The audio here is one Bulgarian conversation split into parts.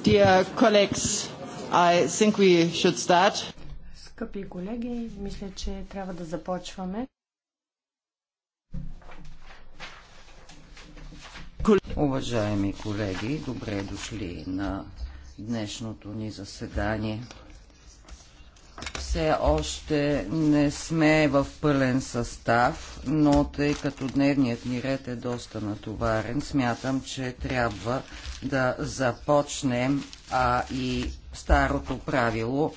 Скъпи колеги, мисля, че трябва да започваме. Уважаеми колеги, добре дошли на днешното ни заседание. Все още не сме в пълен състав, но тъй като дневният ни ред е доста натоварен, смятам, че трябва да започнем, а и старото правило,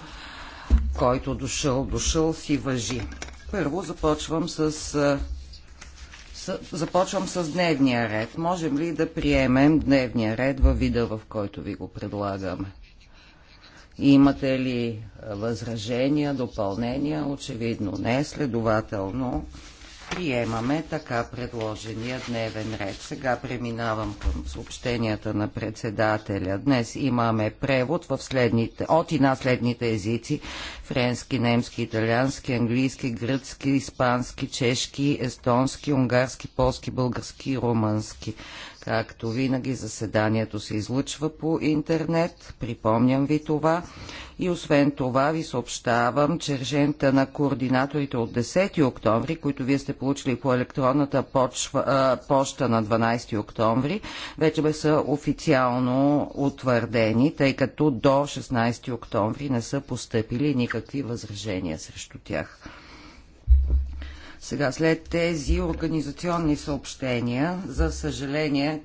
който дошъл, дошъл си въжи. Първо започвам с, с започвам с дневния ред. Можем ли да приемем дневния ред във вида, в който ви го предлагаме? Имате ли е, възражения, допълнения? Очевидно не. Следователно приемаме така предложения дневен ред. Сега преминавам към съобщенията на председателя. Днес имаме превод в следните, от и на следните езици. Френски, немски, италиански, английски, гръцки, испански, чешки, естонски, унгарски, полски, български и румънски. Както винаги заседанието се излъчва по интернет, припомням ви това. И освен това ви съобщавам, че режента на координаторите от 10 октомври, които вие сте получили по електронната почва, почта на 12 октомври, вече бе са официално утвърдени, тъй като до 16 октомври не са поступили никакви възражения срещу тях. Сега, след тези организационни съобщения, за съжаление,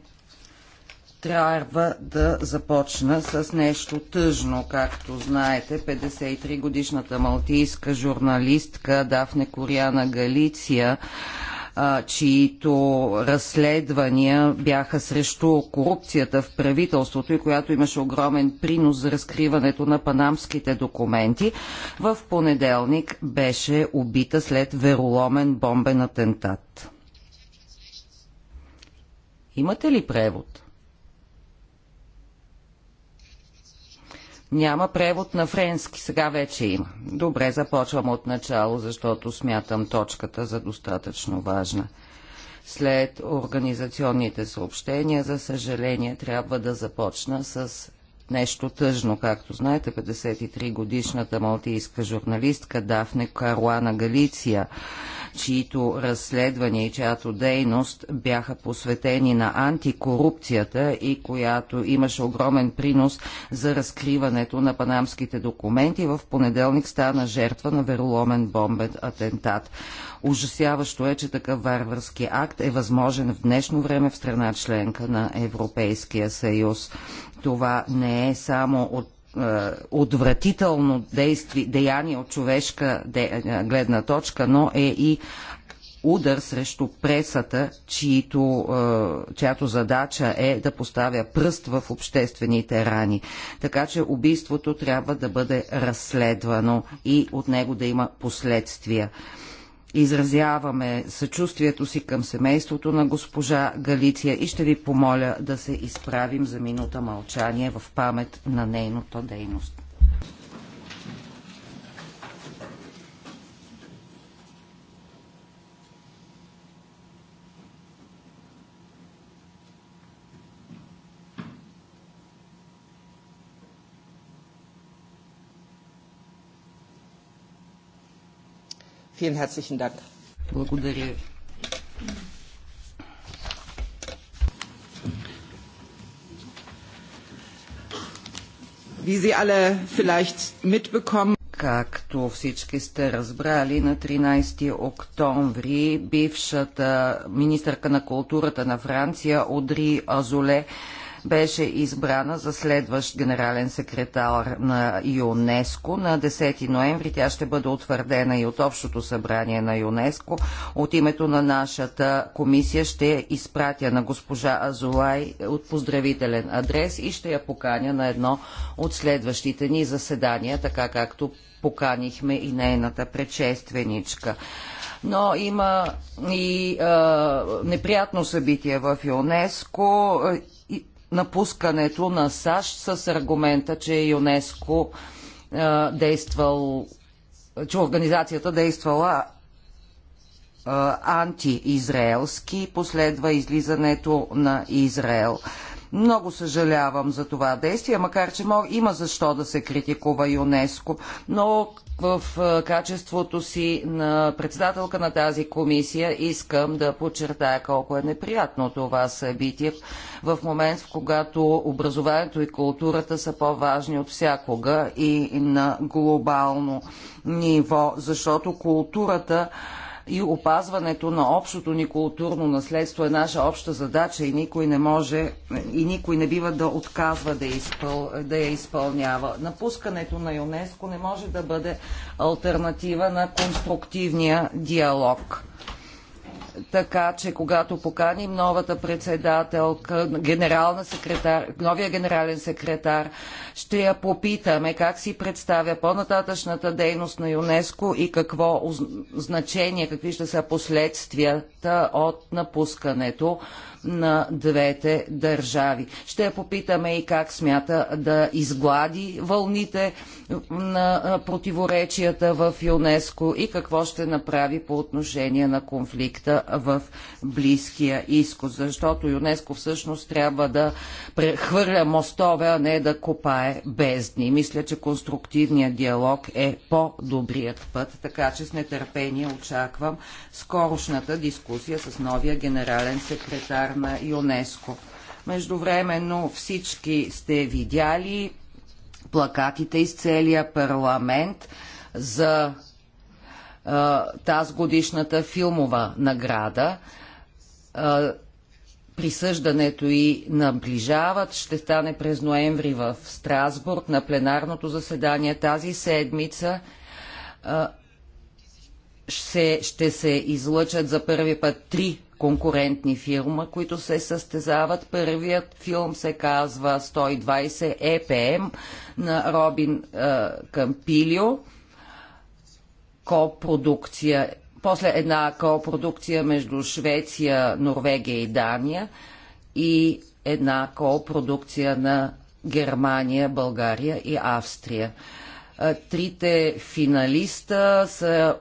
трябва да започна с нещо тъжно. Както знаете, 53-годишната малтийска журналистка Дафне Коряна Галиция чието разследвания бяха срещу корупцията в правителството и която имаше огромен принос за разкриването на панамските документи, в понеделник беше убита след вероломен бомбен атентат. Имате ли превод? Няма превод на френски, сега вече има. Добре, започвам от начало, защото смятам точката за достатъчно важна. След организационните съобщения, за съжаление, трябва да започна с нещо тъжно. Както знаете, 53-годишната малтийска журналистка Дафне Каруана Галиция чието разследвания и чиято дейност бяха посветени на антикорупцията и която имаше огромен принос за разкриването на панамските документи. В понеделник стана жертва на вероломен бомбен атентат. Ужасяващо е, че такъв варварски акт е възможен в днешно време в страна членка на Европейския съюз. Това не е само от е, отвратително действие, деяние от човешка е, гледна точка, но е и удар срещу пресата, чието, е, чиято задача е да поставя пръст в обществените рани. Така че убийството трябва да бъде разследвано и от него да има последствия изразяваме съчувствието си към семейството на госпожа Галиция и ще ви помоля да се изправим за минута мълчание в памет на нейната дейност. Vielen herzlichen Dank. Wie Sie alle vielleicht mitbekommen, Както всички сте разбрали, на 13 октомври бившата министърка на културата на Франция Одри Азоле беше избрана за следващ генерален секретар на ЮНЕСКО. На 10 ноември тя ще бъде утвърдена и от Общото събрание на ЮНЕСКО. От името на нашата комисия ще изпратя на госпожа Азолай от поздравителен адрес и ще я поканя на едно от следващите ни заседания, така както поканихме и нейната предшественичка но има и а, неприятно събитие в ЮНЕСКО напускането на САЩ с аргумента, че ЮНЕСКО е, действал, че организацията действала антиизраелски, последва излизането на Израел. Много съжалявам за това действие, макар че има защо да се критикува ЮНЕСКО, но в е, качеството си на председателка на тази комисия искам да подчертая колко е неприятно това събитие в момент, в когато образованието и културата са по-важни от всякога и на глобално ниво, защото културата и опазването на общото ни културно наследство е наша обща задача и никой не може и никой не бива да отказва да, изпъл, да я изпълнява. Напускането на ЮНЕСКО не може да бъде альтернатива на конструктивния диалог така че когато поканим новата председателка, генерална секретар, новия генерален секретар, ще я попитаме как си представя по-нататъчната дейност на ЮНЕСКО и какво значение, какви ще са последствията от напускането на двете държави. Ще я попитаме и как смята да изглади вълните на противоречията в ЮНЕСКО и какво ще направи по отношение на конфликта в Близкия изход. защото ЮНЕСКО всъщност трябва да прехвърля мостове, а не да копае бездни. Мисля, че конструктивният диалог е по-добрият път, така че с нетърпение очаквам скорошната дискусия с новия генерален секретар на ЮНЕСКО. Междувременно всички сте видяли плакатите из целия парламент за тази годишната филмова награда. Присъждането и наближават. Ще стане през ноември в Страсбург на пленарното заседание тази седмица. Ще, ще се излъчат за първи път три конкурентни фирма, които се състезават. Първият филм се казва 120 ЕПМ на Робин Кампилио. Копродукция, после една копродукция между Швеция, Норвегия и Дания и една копродукция на Германия, България и Австрия. Трите финалиста са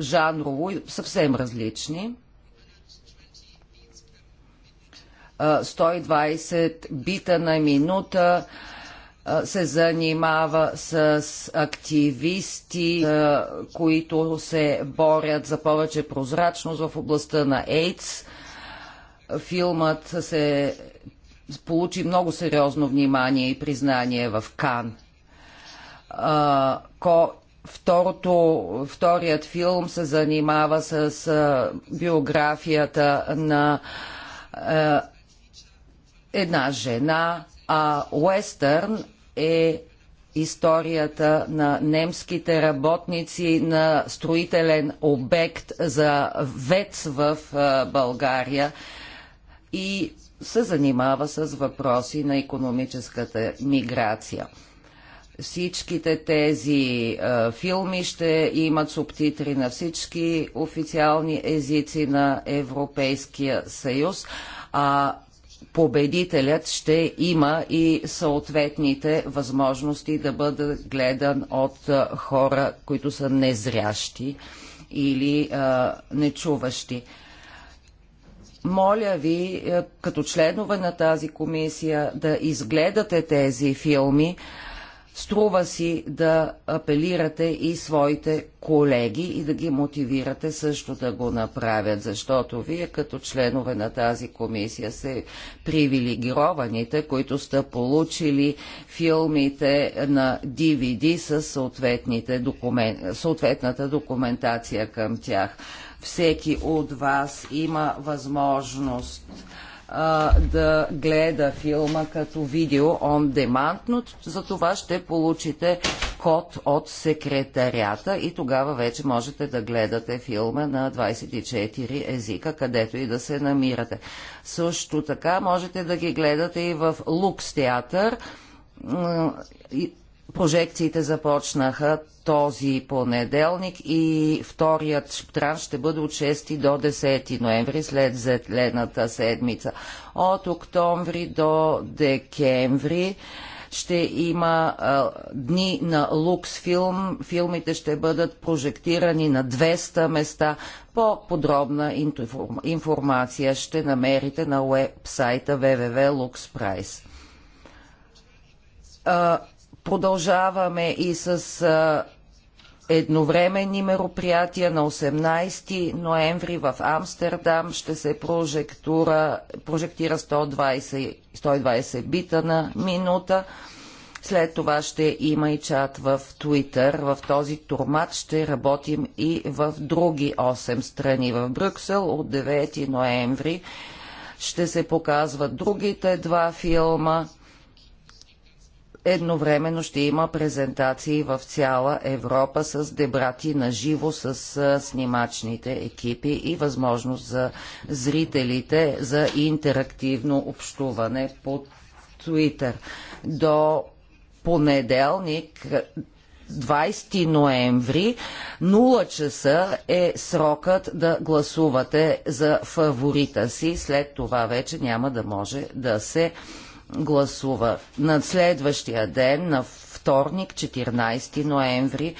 жанрово съвсем различни. 120 бита на минута се занимава с активисти, които се борят за повече прозрачност в областта на AIDS. Филмът се получи много сериозно внимание и признание в Кан. Ко Второто, вторият филм се занимава с биографията на една жена, а Уестърн е историята на немските работници на строителен обект за ВЕЦ в България и се занимава с въпроси на економическата миграция. Всичките тези е, филми ще имат субтитри на всички официални езици на Европейския съюз, а победителят ще има и съответните възможности да бъде гледан от хора, които са незрящи или а, нечуващи. Моля ви, като членове на тази комисия, да изгледате тези филми, Струва си да апелирате и своите колеги и да ги мотивирате също да го направят, защото вие като членове на тази комисия се привилегированите, които сте получили филмите на DVD с документ... съответната документация към тях. Всеки от вас има възможност а, да гледа филма като видео on demand, но за това ще получите код от секретарята и тогава вече можете да гледате филма на 24 езика, където и да се намирате. Също така можете да ги гледате и в Лукс театър Прожекциите започнаха този понеделник и вторият тран ще бъде от 6 до 10 ноември след зелената седмица. От октомври до декември ще има а, дни на лукс филм. Филмите ще бъдат прожектирани на 200 места. По-подробна информация ще намерите на уебсайта www.luxprice. А, Продължаваме и с едновременни мероприятия на 18 ноември в Амстердам ще се прожектура, прожектира 120, 120 бита на минута. След това ще има и чат в Твитър. В този турмат ще работим и в други 8 страни. В Брюксел от 9 ноември ще се показват другите два филма – едновременно ще има презентации в цяла Европа с дебрати на живо с снимачните екипи и възможност за зрителите за интерактивно общуване по Twitter. До понеделник 20 ноември, 0 часа е срокът да гласувате за фаворита си. След това вече няма да може да се гласува. На следващия ден, на вторник, 14 ноември,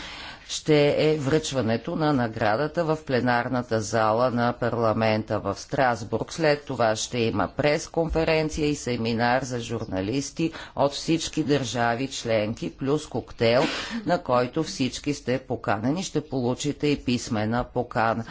ще е връчването на наградата в пленарната зала на парламента в Страсбург. След това ще има пресконференция и семинар за журналисти от всички държави членки, плюс коктейл, на който всички сте поканени. Ще получите и писмена покана.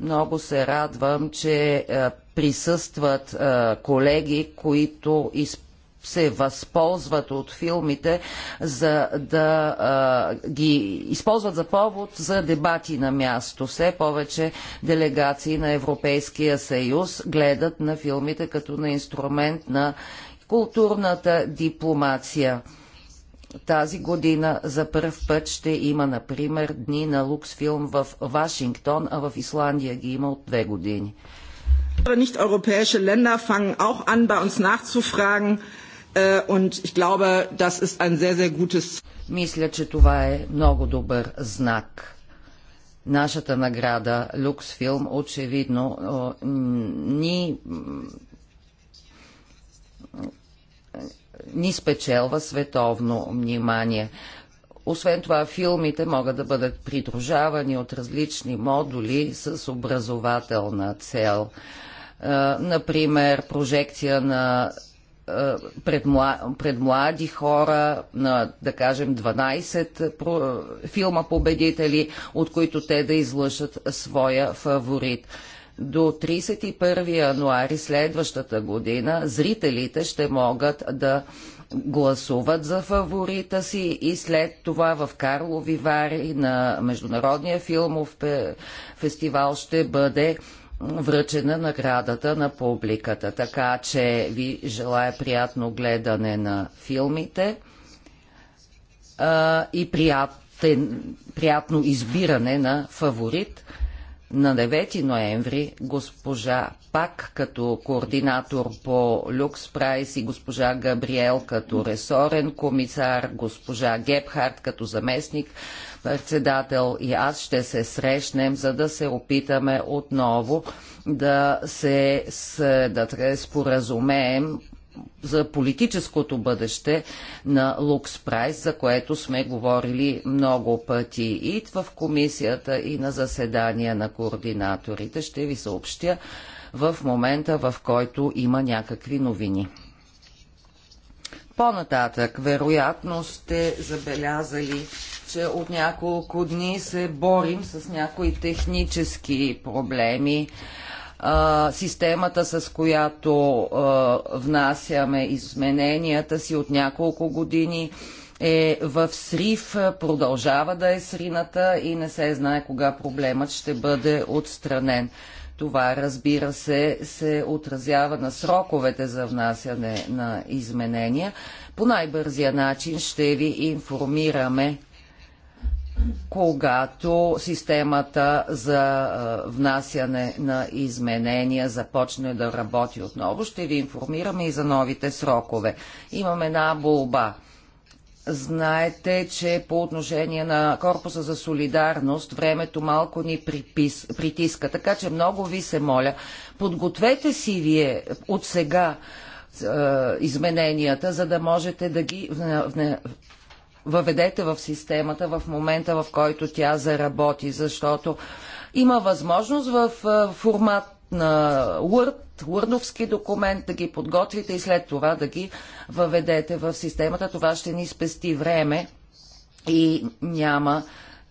Много се радвам, че е, присъстват е, колеги, които изпълняват се възползват от филмите, за да а, ги използват за повод за дебати на място. Все повече делегации на Европейския съюз гледат на филмите като на инструмент на културната дипломация. Тази година за първ път ще има, например, дни на Луксфилм в Вашингтон, а в Исландия ги има от две години. Andere европейски europäische Länder Äh, und ich glaube, das ist ein sehr, sehr gutes... Мисля, че това е много добър знак. Нашата награда Люксфилм очевидно ни ни спечелва световно внимание. Освен това, филмите могат да бъдат придружавани от различни модули с образователна цел. Е, например, прожекция на е, пред, млад, пред млади хора, на, да кажем 12 филма победители, от които те да излъжат своя фаворит. До 31 януари следващата година зрителите ще могат да гласуват за фаворита си и след това в Карлови Вари на Международния филмов фестивал ще бъде връчена наградата на публиката. Така че ви желая приятно гледане на филмите а, и приятен, приятно избиране на фаворит. На 9 ноември госпожа Пак като координатор по Люкс Прайс и госпожа Габриел като ресорен комисар, госпожа Гебхарт като заместник председател и аз ще се срещнем, за да се опитаме отново да се да споразумеем за политическото бъдеще на Лукс Прайс, за което сме говорили много пъти и в комисията, и на заседания на координаторите. Ще ви съобщя в момента, в който има някакви новини. По-нататък, вероятно сте забелязали че от няколко дни се борим с някои технически проблеми. А, системата, с която а, внасяме измененията си от няколко години, е в срив, продължава да е срината и не се знае кога проблемът ще бъде отстранен. Това, разбира се, се отразява на сроковете за внасяне на изменения. По най-бързия начин ще ви информираме когато системата за внасяне на изменения започне да работи отново. Ще ви информираме и за новите срокове. Имам една болба. Знаете, че по отношение на Корпуса за солидарност времето малко ни припис, притиска, така че много ви се моля, подгответе си вие от сега е, измененията, за да можете да ги въведете в системата в момента, в който тя заработи, защото има възможност в формат на Word, Wordовски документ, да ги подготвите и след това да ги въведете в системата. Това ще ни спести време и няма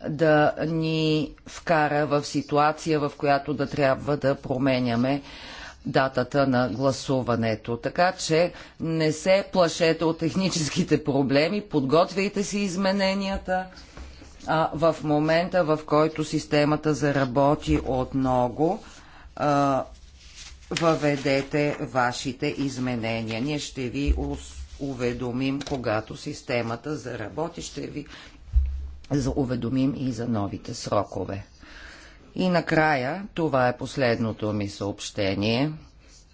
да ни вкара в ситуация, в която да трябва да променяме датата на гласуването. Така че не се плашете от техническите проблеми, подготвяйте си измененията. А в момента, в който системата заработи отново, а, въведете вашите изменения. Ние ще ви уведомим, когато системата заработи, ще ви уведомим и за новите срокове. И накрая, това е последното ми съобщение.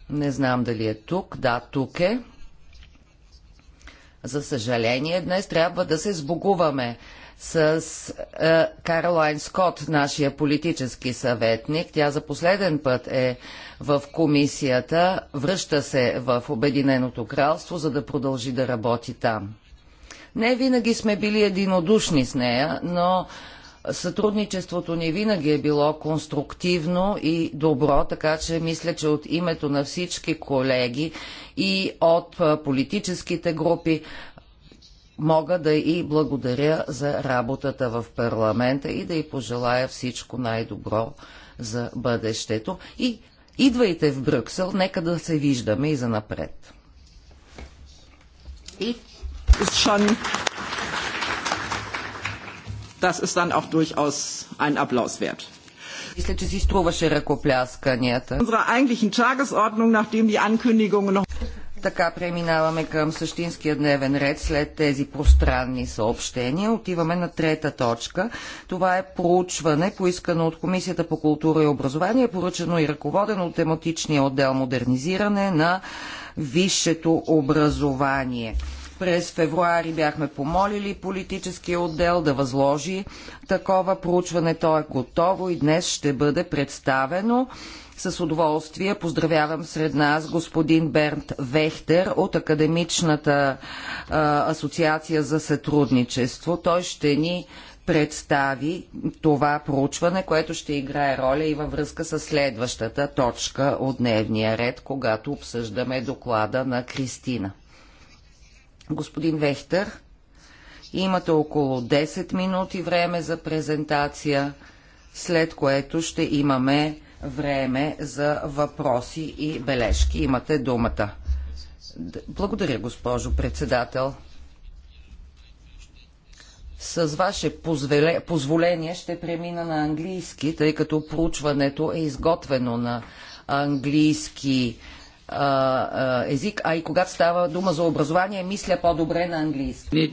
Не знам дали е тук. Да, тук е. За съжаление, днес трябва да се сбогуваме с е, Каролайн Скот, нашия политически съветник. Тя за последен път е в комисията, връща се в Обединеното кралство, за да продължи да работи там. Не винаги сме били единодушни с нея, но Сътрудничеството ни винаги е било конструктивно и добро, така че мисля, че от името на всички колеги и от политическите групи мога да и благодаря за работата в парламента и да и пожелая всичко най-добро за бъдещето. И идвайте в Брюксел, нека да се виждаме и занапред. И das ist dann auch durchaus ein Applaus wert. Мисля, че си струваше ръкоплясканията. Така преминаваме към същинския дневен ред след тези пространни съобщения. Отиваме на трета точка. Това е проучване, поискано от Комисията по култура и образование, поръчено и ръководено от тематичния отдел модернизиране на висшето образование. През февруари бяхме помолили политическия отдел да възложи такова проучване. То е готово и днес ще бъде представено. С удоволствие поздравявам сред нас господин Бернт Вехтер от Академичната а, асоциация за сътрудничество. Той ще ни представи това проучване, което ще играе роля и във връзка с следващата точка от дневния ред, когато обсъждаме доклада на Кристина господин Вехтер. Имате около 10 минути време за презентация, след което ще имаме време за въпроси и бележки. Имате думата. Благодаря, госпожо председател. С ваше позволение ще премина на английски, тъй като проучването е изготвено на английски а, език, а и когато става дума за образование, мисля по-добре на английски.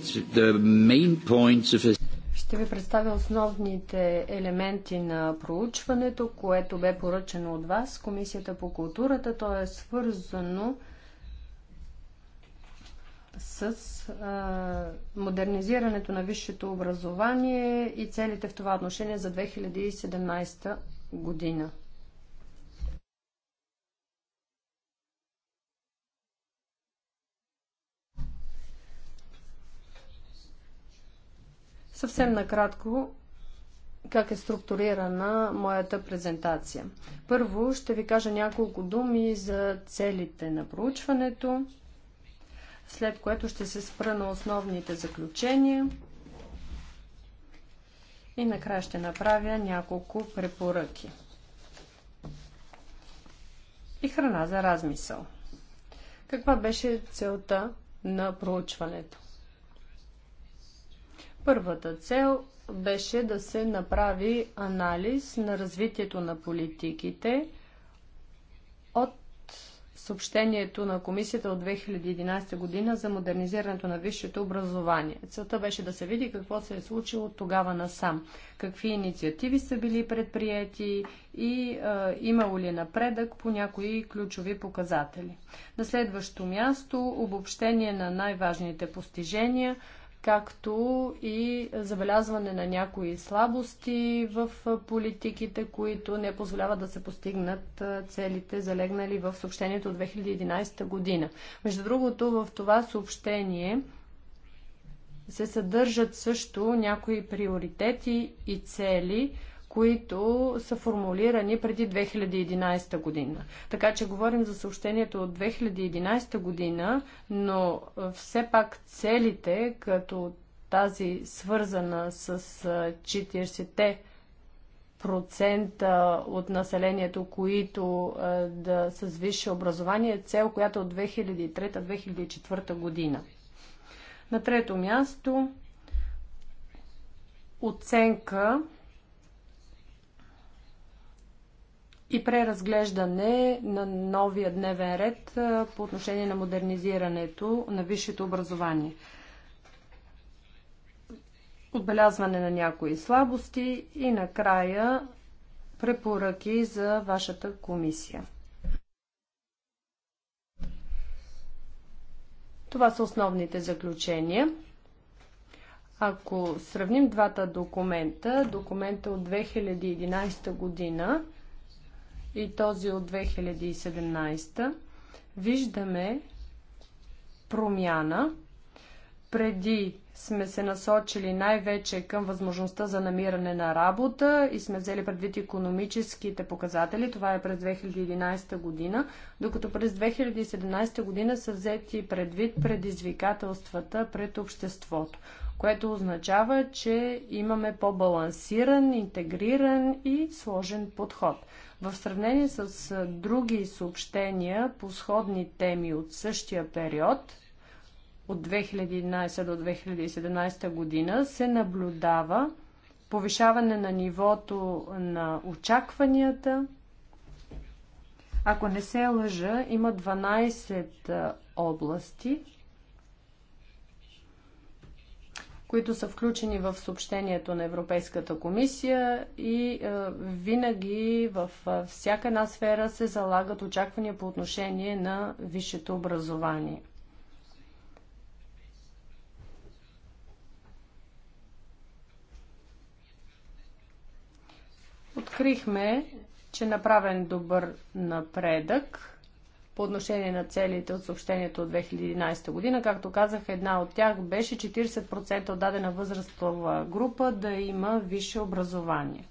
Ще ви представя основните елементи на проучването, което бе поръчено от вас, Комисията по културата. То е свързано с а, модернизирането на висшето образование и целите в това отношение за 2017 година. Съвсем накратко, как е структурирана моята презентация. Първо ще ви кажа няколко думи за целите на проучването, след което ще се спра на основните заключения и накрая ще направя няколко препоръки. И храна за размисъл. Каква беше целта на проучването? Първата цел беше да се направи анализ на развитието на политиките от съобщението на комисията от 2011 година за модернизирането на висшето образование. Целта беше да се види какво се е случило от тогава насам, какви инициативи са били предприяти и е, имало ли напредък по някои ключови показатели. На следващо място обобщение на най-важните постижения – както и забелязване на някои слабости в политиките, които не позволяват да се постигнат целите, залегнали в съобщението от 2011 година. Между другото, в това съобщение се съдържат също някои приоритети и цели, които са формулирани преди 2011 година. Така че говорим за съобщението от 2011 година, но все пак целите, като тази свързана с 40-те процента от населението, които да са с висше образование, е цел, която е от 2003-2004 година. На трето място оценка и преразглеждане на новия дневен ред по отношение на модернизирането на висшето образование. Отбелязване на някои слабости и накрая препоръки за вашата комисия. Това са основните заключения. Ако сравним двата документа, документа от 2011 година и този от 2017, виждаме промяна. Преди сме се насочили най-вече към възможността за намиране на работа и сме взели предвид економическите показатели. Това е през 2011 година, докато през 2017 година са взети предвид предизвикателствата пред обществото което означава, че имаме по-балансиран, интегриран и сложен подход. В сравнение с други съобщения по сходни теми от същия период, от 2011 до 2017 година, се наблюдава повишаване на нивото на очакванията. Ако не се лъжа, има 12 области, които са включени в съобщението на Европейската комисия и е, винаги в е, всяка една сфера се залагат очаквания по отношение на висшето образование. Открихме, че направен добър напредък по отношение на целите от съобщението от 2011 година. Както казах, една от тях беше 40% от дадена възрастова група да има висше образование.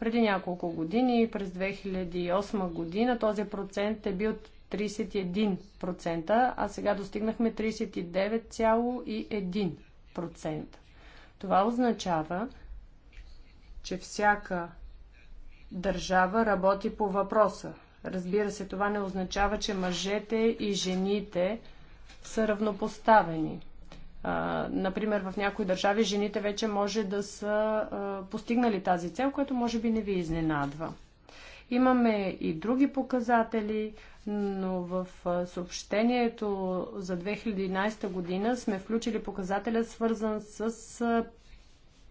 Преди няколко години, през 2008 година, този процент е бил 31%, а сега достигнахме 39,1%. Това означава, че всяка държава работи по въпроса. Разбира се, това не означава, че мъжете и жените са равнопоставени. А, например, в някои държави жените вече може да са а, постигнали тази цел, което може би не ви изненадва. Имаме и други показатели, но в съобщението за 2011 година сме включили показателя, свързан с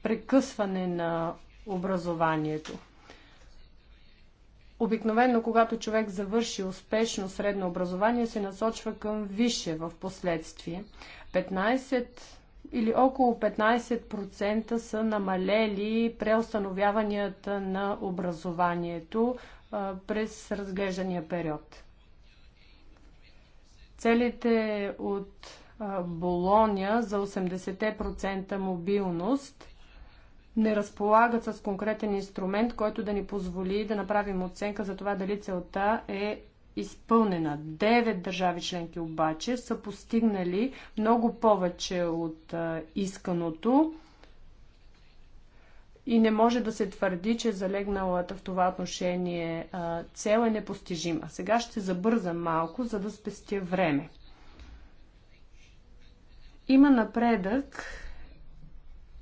прекъсване на образованието. Обикновено, когато човек завърши успешно средно образование, се насочва към висше в последствие. 15 или около 15% са намалели преустановяванията на образованието а, през разглеждания период. Целите от а, Болоня за 80% мобилност – не разполагат с конкретен инструмент, който да ни позволи да направим оценка за това дали целта е изпълнена. Девет държави членки обаче са постигнали много повече от исканото и не може да се твърди, че е залегналата в това отношение цел е непостижима. Сега ще забързам малко, за да спестя време. Има напредък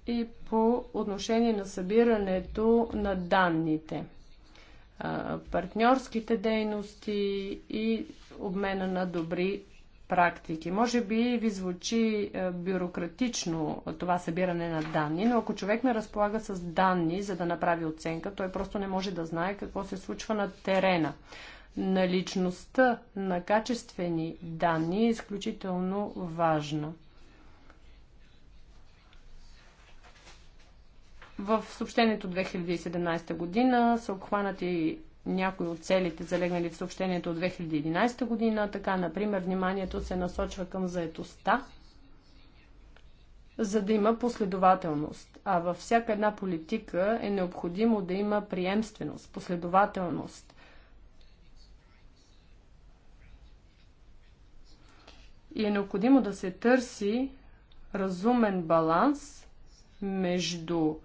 и по отношение на събирането на данните, партньорските дейности и обмена на добри практики. Може би ви звучи бюрократично това събиране на данни, но ако човек не разполага с данни, за да направи оценка, той просто не може да знае какво се случва на терена. Наличността на качествени данни е изключително важна. В съобщението 2017 година са обхванати някои от целите, залегнали в съобщението от 2011 година. Така, например, вниманието се насочва към заетостта, за да има последователност. А във всяка една политика е необходимо да има приемственост, последователност. И е необходимо да се търси разумен баланс между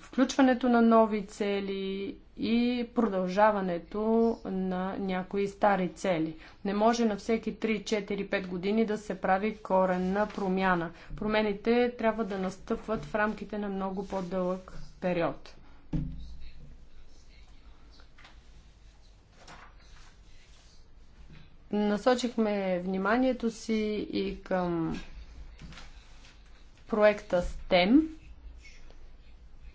включването на нови цели и продължаването на някои стари цели. Не може на всеки 3, 4, 5 години да се прави коренна промяна. Промените трябва да настъпват в рамките на много по-дълъг период. Насочихме вниманието си и към проекта STEM –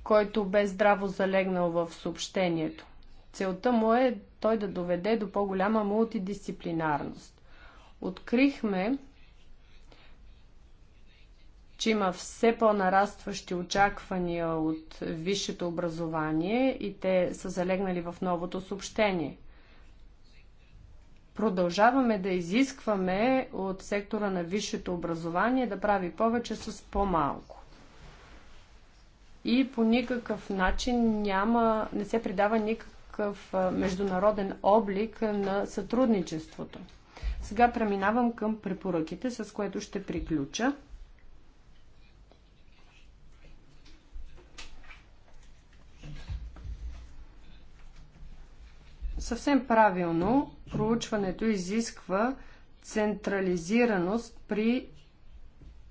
който бе здраво залегнал в съобщението. Целта му е той да доведе до по-голяма мултидисциплинарност. Открихме, че има все по-нарастващи очаквания от висшето образование и те са залегнали в новото съобщение. Продължаваме да изискваме от сектора на висшето образование да прави повече с по-малко и по никакъв начин няма, не се придава никакъв международен облик на сътрудничеството. Сега преминавам към препоръките, с което ще приключа. Съвсем правилно, проучването изисква централизираност при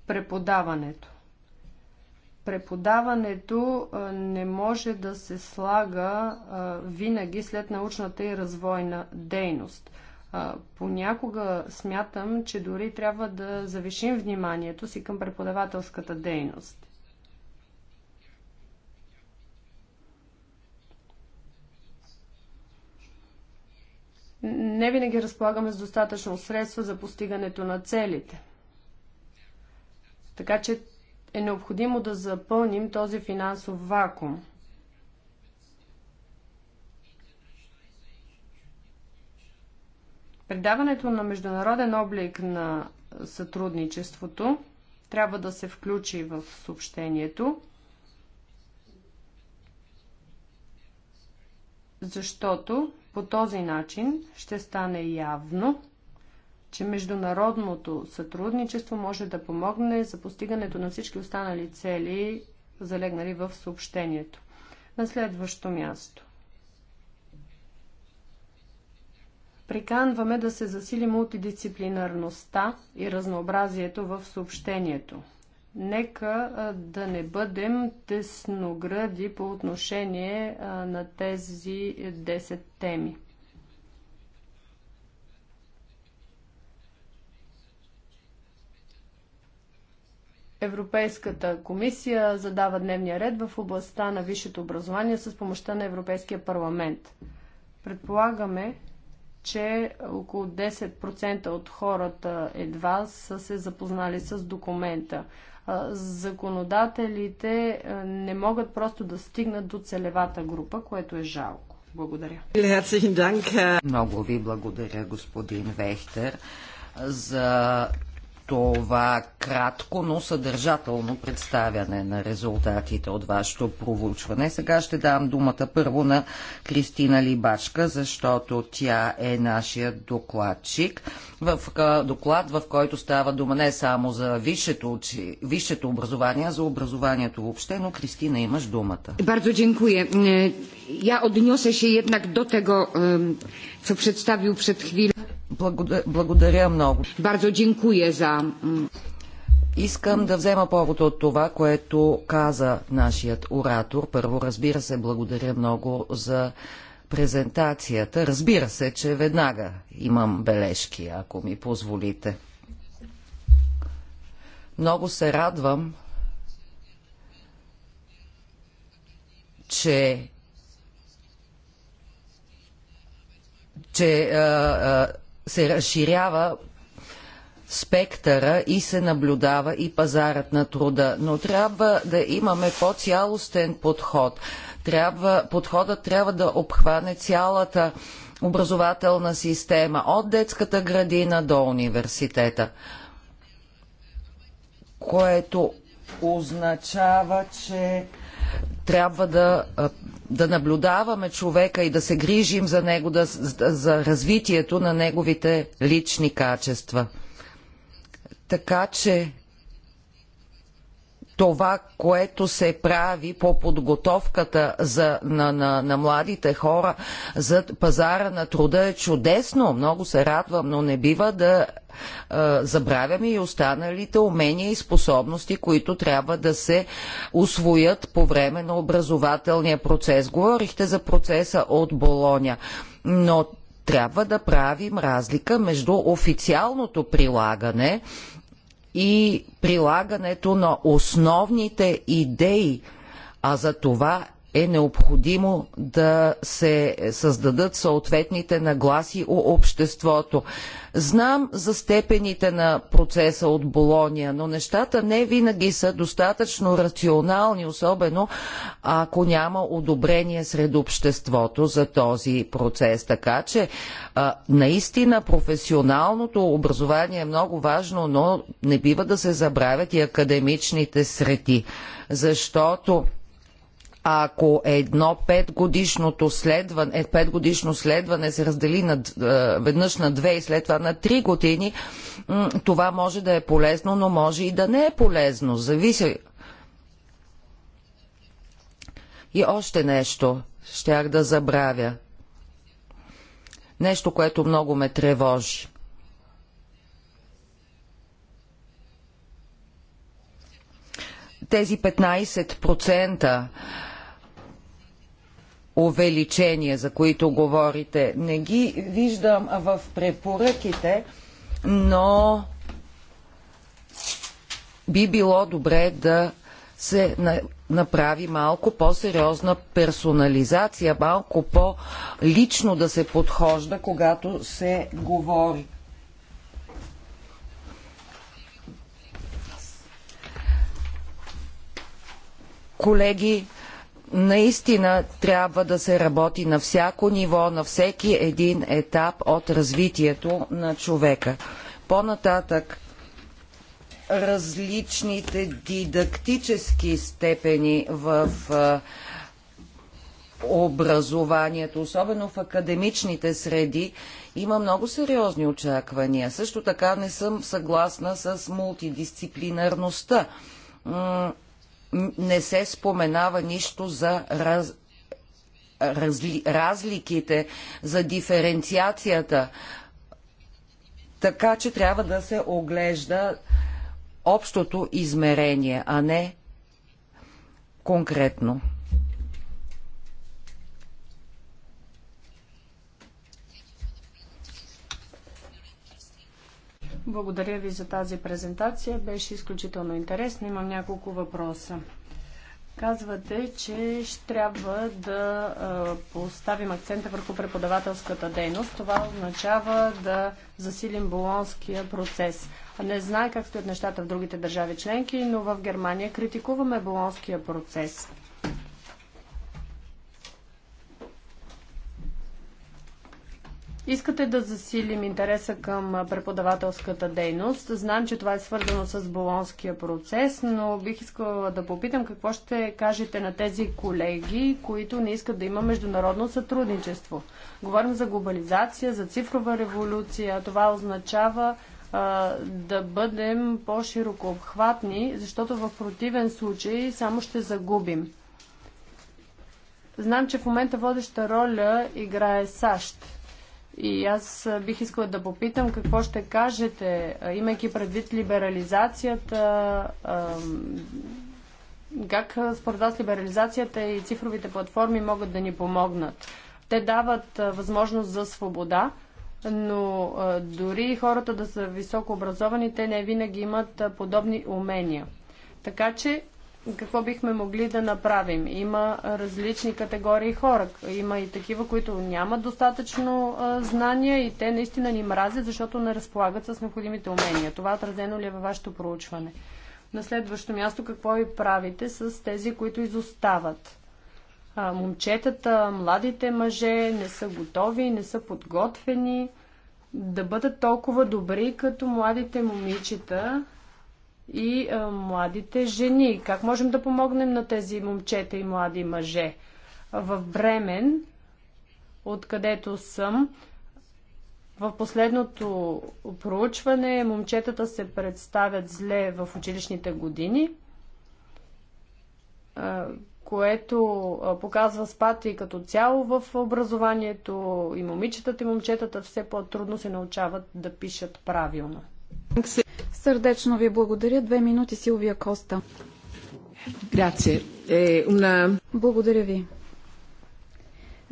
преподаването преподаването не може да се слага винаги след научната и развойна дейност. Понякога смятам, че дори трябва да завишим вниманието си към преподавателската дейност. Не винаги разполагаме с достатъчно средства за постигането на целите. Така че е необходимо да запълним този финансов вакуум. Предаването на международен облик на сътрудничеството трябва да се включи в съобщението, защото по този начин ще стане явно, че международното сътрудничество може да помогне за постигането на всички останали цели, залегнали в съобщението. На следващо място. Приканваме да се засили мултидисциплинарността и разнообразието в съобщението. Нека да не бъдем тесногради по отношение на тези 10 теми. Европейската комисия задава дневния ред в областта на висшето образование с помощта на Европейския парламент. Предполагаме, че около 10% от хората едва са се запознали с документа. Законодателите не могат просто да стигнат до целевата група, което е жалко. Благодаря. Много ви благодаря, господин Вехтер, за това кратко, но съдържателно представяне на резултатите от вашето проучване. Сега ще дам думата първо на Кристина Либачка, защото тя е нашия докладчик. В доклад, в който става дума не само за висшето, висшето образование, а за образованието въобще, но Кристина имаш думата. Бързо dziękuję. Я отнесе ще еднак до тего co przedstawił przed chwilą. Благодаря много. Bardzo dziękuję za... Mm, Искам да взема повод от това, което каза нашият оратор. Първо, разбира се, благодаря много за презентацията. Разбира се, че веднага имам бележки, ако ми позволите. Много се радвам, че че а, а, се разширява спектъра и се наблюдава и пазарът на труда. Но трябва да имаме по-цялостен подход. Трябва, подходът трябва да обхване цялата образователна система, от детската градина до университета, което означава, че трябва да, да наблюдаваме човека и да се грижим за него, да, за развитието на неговите лични качества. Така че това, което се прави по подготовката за, на, на, на младите хора за пазара на труда е чудесно. Много се радвам, но не бива да е, забравяме и останалите умения и способности, които трябва да се освоят по време на образователния процес. Говорихте за процеса от Болоня, но трябва да правим разлика между официалното прилагане, и прилагането на основните идеи, а за това е необходимо да се създадат съответните нагласи у обществото. Знам за степените на процеса от Болония, но нещата не винаги са достатъчно рационални, особено ако няма одобрение сред обществото за този процес. Така че а, наистина професионалното образование е много важно, но не бива да се забравят и академичните среди, защото ако едно петгодишното следване, петгодишно следване се раздели на, веднъж на две и след това на три години, това може да е полезно, но може и да не е полезно. Зависи. И още нещо щях да забравя. Нещо, което много ме тревожи. Тези 15% увеличения, за които говорите. Не ги виждам в препоръките, но би било добре да се направи малко по-сериозна персонализация, малко по-лично да се подхожда, когато се говори. Колеги, наистина трябва да се работи на всяко ниво, на всеки един етап от развитието на човека. По-нататък различните дидактически степени в образованието, особено в академичните среди, има много сериозни очаквания. Също така не съм съгласна с мултидисциплинарността не се споменава нищо за раз, разли, разликите, за диференциацията. Така че трябва да се оглежда общото измерение, а не конкретно. Благодаря ви за тази презентация. Беше изключително интересно. Имам няколко въпроса. Казвате, че ще трябва да поставим акцента върху преподавателската дейност. Това означава да засилим болонския процес. Не знае как стоят нещата в другите държави членки, но в Германия критикуваме болонския процес. Искате да засилим интереса към преподавателската дейност. Знам, че това е свързано с болонския процес, но бих искала да попитам какво ще кажете на тези колеги, които не искат да има международно сътрудничество. Говорим за глобализация, за цифрова революция. Това означава а, да бъдем по-широко обхватни, защото в противен случай само ще загубим. Знам, че в момента водеща роля играе САЩ и аз бих искала да попитам какво ще кажете, имайки предвид либерализацията, как според вас либерализацията и цифровите платформи могат да ни помогнат? Те дават възможност за свобода, но дори хората да са високообразовани, те не винаги имат подобни умения. Така че какво бихме могли да направим. Има различни категории хора. Има и такива, които нямат достатъчно знания и те наистина ни мразят, защото не разполагат с необходимите умения. Това отразено ли е във вашето проучване? На следващо място, какво ви правите с тези, които изостават? момчетата, младите мъже не са готови, не са подготвени да бъдат толкова добри като младите момичета и а, младите жени. Как можем да помогнем на тези момчета и млади мъже? В Бремен, откъдето съм, в последното проучване момчетата се представят зле в училищните години, което показва спад и като цяло в образованието и момичетата и момчетата все по-трудно се научават да пишат правилно. Сърдечно ви благодаря. Две минути Силвия Коста. Грация. Е, благодаря ви.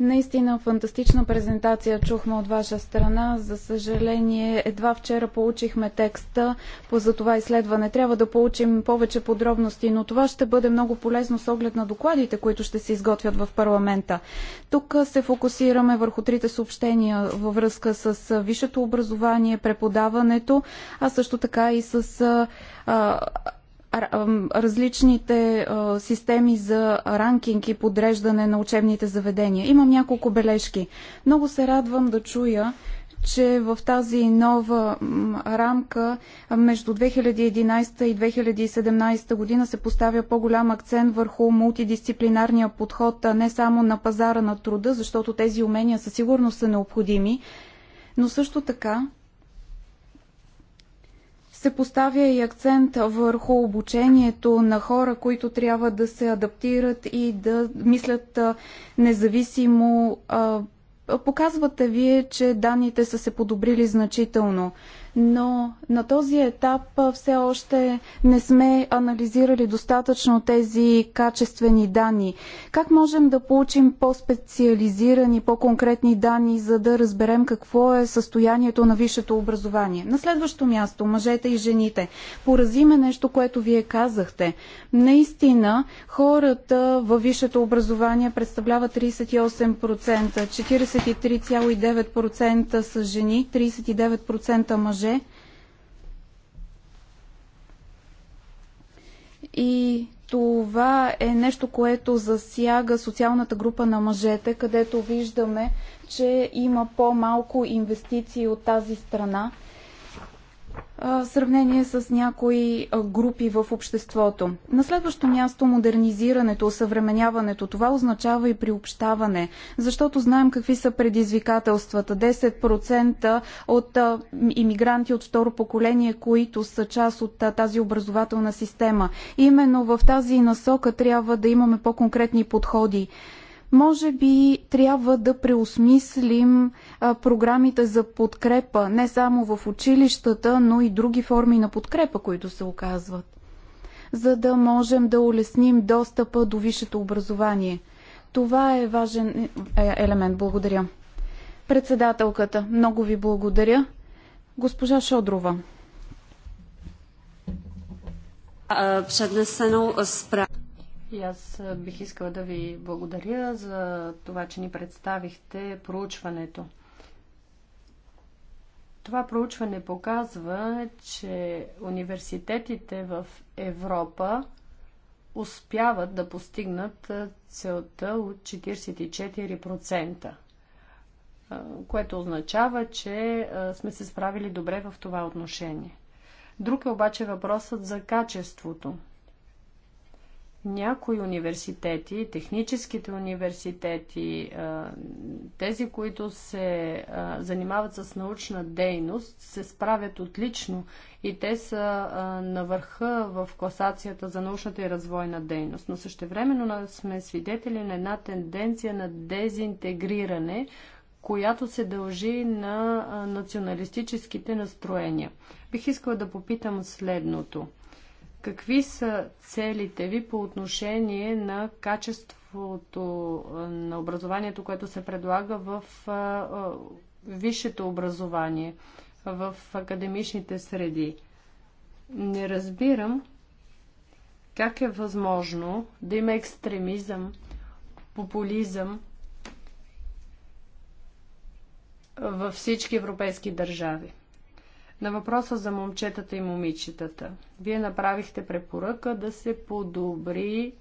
Наистина фантастична презентация чухме от ваша страна. За съжаление, едва вчера получихме текста за това изследване. Трябва да получим повече подробности, но това ще бъде много полезно с оглед на докладите, които ще се изготвят в парламента. Тук се фокусираме върху трите съобщения във връзка с висшето образование, преподаването, а също така и с а, различните системи за ранкинг и подреждане на учебните заведения. Имам няколко бележки. Много се радвам да чуя, че в тази нова рамка между 2011 и 2017 година се поставя по-голям акцент върху мултидисциплинарния подход, а не само на пазара на труда, защото тези умения със сигурност са необходими, но също така се поставя и акцент върху обучението на хора, които трябва да се адаптират и да мислят независимо. Показвате вие, че данните са се подобрили значително но на този етап все още не сме анализирали достатъчно тези качествени данни. Как можем да получим по-специализирани, по-конкретни данни, за да разберем какво е състоянието на висшето образование? На следващо място, мъжете и жените. Поразиме нещо, което вие казахте. Наистина, хората във висшето образование представляват 38%, 43,9% са жени, 39% мъже каже. И това е нещо, което засяга социалната група на мъжете, където виждаме, че има по-малко инвестиции от тази страна в сравнение с някои групи в обществото. На следващо място модернизирането, осъвременяването. Това означава и приобщаване, защото знаем какви са предизвикателствата. 10% от иммигранти от второ поколение, които са част от тази образователна система. Именно в тази насока трябва да имаме по-конкретни подходи. Може би трябва да преосмислим а, програмите за подкрепа, не само в училищата, но и други форми на подкрепа, които се оказват, за да можем да улесним достъпа до висшето образование. Това е важен е, елемент. Благодаря. Председателката, много ви благодаря. Госпожа Шодрова. Преднесено справа и аз бих искала да ви благодаря за това, че ни представихте проучването. Това проучване показва, че университетите в Европа успяват да постигнат целта от 44%, което означава, че сме се справили добре в това отношение. Друг е обаче въпросът за качеството – някои университети, техническите университети, тези, които се занимават с научна дейност, се справят отлично и те са на върха в класацията за научната и развойна дейност. Но същевременно сме свидетели на една тенденция на дезинтегриране, която се дължи на националистическите настроения. Бих искала да попитам следното – Какви са целите ви по отношение на качеството на образованието, което се предлага в висшето образование, в академичните среди? Не разбирам как е възможно да има екстремизъм, популизъм във всички европейски държави. На въпроса за момчетата и момичетата. Вие направихте препоръка да се подобри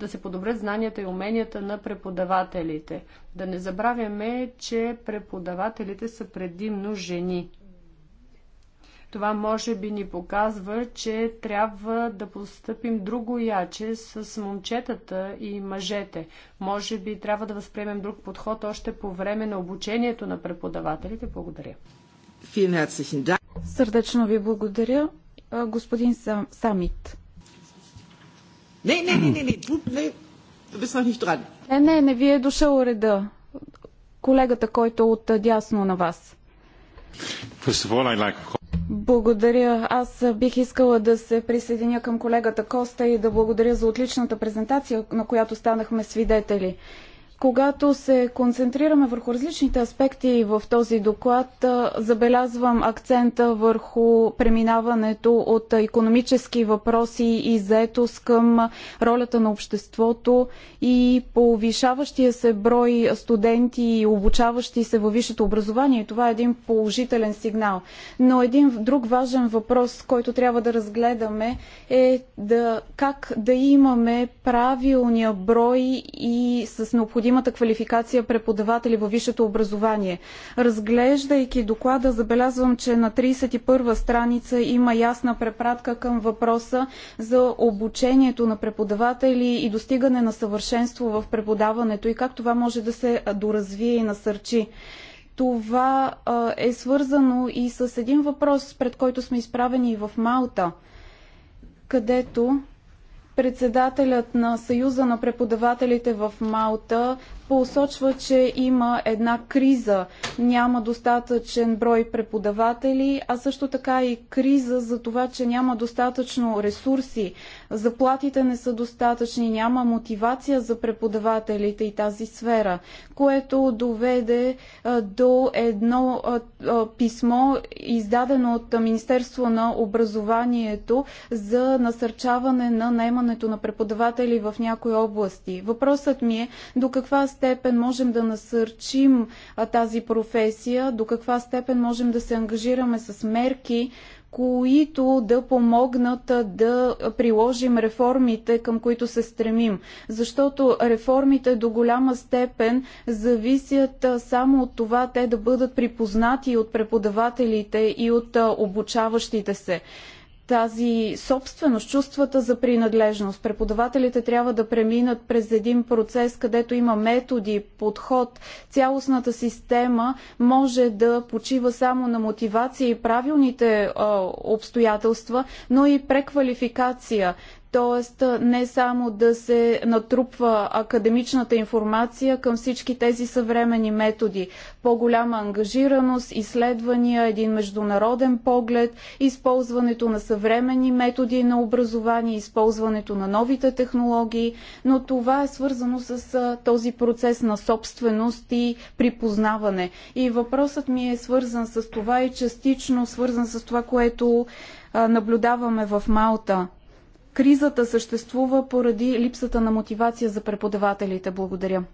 да се подобрят знанията и уменията на преподавателите. Да не забравяме, че преподавателите са предимно жени. Това може би ни показва, че трябва да постъпим друго яче с момчетата и мъжете. Може би трябва да възприемем друг подход още по време на обучението на преподавателите. Благодаря. Сърдечно ви благодаря, господин Самит. Не, не, не, не, не, е, не, не, не, не ви е дошъл реда. Колегата, който е от дясно на вас. Благодаря. Аз бих искала да се присъединя към колегата Коста и да благодаря за отличната презентация, на която станахме свидетели. Когато се концентрираме върху различните аспекти в този доклад, забелязвам акцента върху преминаването от економически въпроси и заетост към ролята на обществото и повишаващия се брой студенти и обучаващи се във висшето образование. Това е един положителен сигнал. Но един друг важен въпрос, който трябва да разгледаме е да, как да имаме правилния брой и с необходимите необходимата квалификация преподаватели във висшето образование. Разглеждайки доклада, забелязвам, че на 31 страница има ясна препратка към въпроса за обучението на преподаватели и достигане на съвършенство в преподаването и как това може да се доразвие и насърчи. Това а, е свързано и с един въпрос, пред който сме изправени и в Малта, където Председателят на Съюза на преподавателите в Малта посочва, че има една криза. Няма достатъчен брой преподаватели, а също така и криза за това, че няма достатъчно ресурси. Заплатите не са достатъчни, няма мотивация за преподавателите и тази сфера, което доведе до едно писмо, издадено от Министерство на образованието за насърчаване на наемането на преподаватели в някои области. Въпросът ми е до каква степен можем да насърчим тази професия, до каква степен можем да се ангажираме с мерки, които да помогнат да приложим реформите, към които се стремим. Защото реформите до голяма степен зависят само от това те да бъдат припознати от преподавателите и от обучаващите се тази собственост, чувствата за принадлежност. Преподавателите трябва да преминат през един процес, където има методи, подход. Цялостната система може да почива само на мотивация и правилните а, обстоятелства, но и преквалификация. Тоест не само да се натрупва академичната информация към всички тези съвремени методи. По-голяма ангажираност, изследвания, един международен поглед, използването на съвремени методи на образование, използването на новите технологии, но това е свързано с този процес на собственост и припознаване. И въпросът ми е свързан с това и частично свързан с това, което наблюдаваме в Малта кризата съществува поради липсата на мотивация за преподавателите. Благодаря.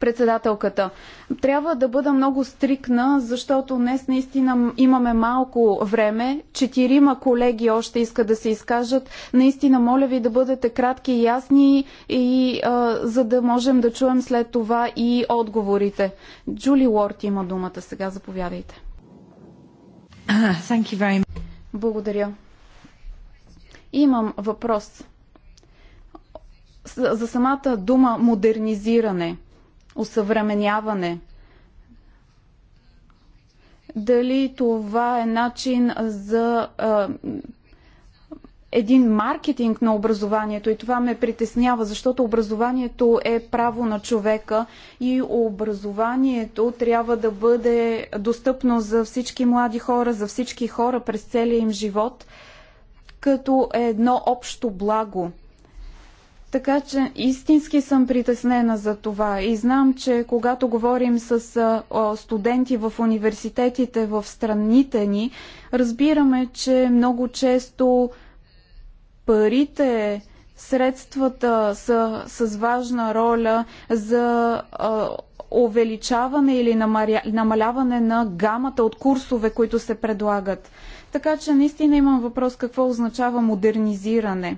Председателката. Трябва да бъда много стрикна, защото днес наистина имаме малко време. Четирима колеги още искат да се изкажат. Наистина, моля ви да бъдете кратки и ясни, и, а, за да можем да чуем след това и отговорите. Джули Уорт има думата сега. Заповядайте. Ah, Благодаря. Имам въпрос за самата дума модернизиране, усъвременяване. Дали това е начин за а, един маркетинг на образованието и това ме притеснява, защото образованието е право на човека и образованието трябва да бъде достъпно за всички млади хора, за всички хора през целия им живот – като едно общо благо. Така че истински съм притеснена за това и знам, че когато говорим с студенти в университетите в страните ни, разбираме, че много често парите, средствата са с важна роля за увеличаване или намаляване на гамата от курсове, които се предлагат. Така че наистина имам въпрос какво означава модернизиране.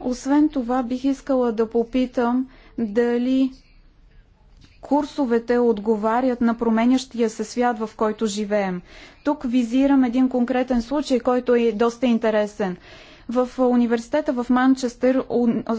Освен това, бих искала да попитам дали курсовете отговарят на променящия се свят, в който живеем. Тук визирам един конкретен случай, който е доста интересен. В университета в Манчестър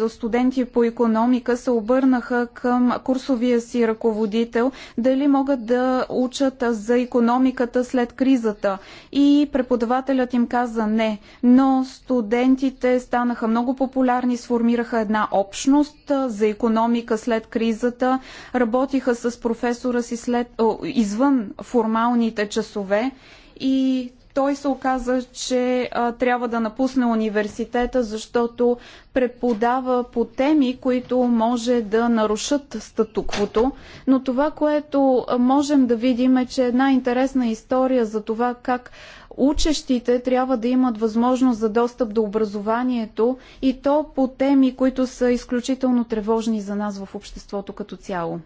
студенти по економика се обърнаха към курсовия си ръководител дали могат да учат за економиката след кризата. И преподавателят им каза не. Но студентите станаха много популярни, сформираха една общност за економика след кризата, работиха с професора си след, извън формалните часове и той се оказа, че а, трябва да напусне университета, защото преподава по теми, които може да нарушат статуквото. Но това, което можем да видим е, че една интересна история за това как учещите трябва да имат възможност за достъп до образованието и то по теми, които са изключително тревожни за нас в обществото като цяло.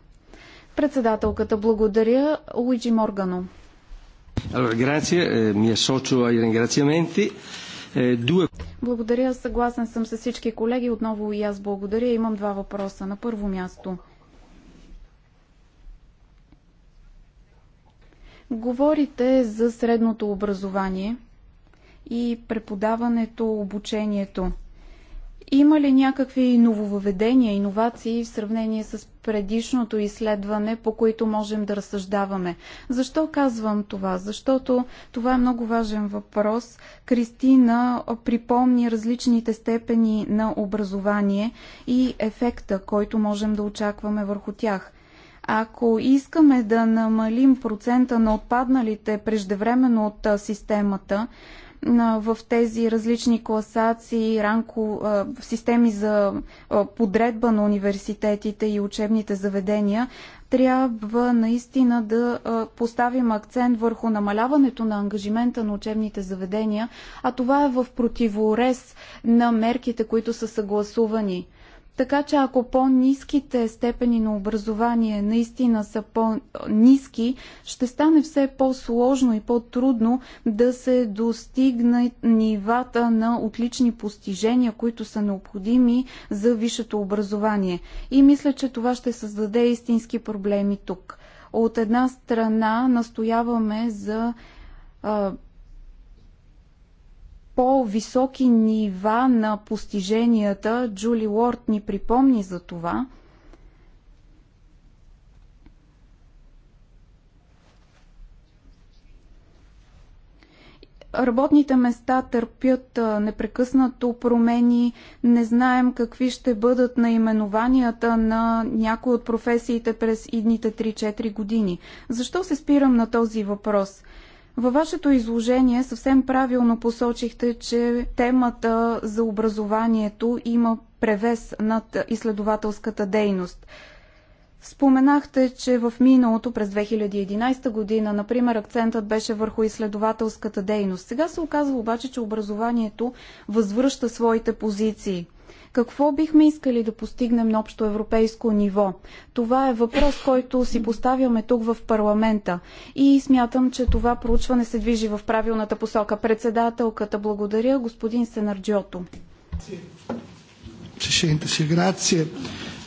Председателката благодаря Луиджи Моргано. Allora, grazie, eh, mi associo ai ringraziamenti. Eh, благодаря, съгласен съм с всички колеги. Отново и аз благодаря. Имам два въпроса. На първо място. Говорите за средното образование и преподаването, обучението. Има ли някакви нововъведения, иновации в сравнение с предишното изследване, по които можем да разсъждаваме. Защо казвам това? Защото това е много важен въпрос. Кристина припомни различните степени на образование и ефекта, който можем да очакваме върху тях – ако искаме да намалим процента на отпадналите преждевременно от системата, в тези различни класации, ранко, системи за подредба на университетите и учебните заведения, трябва наистина да поставим акцент върху намаляването на ангажимента на учебните заведения, а това е в противорез на мерките, които са съгласувани така че ако по-низките степени на образование наистина са по-низки, ще стане все по-сложно и по-трудно да се достигне нивата на отлични постижения, които са необходими за висшето образование. И мисля, че това ще създаде истински проблеми тук. От една страна настояваме за по-високи нива на постиженията. Джули Уорд ни припомни за това. работните места търпят непрекъснато промени. Не знаем какви ще бъдат наименованията на някои от професиите през идните 3-4 години. Защо се спирам на този въпрос? Във вашето изложение съвсем правилно посочихте, че темата за образованието има превес над изследователската дейност. Споменахте, че в миналото през 2011 година, например, акцентът беше върху изследователската дейност. Сега се оказва обаче, че образованието възвръща своите позиции – какво бихме искали да постигнем на общо европейско ниво? Това е въпрос, който си поставяме тук в парламента. И смятам, че това проучване се движи в правилната посока. Председателката благодаря, господин Сенарджиото. Presidente,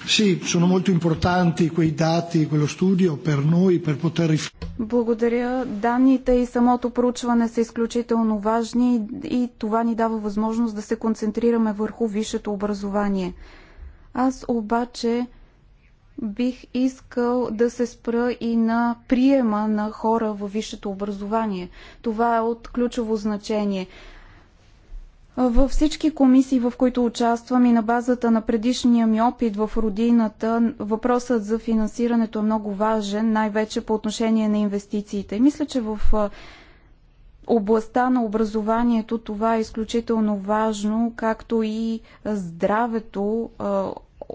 Sì, sono molto importanti quei dati, quello studio per noi per poter Благодаря. Данните и самото проучване са изключително важни и това ни дава възможност да се концентрираме върху висшето образование. Аз обаче бих искал да се спра и на приема на хора във висшето образование. Това е от ключово значение. Във всички комисии, в които участвам и на базата на предишния ми опит в родината, въпросът за финансирането е много важен, най-вече по отношение на инвестициите. Мисля, че в областта на образованието това е изключително важно, както и здравето,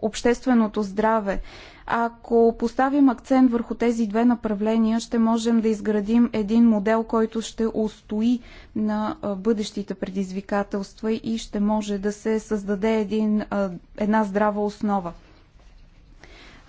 общественото здраве. Ако поставим акцент върху тези две направления, ще можем да изградим един модел, който ще устои на бъдещите предизвикателства и ще може да се създаде един, една здрава основа.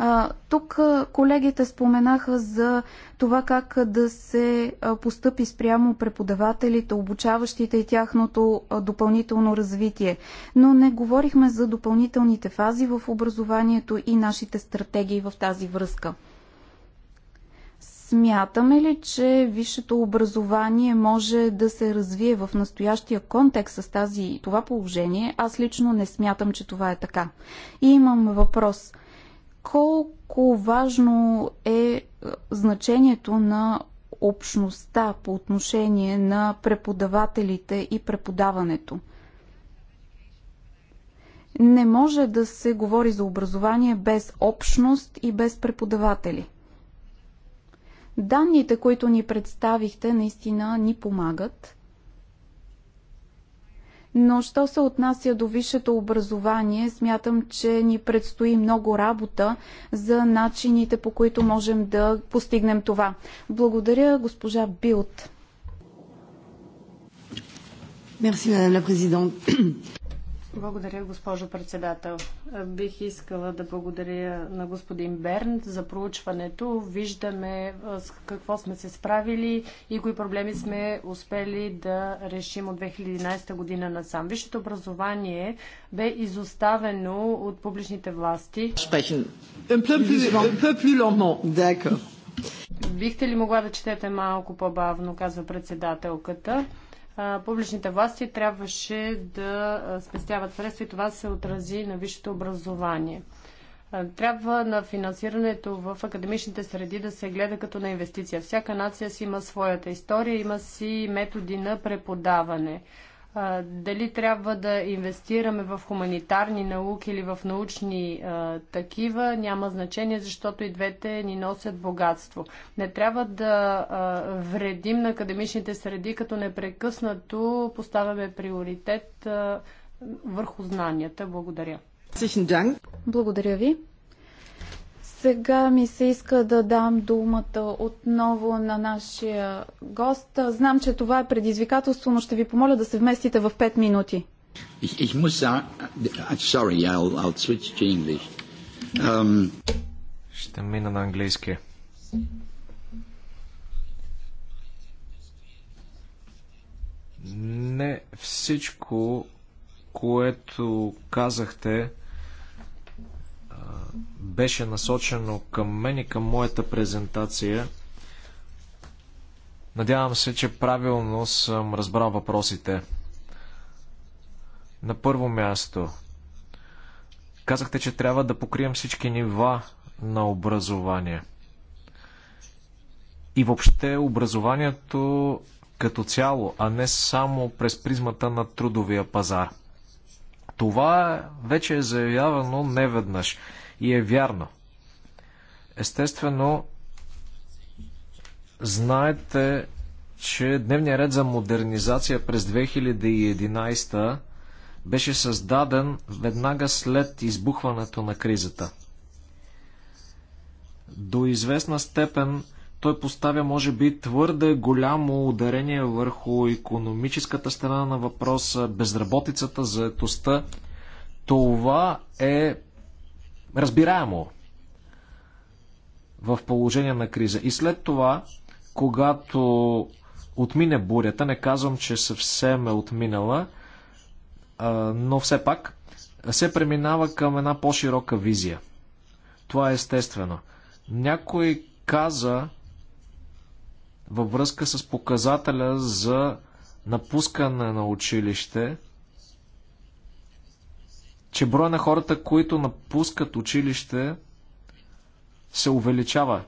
А, тук колегите споменаха за това как да се постъпи спрямо преподавателите, обучаващите и тяхното допълнително развитие. Но не говорихме за допълнителните фази в образованието и нашите стратегии в тази връзка. Смятаме ли, че висшето образование може да се развие в настоящия контекст с тази, това положение? Аз лично не смятам, че това е така. И имам въпрос – колко важно е, е значението на общността по отношение на преподавателите и преподаването. Не може да се говори за образование без общност и без преподаватели. Данните, които ни представихте, наистина ни помагат – но що се отнася до висшето образование, смятам, че ни предстои много работа за начините по които можем да постигнем това. Благодаря, госпожа Билт. Merci, madame la présidente. Благодаря, госпожо председател. Бих искала да благодаря на господин Берн за проучването. Виждаме с какво сме се справили и кои проблеми сме успели да решим от 2011 година насам. Висшето образование бе изоставено от публичните власти. Бихте ли могла да четете малко по-бавно, казва председателката публичните власти трябваше да спестяват средства и това се отрази на висшето образование. Трябва на финансирането в академичните среди да се гледа като на инвестиция. Всяка нация си има своята история, има си методи на преподаване дали трябва да инвестираме в хуманитарни науки или в научни а, такива, няма значение, защото и двете ни носят богатство. Не трябва да а, вредим на академичните среди, като непрекъснато поставяме приоритет а, върху знанията. Благодаря. Благодаря ви. Сега ми се иска да дам думата отново на нашия гост. Знам, че това е предизвикателство, но ще ви помоля да се вместите в 5 минути. Ich, muss sagen, sorry, I'll, I'll switch to English. Um... Ще мина на английски. Не всичко, което казахте, беше насочено към мен и към моята презентация. Надявам се, че правилно съм разбрал въпросите. На първо място, казахте, че трябва да покрием всички нива на образование. И въобще образованието като цяло, а не само през призмата на трудовия пазар. Това вече е заявявано неведнъж и е вярно. Естествено, знаете, че дневният ред за модернизация през 2011 беше създаден веднага след избухването на кризата. До известна степен той поставя, може би, твърде голямо ударение върху економическата страна на въпроса, безработицата, заетостта. Това е разбираемо в положение на криза. И след това, когато отмине бурята, не казвам, че съвсем е отминала, но все пак се преминава към една по-широка визия. Това е естествено. Някой каза във връзка с показателя за напускане на училище, че броя на хората, които напускат училище, се увеличава.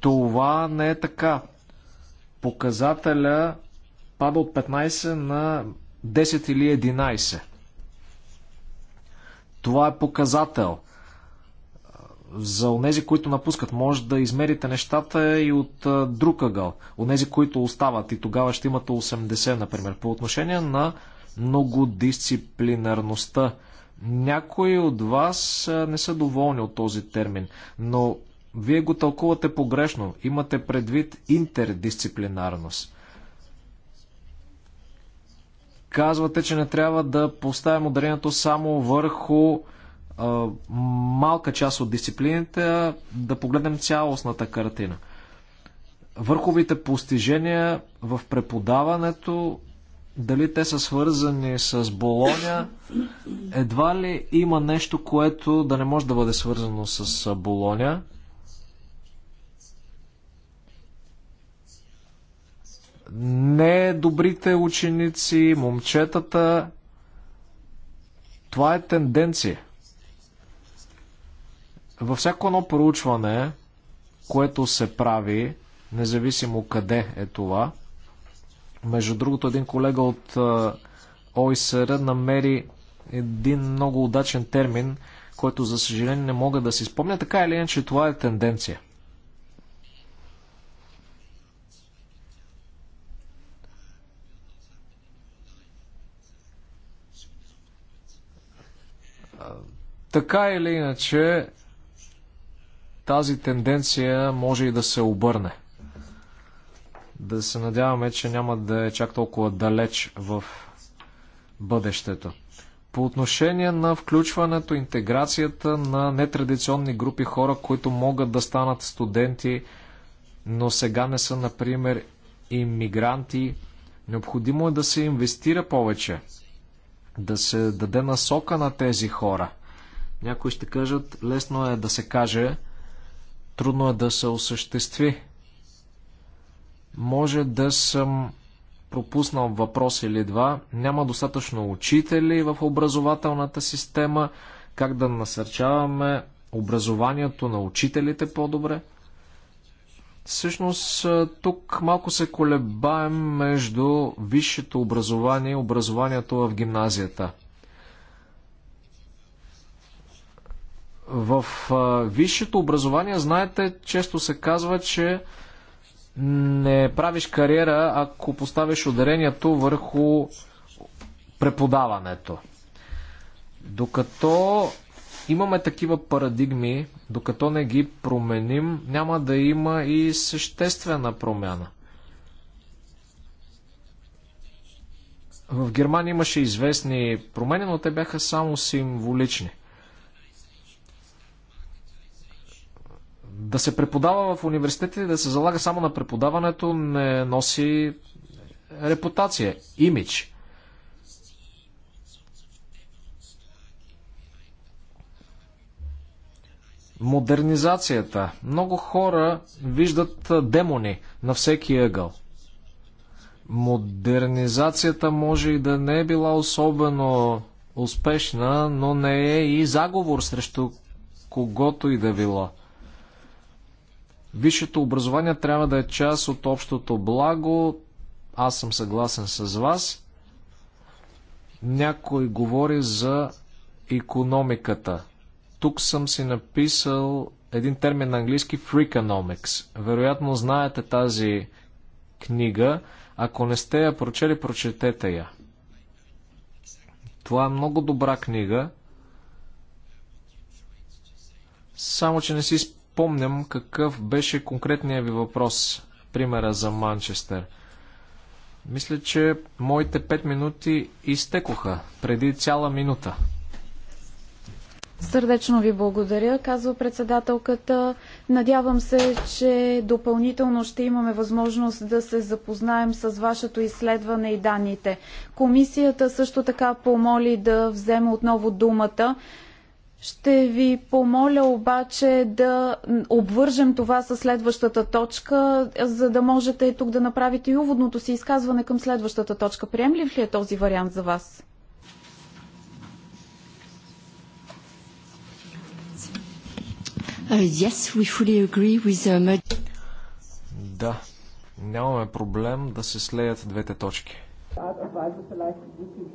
Това не е така. Показателя пада от 15 на 10 или 11. Това е показател. За онези, които напускат, може да измерите нещата и от друг ъгъл. Онези, които остават и тогава ще имате 80, например. По отношение на многодисциплинарността. Някои от вас не са доволни от този термин, но вие го тълкувате погрешно. Имате предвид интердисциплинарност. Казвате, че не трябва да поставим ударението само върху а, малка част от дисциплините, а да погледнем цялостната картина. Върховите постижения в преподаването дали те са свързани с Болоня, едва ли има нещо, което да не може да бъде свързано с Болоня. Не добрите ученици, момчетата. Това е тенденция. Във всяко едно проучване, което се прави, независимо къде е това, между другото, един колега от ОИСР намери един много удачен термин, който за съжаление не мога да си спомня. Така или иначе, това е тенденция. Така или иначе, тази тенденция може и да се обърне – да се надяваме, че няма да е чак толкова далеч в бъдещето. По отношение на включването, интеграцията на нетрадиционни групи хора, които могат да станат студенти, но сега не са, например, иммигранти, необходимо е да се инвестира повече, да се даде насока на тези хора. Някои ще кажат, лесно е да се каже, трудно е да се осъществи. Може да съм пропуснал въпрос или два. Няма достатъчно учители в образователната система. Как да насърчаваме образованието на учителите по-добре? Всъщност тук малко се колебаем между висшето образование и образованието в гимназията. В висшето образование, знаете, често се казва, че не правиш кариера, ако поставиш ударението върху преподаването. Докато имаме такива парадигми, докато не ги променим, няма да има и съществена промяна. В Германия имаше известни промени, но те бяха само символични. Да се преподава в университетите, да се залага само на преподаването, не носи репутация, имидж. Модернизацията. Много хора виждат демони на всеки ъгъл. Модернизацията може и да не е била особено успешна, но не е и заговор срещу когото и да било. Висшето образование трябва да е част от общото благо. Аз съм съгласен с вас. Някой говори за економиката. Тук съм си написал един термин на английски Freakonomics. Вероятно знаете тази книга. Ако не сте я прочели, прочетете я. Това е много добра книга. Само, че не си спомням какъв беше конкретният ви въпрос, примера за Манчестър. Мисля, че моите 5 минути изтекоха преди цяла минута. Сърдечно ви благодаря, казва председателката. Надявам се, че допълнително ще имаме възможност да се запознаем с вашето изследване и данните. Комисията също така помоли да вземе отново думата. Ще ви помоля обаче да обвържем това с следващата точка, за да можете тук да направите и уводното си изказване към следващата точка. Приемлив ли е този вариант за вас? Yes, we fully agree with the... Да, нямаме проблем да се слеят двете точки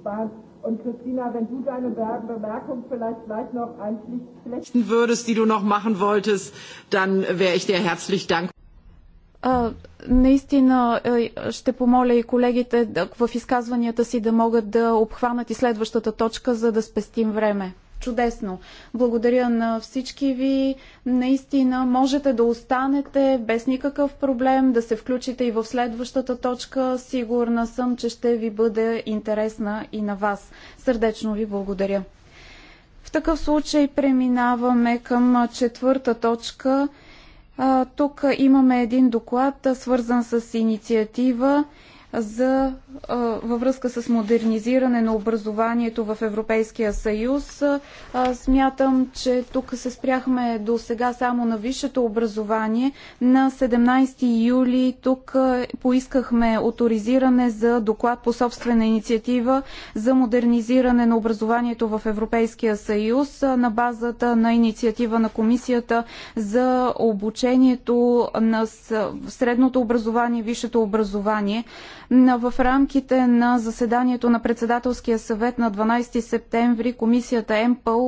sparen. Und Christina, wenn du deine Bemerkung vielleicht gleich noch einschließen würdest, die du noch machen wolltest, dann wäre ich dir herzlich dankbar. Наистина ще помоля и колегите в изказванията си да могат да обхванат и следващата точка, за да спестим време чудесно. Благодаря на всички ви. Наистина можете да останете без никакъв проблем, да се включите и в следващата точка. Сигурна съм, че ще ви бъде интересна и на вас. Сърдечно ви благодаря. В такъв случай преминаваме към четвърта точка. Тук имаме един доклад, свързан с инициатива за, а, във връзка с модернизиране на образованието в Европейския съюз. А, смятам, че тук се спряхме до сега само на висшето образование. На 17 юли тук а, поискахме авторизиране за доклад по собствена инициатива за модернизиране на образованието в Европейския съюз на базата на инициатива на Комисията за обучението на средното образование и висшето образование в рамките на заседанието на председателския съвет на 12 септември комисията МПЛ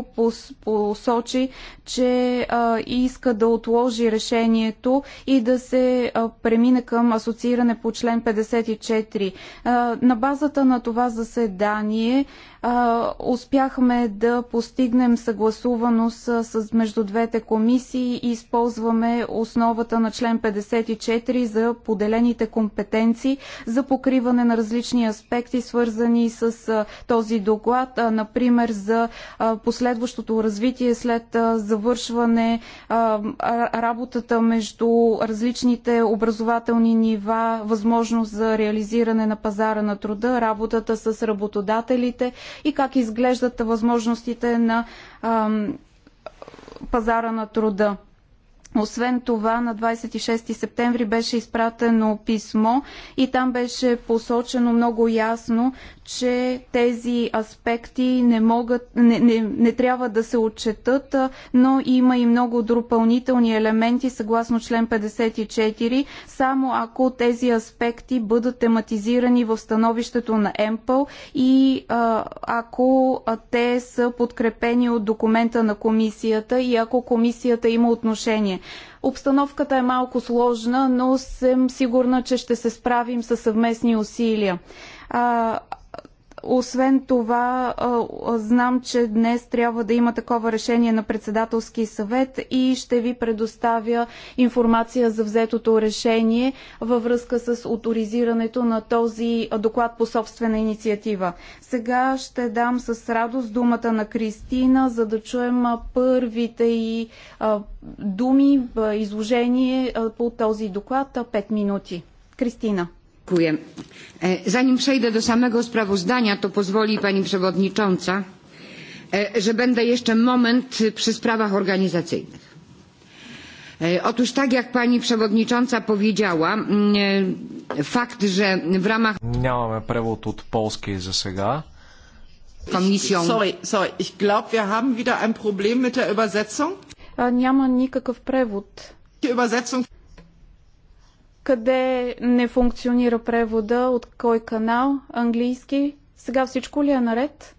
посочи, че иска да отложи решението и да се премине към асоцииране по член 54. На базата на това заседание успяхме да постигнем съгласуваност с между двете комисии и използваме основата на член 54 за поделените компетенции за покриване на различни аспекти, свързани с този доклад, например за последващото развитие след завършване работата между различните образователни нива, възможност за реализиране на пазара на труда, работата с работодателите и как изглеждат възможностите на пазара на труда. Освен това, на 26 септември беше изпратено писмо и там беше посочено много ясно, че тези аспекти не, могат, не, не, не трябва да се отчетат, но има и много допълнителни елементи съгласно член 54, само ако тези аспекти бъдат тематизирани в становището на ЕМПЛ и а, ако те са подкрепени от документа на комисията и ако комисията има отношение. Обстановката е малко сложна, но съм сигурна, че ще се справим със съвместни усилия. Освен това, знам, че днес трябва да има такова решение на председателски съвет и ще ви предоставя информация за взетото решение във връзка с авторизирането на този доклад по собствена инициатива. Сега ще дам с радост думата на Кристина, за да чуем първите и думи, изложение по този доклад. Пет минути. Кристина. Zanim przejdę do samego sprawozdania, to pozwoli Pani Przewodnicząca, że będę jeszcze moment przy sprawach organizacyjnych. Otóż tak jak Pani Przewodnicząca powiedziała, fakt, że w ramach... Нямаме превод от полски за сега. Комисион... Sorry, sorry, ich glaube, wir haben wieder ein Problem mit der Übersetzung. Няма никакъв превод. Übersetzung къде не функционира превода, от кой канал, английски. Сега всичко ли е наред?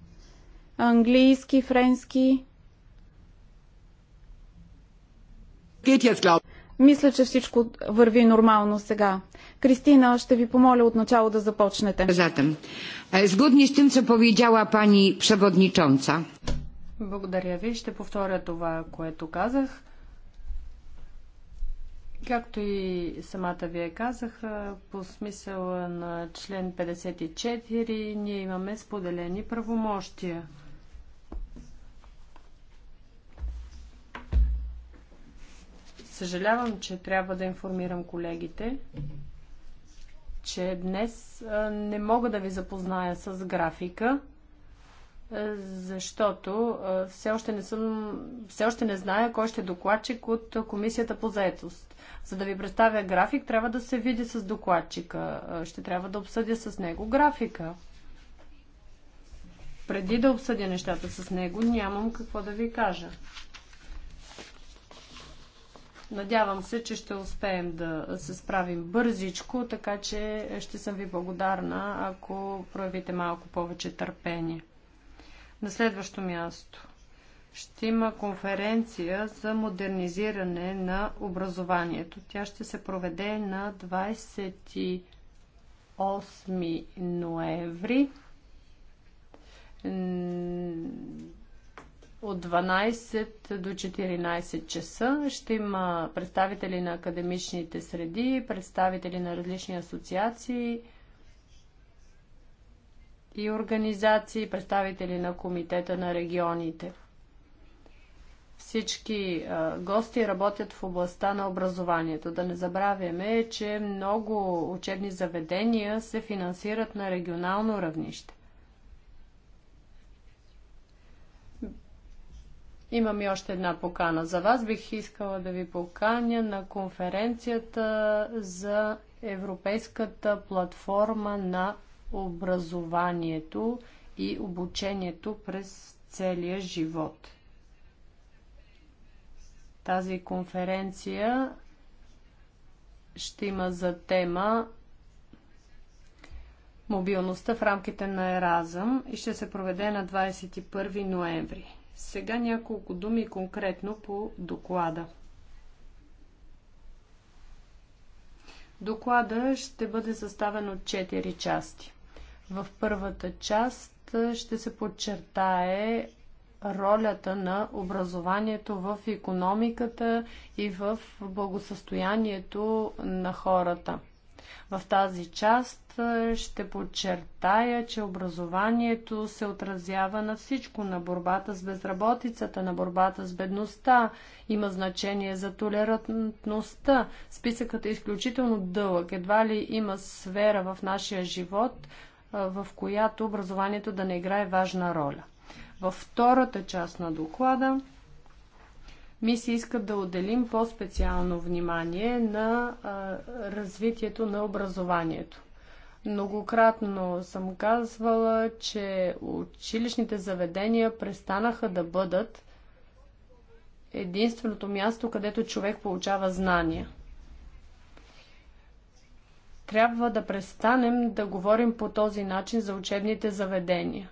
Английски, френски. Мисля, че всичко върви нормално сега. Кристина, ще ви помоля отначало да започнете. Затем. Згодни с тим, че повидяла пани преводничонца. Благодаря ви. Ще повторя това, което казах. Както и самата вие казах, по смисъла на член 54 ние имаме споделени правомощия. Съжалявам, че трябва да информирам колегите, че днес не мога да ви запозная с графика, защото все още не, съм, все още не зная кой ще е докладчик от Комисията по заетост. За да ви представя график, трябва да се види с докладчика. Е, ще трябва да обсъдя с него графика. Преди да обсъдя нещата с него, нямам какво да ви кажа. Надявам се, че ще успеем да се справим бързичко, така че ще съм ви благодарна, ако проявите малко повече търпение. На следващо място ще има конференция за модернизиране на образованието. Тя ще се проведе на 28 ноември от 12 до 14 часа. Ще има представители на академичните среди, представители на различни асоциации и организации, представители на Комитета на регионите – всички а, гости работят в областта на образованието. Да не забравяме, че много учебни заведения се финансират на регионално равнище. Имам и още една покана за вас. Бих искала да ви поканя на конференцията за Европейската платформа на образованието и обучението през целия живот. Тази конференция ще има за тема мобилността в рамките на Еразъм и ще се проведе на 21 ноември. Сега няколко думи конкретно по доклада. Доклада ще бъде съставен от 4 части. В първата част ще се подчертае ролята на образованието в економиката и в благосъстоянието на хората. В тази част е, ще подчертая, че образованието се отразява на всичко, на борбата с безработицата, на борбата с бедността, има значение за толерантността. Списъкът е изключително дълъг, едва ли има сфера в нашия живот, е, в която образованието да не играе важна роля. Във втората част на доклада ми се иска да отделим по-специално внимание на а, развитието на образованието. Многократно съм казвала, че училищните заведения престанаха да бъдат единственото място, където човек получава знания. Трябва да престанем да говорим по този начин за учебните заведения.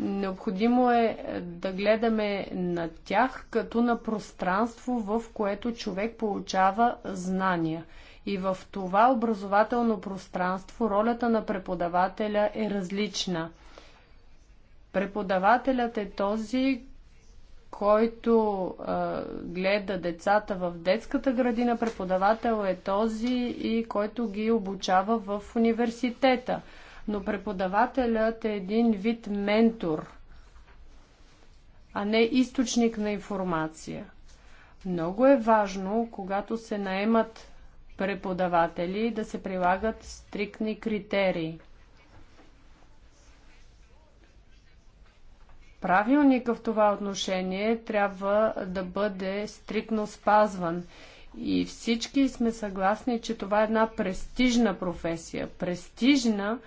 Необходимо е да гледаме на тях като на пространство, в което човек получава знания. И в това образователно пространство ролята на преподавателя е различна. Преподавателят е този, който а, гледа децата в детската градина, преподавател е този и който ги обучава в университета но преподавателят е един вид ментор, а не източник на информация. Много е важно, когато се наемат преподаватели, да се прилагат стриктни критерии. Правилника в това отношение трябва да бъде стриктно спазван. И всички сме съгласни, че това е една престижна професия. Престижна,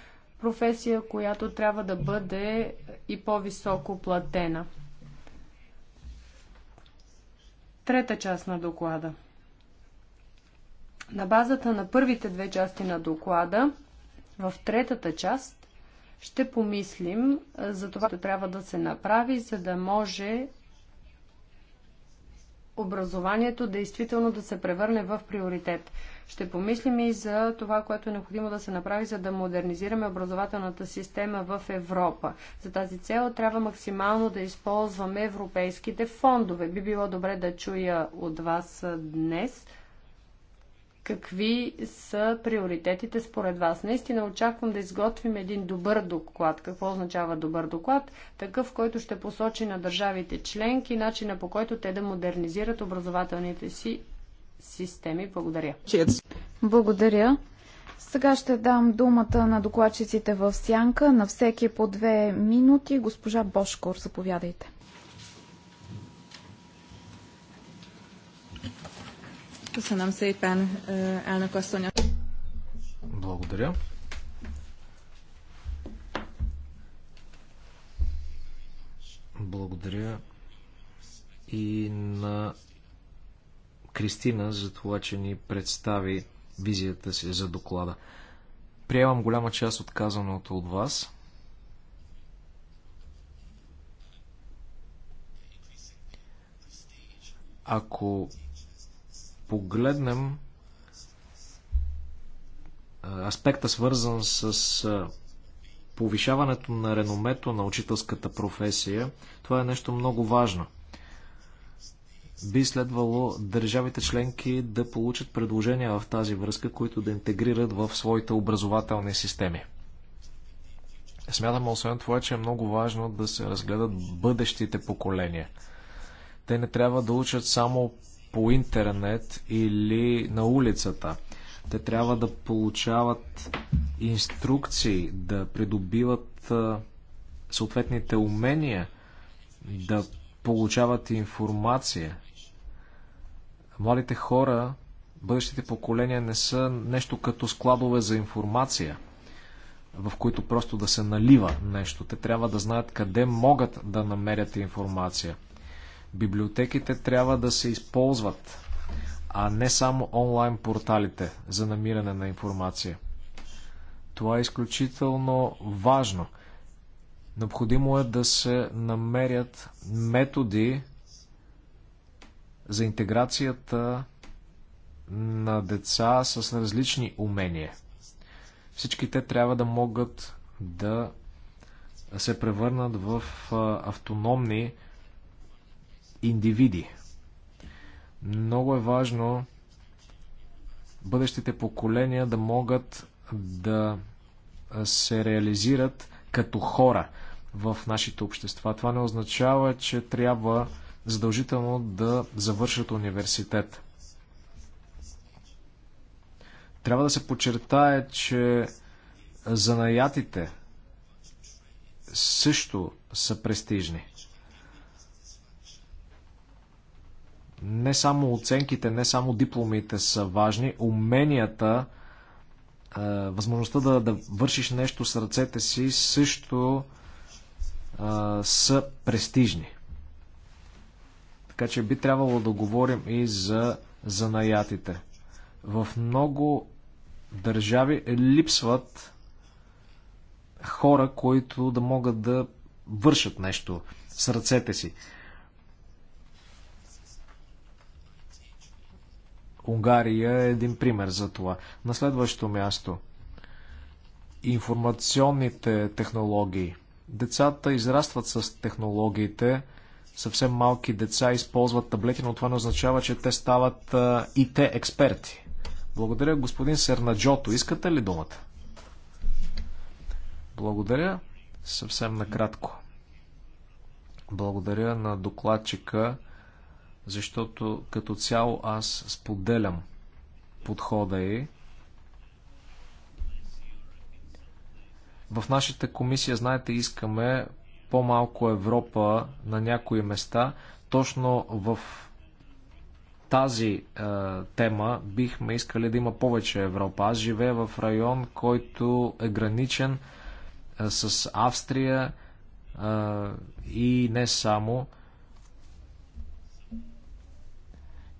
професия, която трябва да бъде и по-високо платена. Трета част на доклада. На базата на първите две части на доклада, в третата част ще помислим за това, което трябва да се направи, за да може образованието действително да се превърне в приоритет. Ще помислим и за това, което е необходимо да се направи, за да модернизираме образователната система в Европа. За тази цел трябва максимално да използваме европейските фондове. Би било добре да чуя от вас днес какви са приоритетите според вас. Наистина очаквам да изготвим един добър доклад. Какво означава добър доклад? Такъв, който ще посочи на държавите членки, начина по който те да модернизират образователните си системи. Благодаря. Благодаря. Сега ще дам думата на докладчиците в сянка. На всеки по две минути. Госпожа Бошкор, заповядайте. Благодаря. Благодаря и на Кристина за това, че ни представи визията си за доклада. Приемам голяма част от казаното от вас. Ако погледнем аспекта свързан с повишаването на реномето на учителската професия, това е нещо много важно – би следвало държавите членки да получат предложения в тази връзка, които да интегрират в своите образователни системи. Смятам освен това, че е много важно да се разгледат бъдещите поколения. Те не трябва да учат само по интернет или на улицата. Те трябва да получават инструкции, да придобиват съответните умения, да получават информация. Младите хора, бъдещите поколения не са нещо като складове за информация, в които просто да се налива нещо. Те трябва да знаят къде могат да намерят информация. Библиотеките трябва да се използват, а не само онлайн порталите за намиране на информация. Това е изключително важно. Необходимо е да се намерят методи за интеграцията на деца с различни умения. Всички те трябва да могат да се превърнат в автономни индивиди. Много е важно бъдещите поколения да могат да се реализират като хора в нашите общества. Това не означава, че трябва задължително да завършат университет. Трябва да се подчертае, че занаятите също са престижни. Не само оценките, не само дипломите са важни, уменията, е, възможността да, да вършиш нещо с ръцете си също е, са престижни. Така че би трябвало да говорим и за занаятите. В много държави липсват хора, които да могат да вършат нещо с ръцете си. Унгария е един пример за това. На следващото място информационните технологии. Децата израстват с технологиите, съвсем малки деца използват таблети, но това не означава, че те стават и те експерти. Благодаря, господин Сернаджото. Искате ли думата? Благодаря. Съвсем накратко. Благодаря на докладчика, защото като цяло аз споделям подхода и. В нашата комисия, знаете, искаме по-малко Европа на някои места, точно в тази е, тема бихме искали да има повече Европа. Аз живея в район, който е граничен е, с Австрия е, и не само.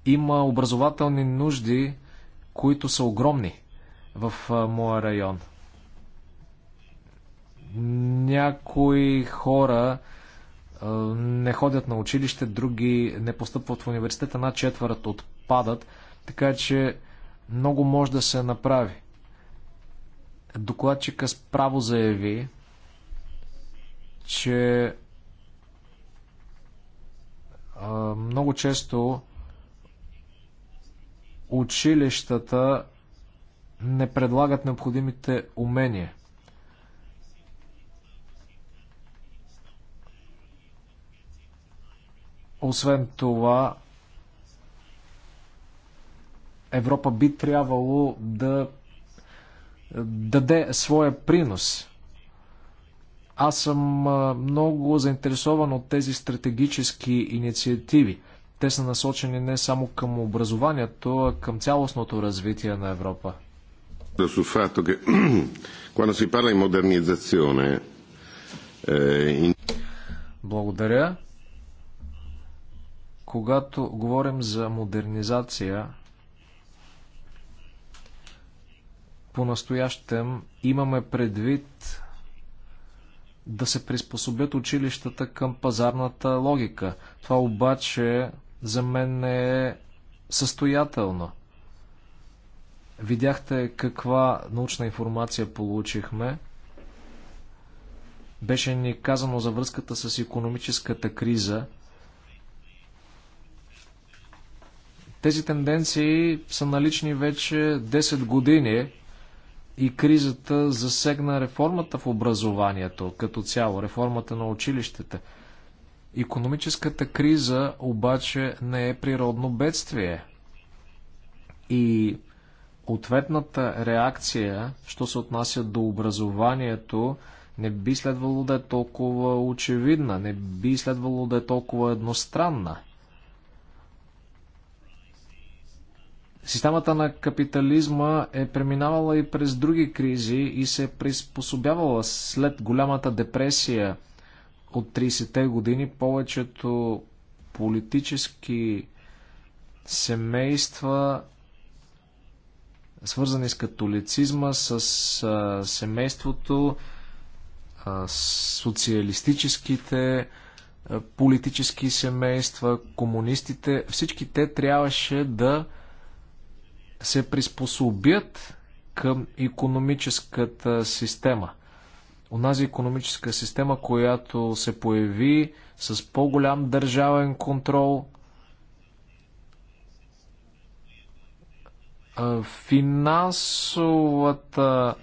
Има образователни нужди, които са огромни в е, моя район – някои хора не ходят на училище, други не постъпват в университета, на четвърт отпадат, така че много може да се направи. Докладчика справо заяви, че много често училищата не предлагат необходимите умения. Освен това, Европа би трябвало да даде своя принос. Аз съм много заинтересован от тези стратегически инициативи. Те са насочени не само към образованието, а към цялостното развитие на Европа. Sul fatto che quando si parla di modernizzazione, eh, Благодаря. Когато говорим за модернизация, по-настоящем имаме предвид да се приспособят училищата към пазарната логика. Това обаче за мен не е състоятелно. Видяхте каква научна информация получихме. Беше ни казано за връзката с економическата криза – Тези тенденции са налични вече 10 години и кризата засегна реформата в образованието като цяло, реформата на училищата. Економическата криза обаче не е природно бедствие. И ответната реакция, що се отнася до образованието, не би следвало да е толкова очевидна, не би следвало да е толкова едностранна – Системата на капитализма е преминавала и през други кризи и се е приспособявала след голямата депресия от 30-те години. Повечето политически семейства, свързани с католицизма, с а, семейството, а, социалистическите а, политически семейства, комунистите, всички те трябваше да се приспособят към економическата система. Онази економическа система, която се появи с по-голям държавен контрол, финансовата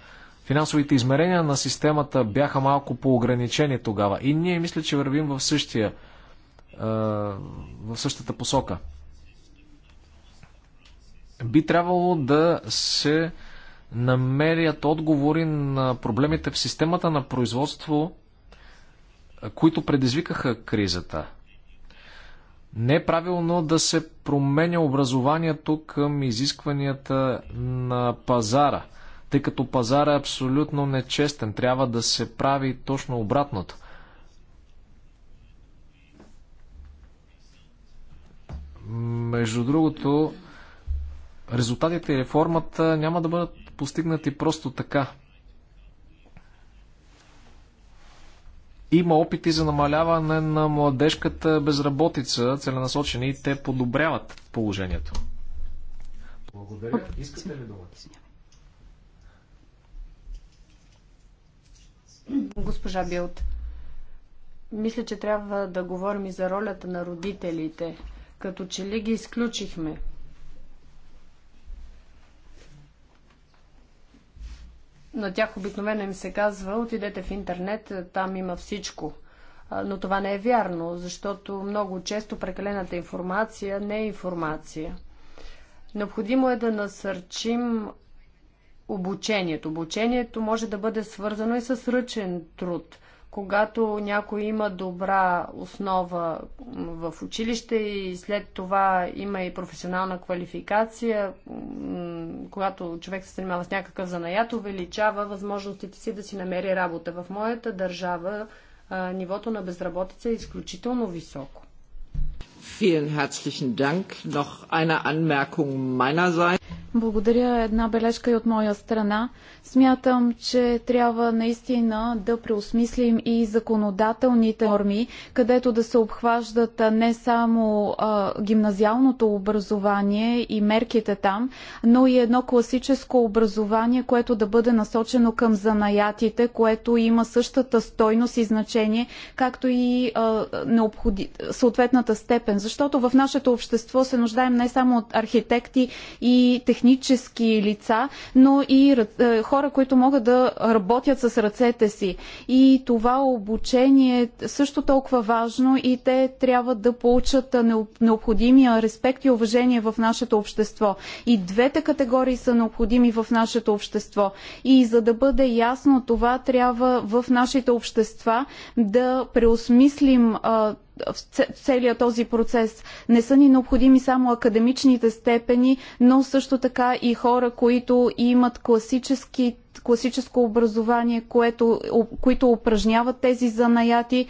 финансовите измерения на системата бяха малко по-ограничени тогава. И ние мисля, че вървим в същия в същата посока би трябвало да се намерят отговори на проблемите в системата на производство, които предизвикаха кризата. Не е правилно да се променя образованието към изискванията на пазара, тъй като пазара е абсолютно нечестен. Трябва да се прави точно обратното. Между другото, Резултатите и реформата няма да бъдат постигнати просто така. Има опити за намаляване на младежката безработица, целенасочени и те подобряват положението. Благодаря. Искате ли думата? Госпожа Билт, мисля, че трябва да говорим и за ролята на родителите. Като че ли ги изключихме? на тях обикновено им се казва, отидете в интернет, там има всичко. Но това не е вярно, защото много често прекалената информация не е информация. Необходимо е да насърчим обучението. Обучението може да бъде свързано и с ръчен труд – когато някой има добра основа в училище и след това има и професионална квалификация, когато човек се занимава с някакъв занаят, увеличава възможностите си да си намери работа. В моята държава нивото на безработица е изключително високо. Vielen herzlichen Dank. Noch eine Anmerkung meinerseits. Благодаря. Една бележка и от моя страна. Смятам, че трябва наистина да преосмислим и законодателните норми, където да се обхваждат не само а, гимназиалното образование и мерките там, но и едно класическо образование, което да бъде насочено към занаятите, което има същата стойност и значение, както и а, необходи... съответната степен защото в нашето общество се нуждаем не само от архитекти и технически лица, но и е, хора, които могат да работят с ръцете си. И това обучение е също толкова важно и те трябва да получат необходимия респект и уважение в нашето общество. И двете категории са необходими в нашето общество. И за да бъде ясно това, трябва в нашите общества да преосмислим а, е, в целият този процес. Не са ни необходими само академичните степени, но също така и хора, които имат класически класическо образование, което, които упражняват тези занаяти,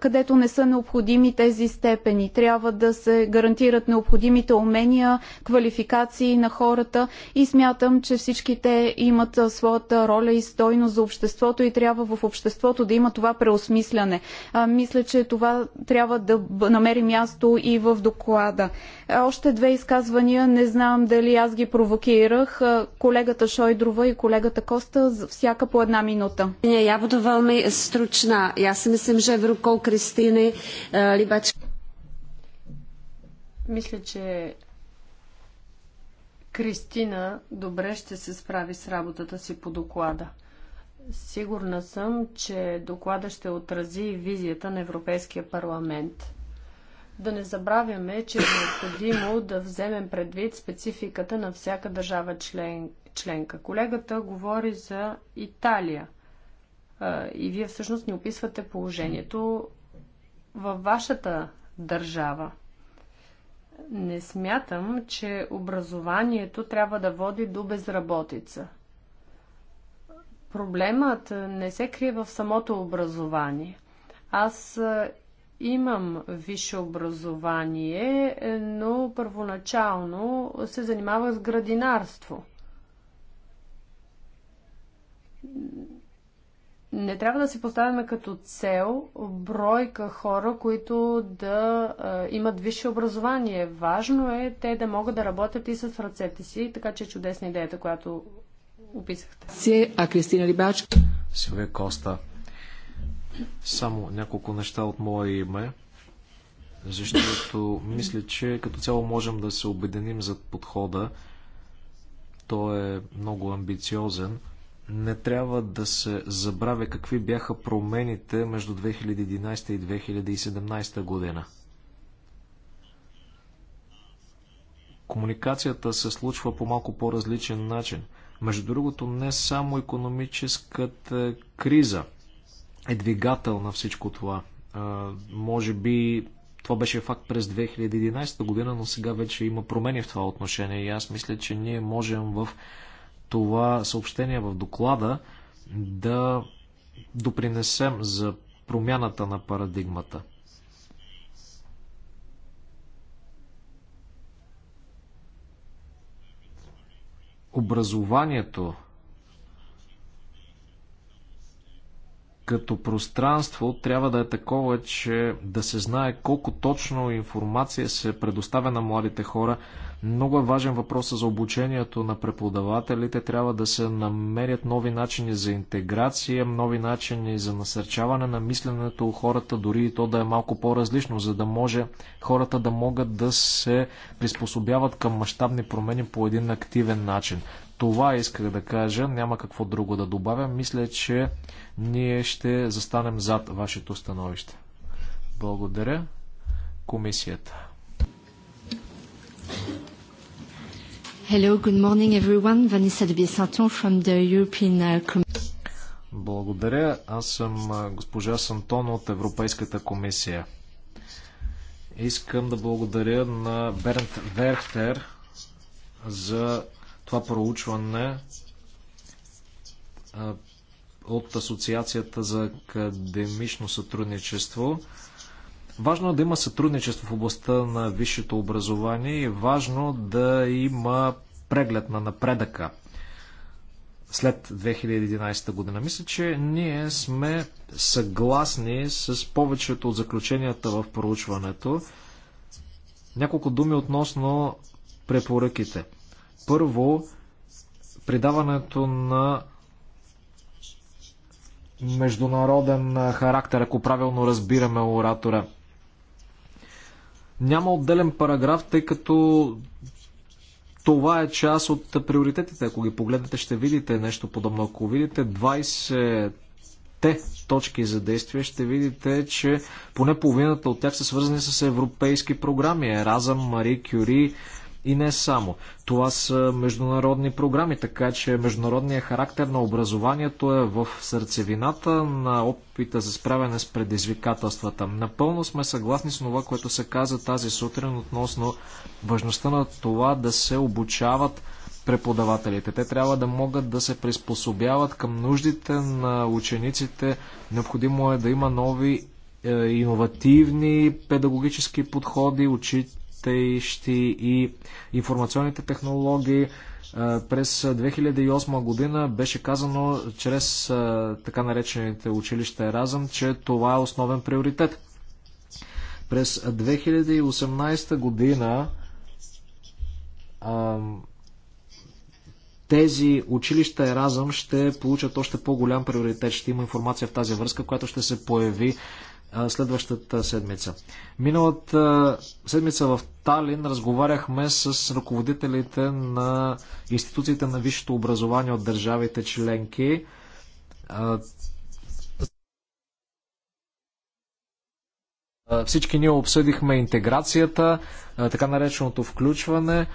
където не са необходими тези степени. Трябва да се гарантират необходимите умения, квалификации на хората и смятам, че всички те имат своята роля и стойност за обществото и трябва в обществото да има това преосмисляне. Мисля, че това трябва да намери място и в доклада. Още две изказвания, не знам дали аз ги провокирах. Колегата Шойдрова и колегата Коста всяка по една минута. Я буду velmi stručná. Já si myslím, že v rukou Kristýny е, Libačky. Мисля, че Кристина добре ще се справи с работата си по доклада. Сигурна съм, че доклада ще отрази визията на Европейския парламент – да не забравяме, че е необходимо да вземем предвид спецификата на всяка държава член, членка. Колегата говори за Италия. И вие всъщност ни описвате положението във вашата държава. Не смятам, че образованието трябва да води до безработица. Проблемът не се крие в самото образование. Аз Имам висше образование, е, но първоначално се занимавах с градинарство. Не трябва да си поставяме като цел бройка хора, които да е, имат висше образование. Важно е те да могат да работят и с ръцете си, така че е чудесна идеята, която описахте. А Кристина Рибачка. Сега Коста. Само няколко неща от мое име, защото мисля, че като цяло можем да се обединим за подхода. Той е много амбициозен. Не трябва да се забравя какви бяха промените между 2011 и 2017 година. комуникацията се случва по малко по-различен начин. Между другото, не само економическата криза е двигател на всичко това. Може би това беше факт през 2011 година, но сега вече има промени в това отношение и аз мисля, че ние можем в това съобщение в доклада да допринесем за промяната на парадигмата. Образованието като пространство трябва да е такова, че да се знае колко точно информация се предоставя на младите хора. Много е важен въпрос за обучението на преподавателите. Трябва да се намерят нови начини за интеграция, нови начини за насърчаване на мисленето у хората, дори и то да е малко по-различно, за да може хората да могат да се приспособяват към мащабни промени по един активен начин. Това исках да кажа, няма какво друго да добавя. Мисля, че ние ще застанем зад вашето становище. Благодаря. Комисията. Hello, good morning everyone. Vanessa de Bisanton from the European uh, Commission. Благодаря. Аз съм госпожа Сантон от Европейската комисия. Искам да благодаря на Бернт Верхтер за това проучване от Асоциацията за академично сътрудничество. Важно е да има сътрудничество в областта на висшето образование и важно да има преглед на напредъка след 2011 година. Мисля, че ние сме съгласни с повечето от заключенията в проучването. Няколко думи относно препоръките. Първо, придаването на международен характер, ако правилно разбираме оратора. Няма отделен параграф, тъй като това е част от приоритетите. Ако ги погледнете, ще видите нещо подобно. Ако видите 20 те точки за действие, ще видите, че поне половината от тях са свързани с европейски програми. Еразъм, Мари Кюри, и не само. Това са международни програми, така че международният характер на образованието е в сърцевината на опита за справяне с предизвикателствата. Напълно сме съгласни с това, което се каза тази сутрин относно важността на това да се обучават преподавателите. Те трябва да могат да се приспособяват към нуждите на учениците. Необходимо е да има нови е, иновативни педагогически подходи, учи, работещи и информационните технологии. Е, през 2008 година беше казано чрез е, така наречените училища Еразъм, че това е основен приоритет. През 2018 година тези училища Еразъм ще получат още по-голям приоритет. Ще има информация в тази връзка, която ще се появи следващата седмица. Миналата седмица в Талин разговаряхме с ръководителите на институциите на висшето образование от държавите членки. Всички ние обсъдихме интеграцията, така нареченото включване.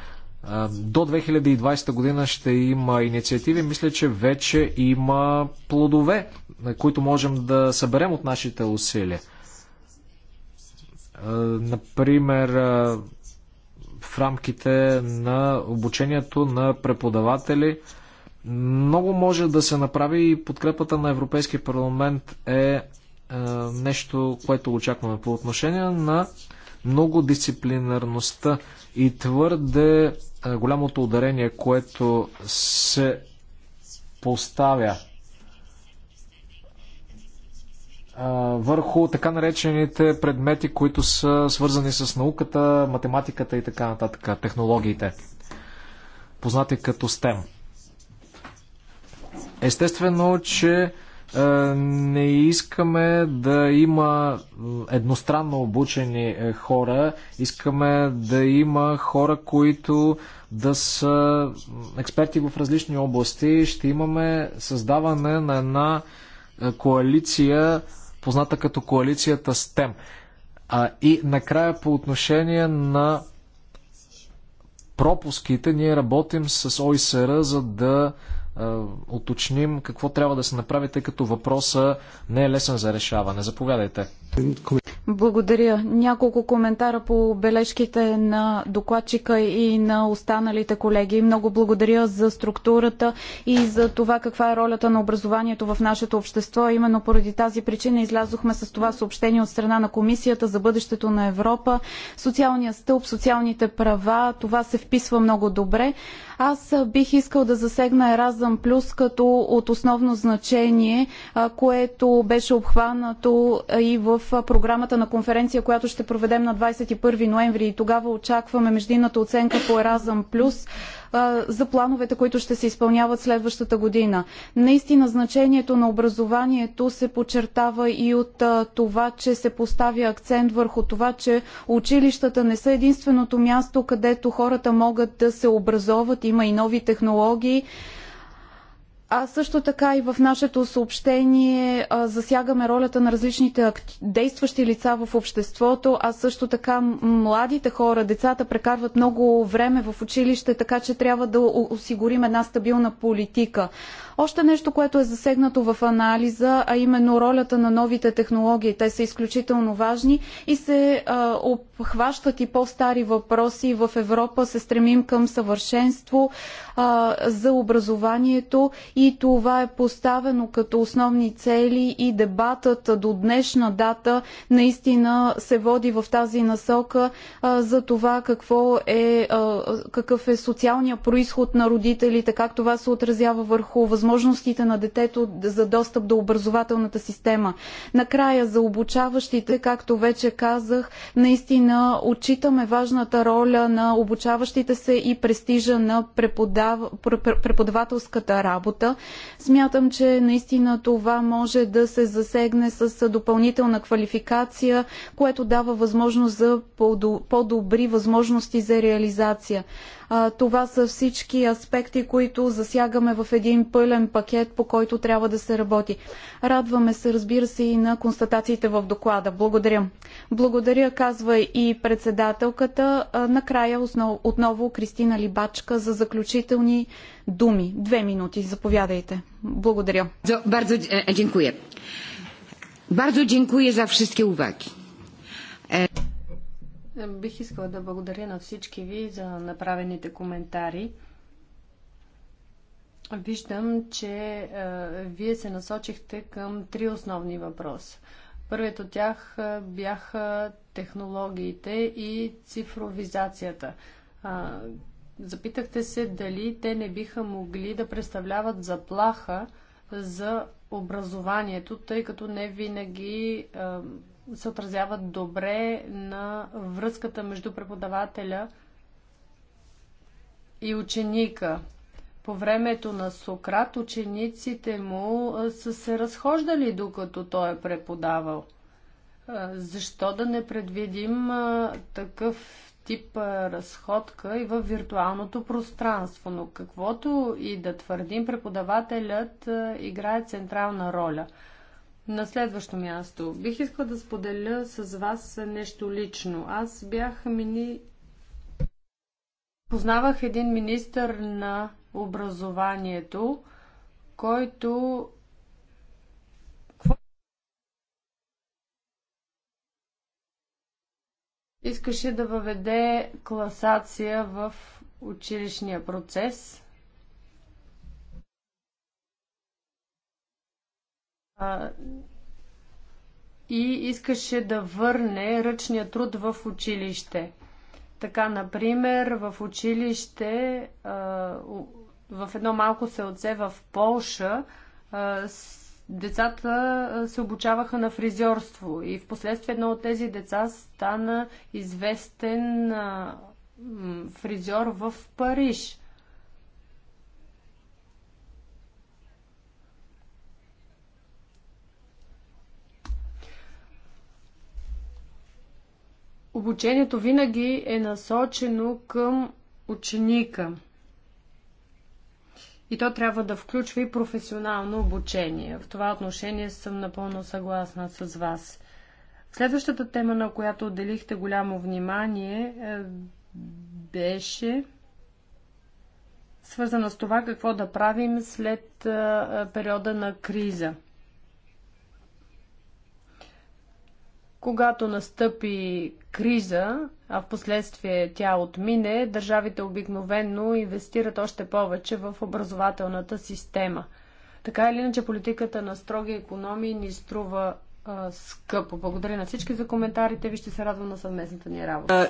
До 2020 година ще има инициативи. Мисля, че вече има плодове които можем да съберем от нашите усилия. Например, в рамките на обучението на преподаватели, много може да се направи и подкрепата на Европейския парламент е, е нещо, което очакваме по отношение на много дисциплинарността и твърде е, голямото ударение, което се поставя върху така наречените предмети, които са свързани с науката, математиката и така нататък, технологиите, познати като STEM. Естествено, че не искаме да има едностранно обучени е, хора, искаме да има хора, които да са експерти в различни области. Ще имаме създаване на една е, коалиция позната като коалицията СТЕМ. А, и накрая по отношение на пропуските, ние работим с ОИСР, за да е, уточним какво трябва да се направи, тъй като въпроса не е лесен за решаване. Заповядайте. Благодаря. Няколко коментара по бележките на докладчика и на останалите колеги. Много благодаря за структурата и за това каква е ролята на образованието в нашето общество. Именно поради тази причина излязохме с това съобщение от страна на Комисията за бъдещето на Европа. Социалният стълб, социалните права, това се вписва много добре. Аз бих искал да засегна Еразъм казвам Плюс като от основно значение, което беше обхванато и в програмата на конференция, която ще проведем на 21 ноември и тогава очакваме междинната оценка по Еразъм Плюс за плановете, които ще се изпълняват следващата година. Наистина значението на образованието се подчертава и от това, че се поставя акцент върху това, че училищата не са единственото място, където хората могат да се образоват, има и нови технологии а също така и в нашето съобщение а, засягаме ролята на различните действащи лица в обществото, а също така младите хора, децата прекарват много време в училище, така че трябва да осигурим една стабилна политика. Още нещо, което е засегнато в анализа, а именно ролята на новите технологии. Те са изключително важни и се а, обхващат и по-стари въпроси. В Европа се стремим към съвършенство а, за образованието и това е поставено като основни цели и дебатът до днешна дата наистина се води в тази насока а, за това какво е, а, какъв е социалния происход на родителите, как това се отразява върху възможността възможностите на детето за достъп до образователната система. Накрая за обучаващите, както вече казах, наистина отчитаме важната роля на обучаващите се и престижа на преподав... преподавателската работа. Смятам, че наистина това може да се засегне с допълнителна квалификация, което дава възможност за по-добри възможности за реализация. Това са всички аспекти, които засягаме в един пълен пакет, по който трябва да се работи. Радваме се, разбира се, и на констатациите в доклада. Благодаря. Благодаря, казва и председателката. Накрая отново Кристина Либачка за заключителни думи. Две минути, заповядайте. Благодаря. Е, е, Бих искала да благодаря на всички ви за направените коментари. Виждам, че е, вие се насочихте към три основни въпроса. Първият от тях е, бяха технологиите и цифровизацията. А, запитахте се дали те не биха могли да представляват заплаха за образованието, тъй като не винаги е, се отразяват добре на връзката между преподавателя и ученика. По времето на Сократ учениците му са се разхождали докато той е преподавал. Защо да не предвидим такъв тип разходка и в виртуалното пространство, но каквото и да твърдим, преподавателят играе централна роля – на следващо място, бих искала да споделя с вас нещо лично. Аз бях мини... Познавах един министър на образованието, който искаше да въведе класация в училищния процес. а, и искаше да върне ръчния труд в училище. Така, например, в училище, а, в едно малко селце в Полша, а, децата се обучаваха на фризьорство и в последствие едно от тези деца стана известен фризьор в Париж. обучението винаги е насочено към ученика. И то трябва да включва и професионално обучение. В това отношение съм напълно съгласна с вас. Следващата тема, на която отделихте голямо внимание, е, беше свързана с това какво да правим след е, периода на криза. Когато настъпи криза, а в последствие тя отмине, държавите обикновенно инвестират още повече в образователната система. Така или иначе, политиката на строги економии ни струва скъпо. Благодаря на всички за коментарите. вижте се радвам на съвместната ни работа.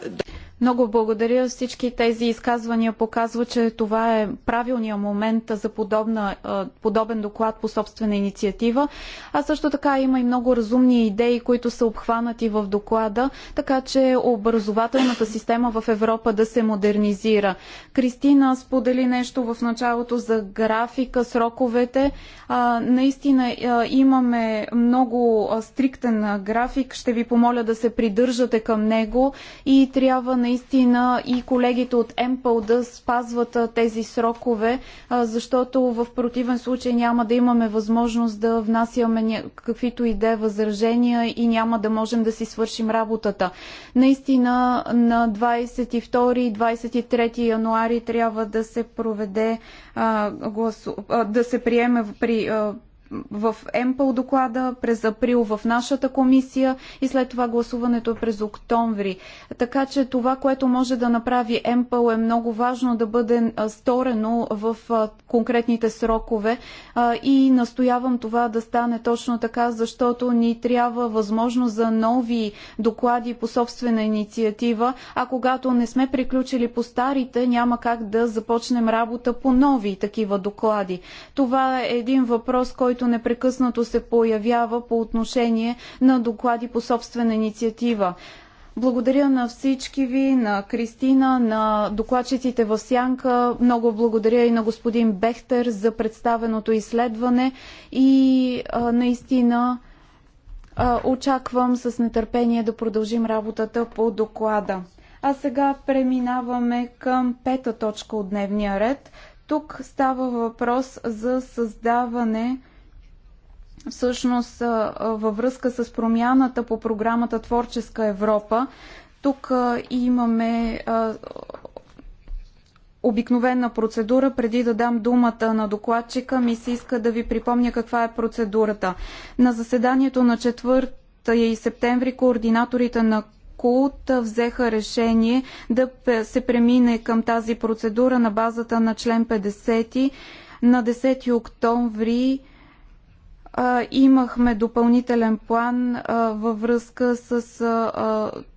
Много благодаря. Всички тези изказвания показва, че това е правилния момент за подобна, подобен доклад по собствена инициатива. А също така има и много разумни идеи, които са обхванати в доклада, така че образователната система в Европа да се модернизира. Кристина сподели нещо в началото за графика, сроковете. наистина имаме много стриктен график. Ще ви помоля да се придържате към него и трябва на наистина и колегите от МПЛ да спазват тези срокове, защото в противен случай няма да имаме възможност да внасяме каквито и да е възражения и няма да можем да си свършим работата. Наистина на 22 и 23 януари трябва да се проведе да се приеме при в МПЛ доклада, през април в нашата комисия и след това гласуването е през октомври. Така че това, което може да направи МПЛ е много важно да бъде сторено в конкретните срокове и настоявам това да стане точно така, защото ни трябва възможност за нови доклади по собствена инициатива, а когато не сме приключили по старите, няма как да започнем работа по нови такива доклади. Това е един въпрос, който който непрекъснато се появява по отношение на доклади по собствена инициатива. Благодаря на всички ви, на Кристина, на докладчиците в Сянка. Много благодаря и на господин Бехтер за представеното изследване и а, наистина а, очаквам с нетърпение да продължим работата по доклада. А сега преминаваме към пета точка от дневния ред. Тук става въпрос за създаване всъщност във връзка с промяната по програмата Творческа Европа. Тук имаме обикновена процедура. Преди да дам думата на докладчика, ми се иска да ви припомня каква е процедурата. На заседанието на 4 и септември координаторите на КУЛТ взеха решение да се премине към тази процедура на базата на член 50 на 10 октомври имахме допълнителен план във връзка с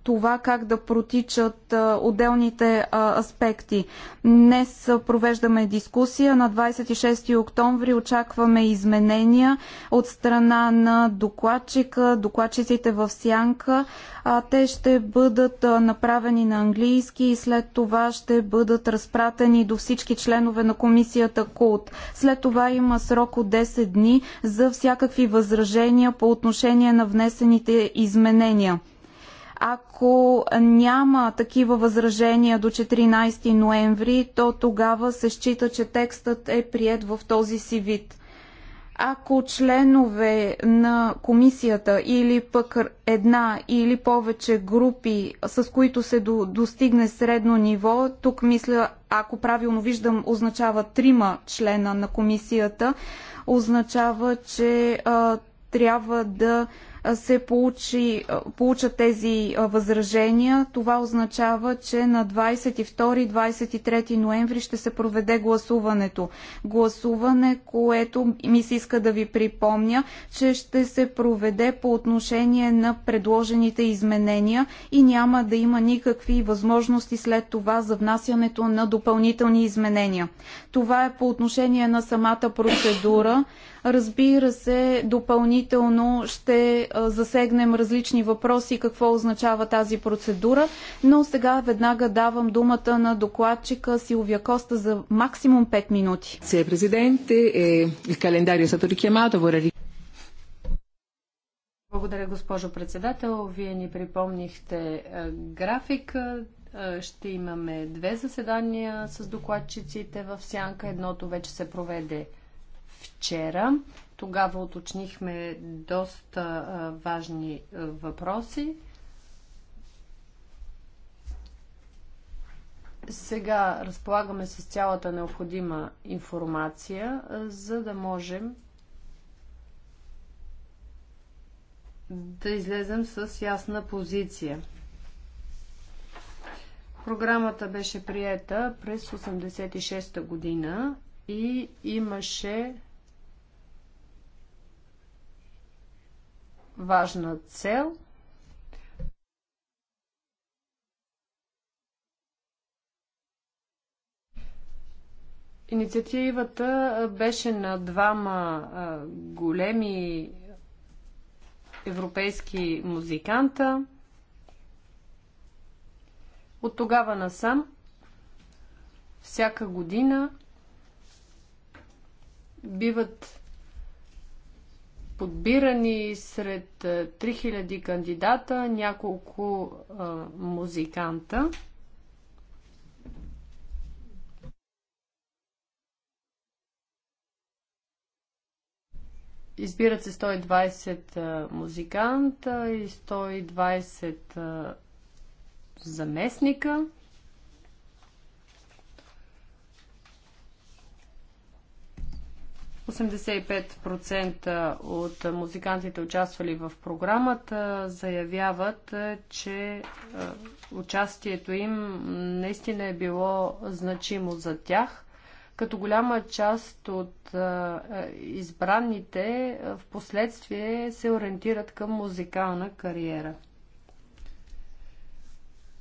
това как да протичат отделните аспекти. Днес провеждаме дискусия. На 26 октомври очакваме изменения от страна на докладчика, докладчиците в Сянка. Те ще бъдат направени на английски и след това ще бъдат разпратени до всички членове на комисията КУЛТ. След това има срок от 10 дни за всяка всякакви възражения по отношение на внесените изменения. Ако няма такива възражения до 14 ноември, то тогава се счита, че текстът е прият в този си вид. Ако членове на комисията или пък една или повече групи, с които се до, достигне средно ниво, тук мисля, ако правилно виждам, означава трима члена на комисията, означава, че а, трябва да се получи, получат тези възражения, това означава, че на 22-23 ноември ще се проведе гласуването. Гласуване, което ми се иска да ви припомня, че ще се проведе по отношение на предложените изменения и няма да има никакви възможности след това за внасянето на допълнителни изменения. Това е по отношение на самата процедура. Разбира се, допълнително ще засегнем различни въпроси какво означава тази процедура, но сега веднага давам думата на докладчика Силвия Коста за максимум 5 минути. Е, е Благодаря, госпожо председател. Вие ни припомнихте е, график. Ще имаме две заседания с докладчиците в Сянка. Едното вече се проведе вчера. Тогава уточнихме доста важни въпроси. Сега разполагаме с цялата необходима информация, за да можем да излезем с ясна позиция. Програмата беше приета през 86 година и имаше важна цел. Инициативата беше на двама големи европейски музиканта. От тогава насам, всяка година биват подбирани сред 3000 кандидата няколко а, музиканта. Избират се 120 музиканта и 120 заместника. 85% от музикантите, участвали в програмата, заявяват, е, че е, участието им наистина е било значимо за тях, като голяма част от е, избраните в последствие се ориентират към музикална кариера.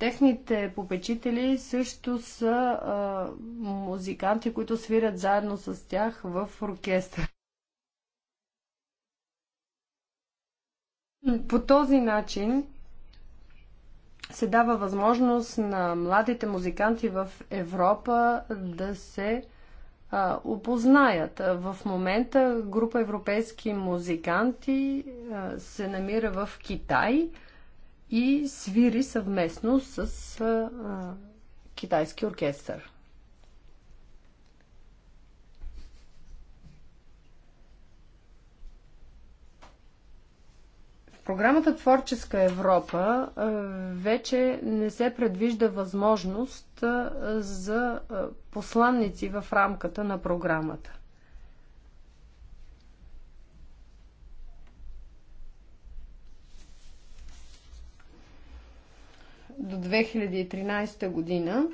Техните попечители също са а, музиканти, които свирят заедно с тях в оркестър. По този начин се дава възможност на младите музиканти в Европа да се а, опознаят. В момента група европейски музиканти а, се намира в Китай – и свири съвместно с а, китайски оркестър. програмата Творческа Европа вече не се предвижда възможност за посланници в рамката на програмата. до 2013 година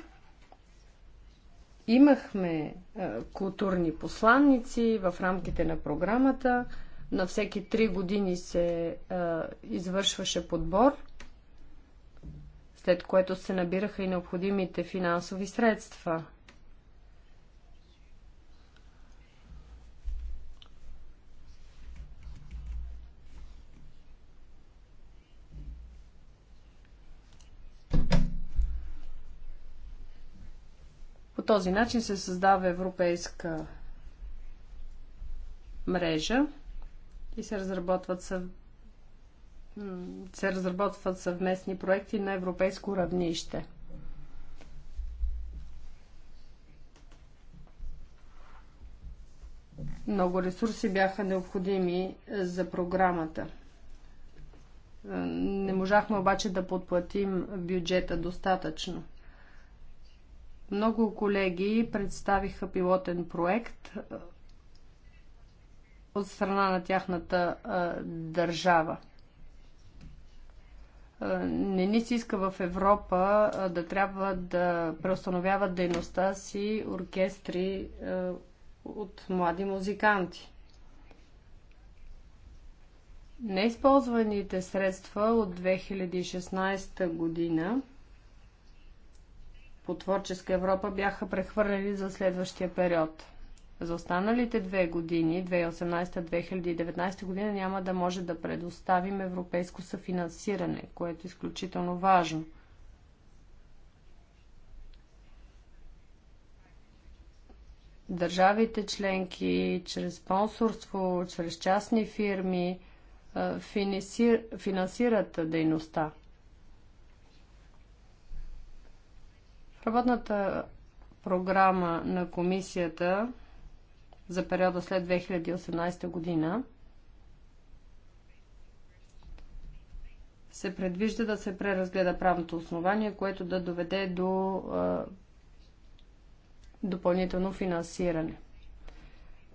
имахме е, културни посланници в рамките на програмата. На всеки три години се е, извършваше подбор, след което се набираха и необходимите финансови средства – този начин се създава европейска мрежа и се разработват, съв... се разработват съвместни проекти на европейско равнище. Много ресурси бяха необходими за програмата. Е, не можахме обаче да подплатим бюджета достатъчно. Много колеги представиха пилотен проект е, от страна на тяхната а, е, държава. Е, не ни се иска в Европа а, да трябва да преустановяват дейността си оркестри а, от млади музиканти. Неизползваните средства от 2016 година по Творческа Европа бяха прехвърлени за следващия период. За останалите две години, 2018-2019 година, няма да може да предоставим европейско съфинансиране, което е изключително важно. Държавите членки, чрез спонсорство, чрез частни фирми, финансират дейността. В работната програма на комисията за периода след 2018 година се предвижда да се преразгледа правното основание, което да доведе до а, допълнително финансиране.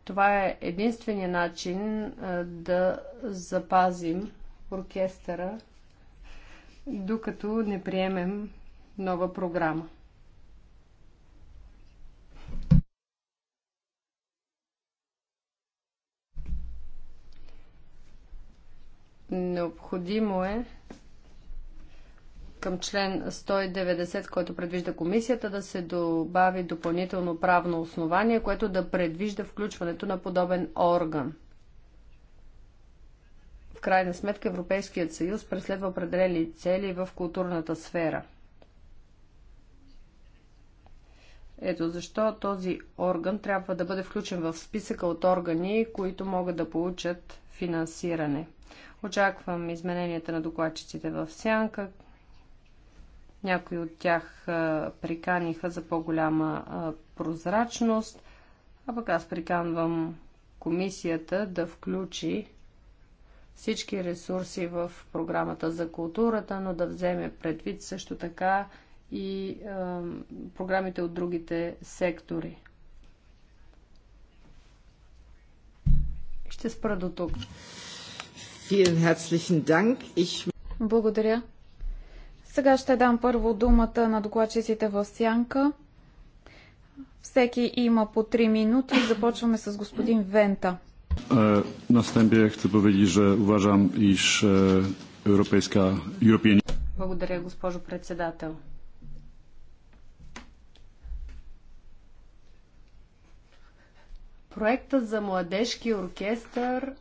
Това е единствения начин а, да запазим оркестъра, докато не приемем нова програма. Необходимо е към член 190, който предвижда комисията, да се добави допълнително правно основание, което да предвижда включването на подобен орган. В крайна сметка Европейският съюз преследва определени цели в културната сфера. Ето защо този орган трябва да бъде включен в списъка от органи, които могат да получат финансиране. Очаквам измененията на докладчиците в сянка. Някои от тях приканиха за по-голяма прозрачност, а пък аз приканвам комисията да включи всички ресурси в програмата за културата, но да вземе предвид също така и е, програмите от другите сектори. Ще спра до тук. Благодаря. Сега ще дам първо думата на докладчиците в Сянка. Всеки има по 3 минути. Започваме с господин Вента. Na wstępie chcę powiedzieć, że uważam, iż европейска Европейни. Благодаря, госпожо председател. Проектът за младежки оркестър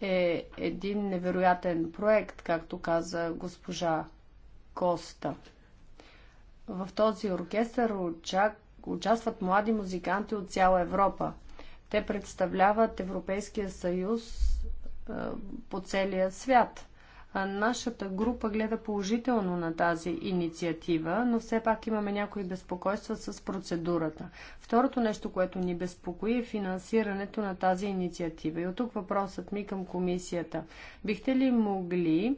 е един невероятен проект, както каза госпожа Коста. В този оркестър участват млади музиканти от цяла Европа. Те представляват Европейския съюз по целия свят. Нашата група гледа положително на тази инициатива, но все пак имаме някои безпокойства с процедурата. Второто нещо, което ни безпокои е финансирането на тази инициатива. И от тук въпросът ми към комисията. Бихте ли могли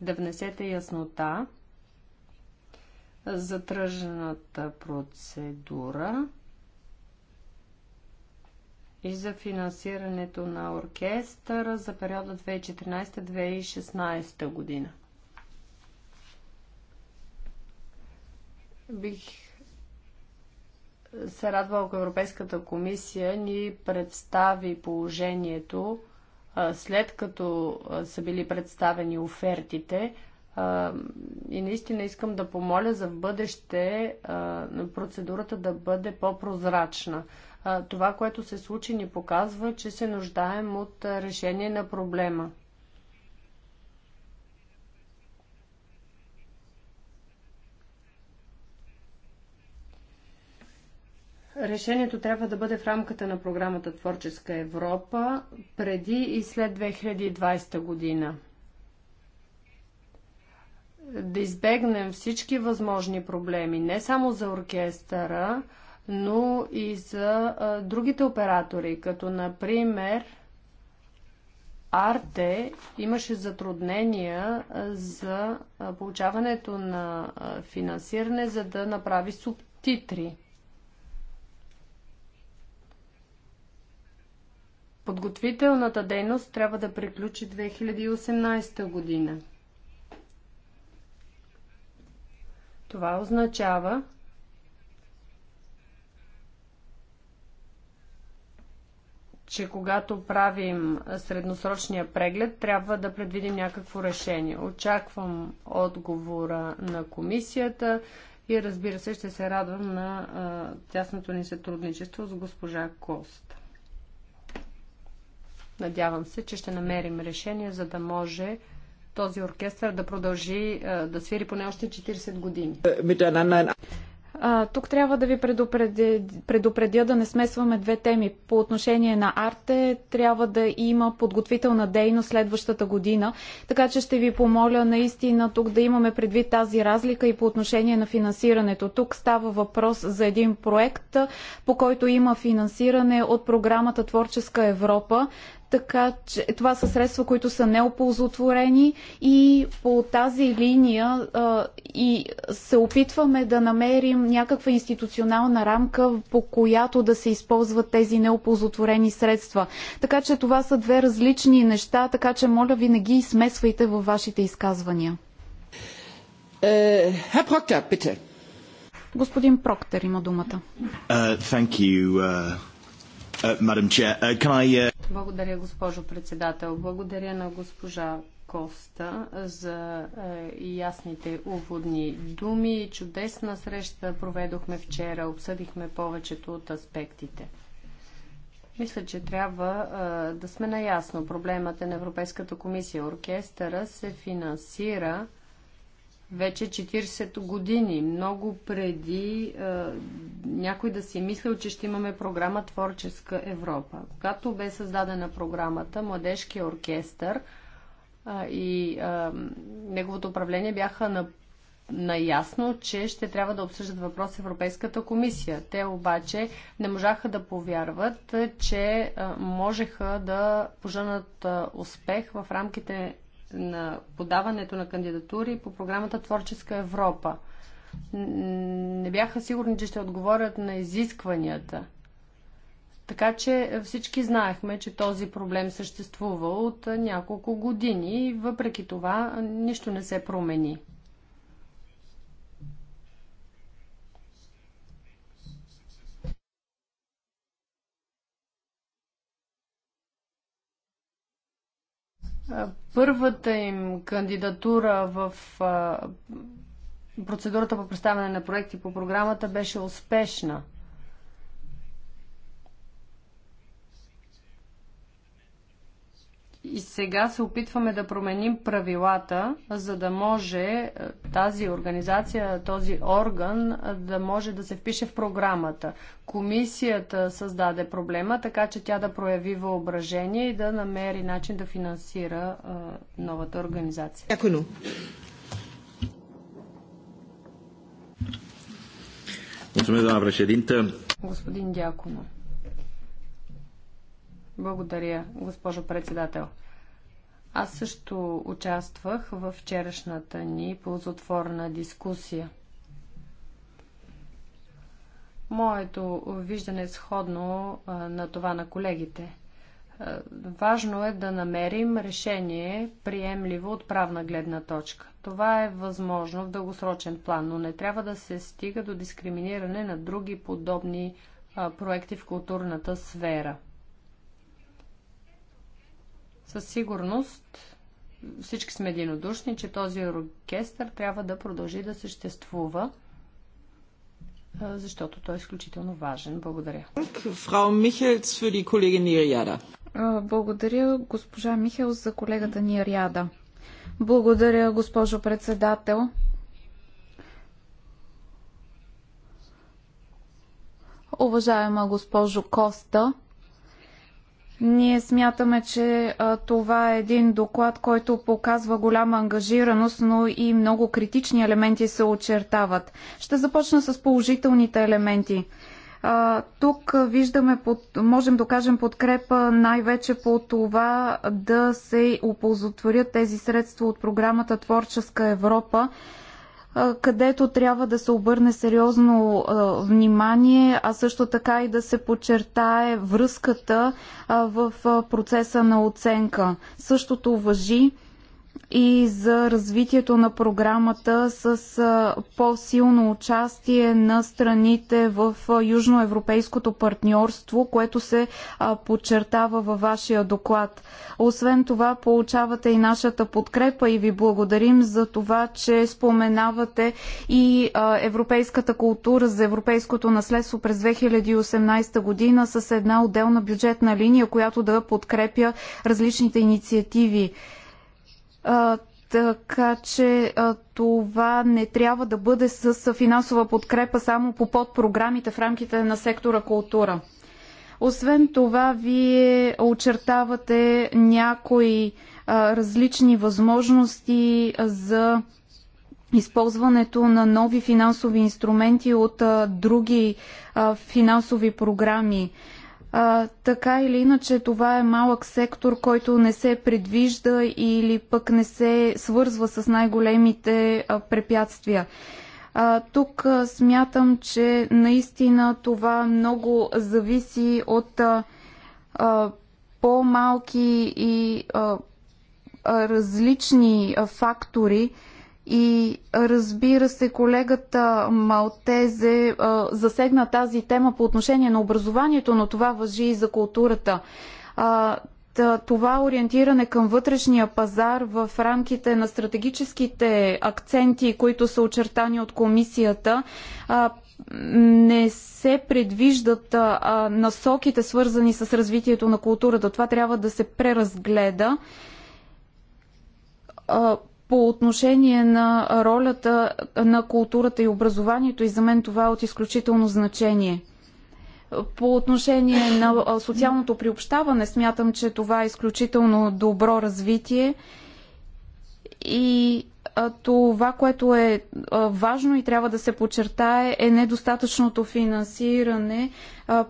да внесете яснота за тръжната процедура? и за финансирането на оркестъра за периода 2014-2016 година. Бих се радвал, ако Европейската комисия ни представи положението след като са били представени офертите. И наистина искам да помоля за в бъдеще процедурата да бъде по-прозрачна това, което се случи, ни показва, че се нуждаем от решение на проблема. Решението трябва да бъде в рамката на програмата Творческа Европа преди и след 2020 година. Да избегнем всички възможни проблеми, не само за оркестъра, но и за а, другите оператори, като например Арте имаше затруднения за получаването на финансиране, за да направи субтитри. Подготвителната дейност трябва да приключи 2018 година. Това означава, че когато правим средносрочния преглед, трябва да предвидим някакво решение. Очаквам отговора на комисията и разбира се, ще се радвам на а, тясното ни сътрудничество с госпожа Кост. Надявам се, че ще намерим решение, за да може този оркестър да продължи а, да свири поне още 40 години. Е, а, тук трябва да ви предупредя, предупредя да не смесваме две теми. По отношение на арте трябва да има подготвителна дейност следващата година, така че ще ви помоля наистина тук да имаме предвид тази разлика и по отношение на финансирането. Тук става въпрос за един проект, по който има финансиране от програмата Творческа Европа така че това са средства, които са неоползотворени и по тази линия а, и се опитваме да намерим някаква институционална рамка, по която да се използват тези неоползотворени средства. Така че това са две различни неща, така че моля ви не ги смесвайте във вашите изказвания. Хер Проктер, пите. Господин Проктер има думата. Uh, thank you, uh... Uh, uh, uh, Благодаря, госпожо председател. Благодаря на госпожа Коста за е, ясните уводни думи. Чудесна среща проведохме вчера, обсъдихме повечето от аспектите. Мисля, че трябва е, да сме наясно. Проблемът е на Европейската комисия. Оркестъра се финансира вече 40 години, много преди е, някой да си е мислил, че ще имаме програма Творческа Европа. Когато бе създадена програмата, Младежкия оркестър е, и е, неговото управление бяха на наясно, че ще трябва да обсъждат въпрос Европейската комисия. Те обаче не можаха да повярват, че можеха да поженат успех в рамките на подаването на кандидатури по програмата Творческа Европа. Не бяха сигурни, че ще отговорят на изискванията. Така че всички знаехме, че този проблем съществува от няколко години и въпреки това нищо не се промени. първата им кандидатура в процедурата по представяне на проекти по програмата беше успешна – И сега се опитваме да променим правилата, за да може е, тази организация, този орган е, да може да се впише в програмата. Комисията създаде проблема, така че тя да прояви въображение и да намери начин да финансира а, е, новата организация. Дякую. Господин Дяконов. Благодаря, госпожо председател. Аз също участвах в вчерашната ни ползотворна дискусия. Моето виждане е сходно на това на колегите. Важно е да намерим решение, приемливо от правна гледна точка. Това е възможно в дългосрочен план, но не трябва да се стига до дискриминиране на други подобни проекти в културната сфера – със сигурност всички сме единодушни, че този оркестър трябва да продължи да съществува, защото той е изключително важен. Благодаря. Фрау Михелц, за колеги Нириада. Благодаря госпожа Михелс за колегата Нирияда. Благодаря, госпожо председател. Уважаема госпожо Коста, ние смятаме, че а, това е един доклад, който показва голяма ангажираност, но и много критични елементи се очертават. Ще започна с положителните елементи. А, тук виждаме, под, можем да кажем подкрепа най-вече по това да се оползотворят тези средства от програмата Творческа Европа където трябва да се обърне сериозно внимание, а също така и да се подчертае връзката в процеса на оценка. Същото въжи и за развитието на програмата с по-силно участие на страните в Южноевропейското партньорство, което се подчертава във вашия доклад. Освен това, получавате и нашата подкрепа и ви благодарим за това, че споменавате и европейската култура за европейското наследство през 2018 година с една отделна бюджетна линия, която да подкрепя различните инициативи. А, така че а, това не трябва да бъде с финансова подкрепа само по подпрограмите в рамките на сектора култура. Освен това, вие очертавате някои а, различни възможности за използването на нови финансови инструменти от а, други а, финансови програми. А, така или иначе, това е малък сектор, който не се предвижда или пък не се свързва с най-големите препятствия. А, тук а, смятам, че наистина това много зависи от по-малки и различни фактори, и разбира се, колегата Малтезе е, засегна тази тема по отношение на образованието, но това въжи и за културата това ориентиране към вътрешния пазар в рамките на стратегическите акценти, които са очертани от комисията, не се предвиждат насоките, свързани с развитието на културата. Това трябва да се преразгледа по отношение на ролята на културата и образованието и за мен това е от изключително значение. По отношение на социалното приобщаване смятам, че това е изключително добро развитие и това, което е важно и трябва да се подчертае, е недостатъчното финансиране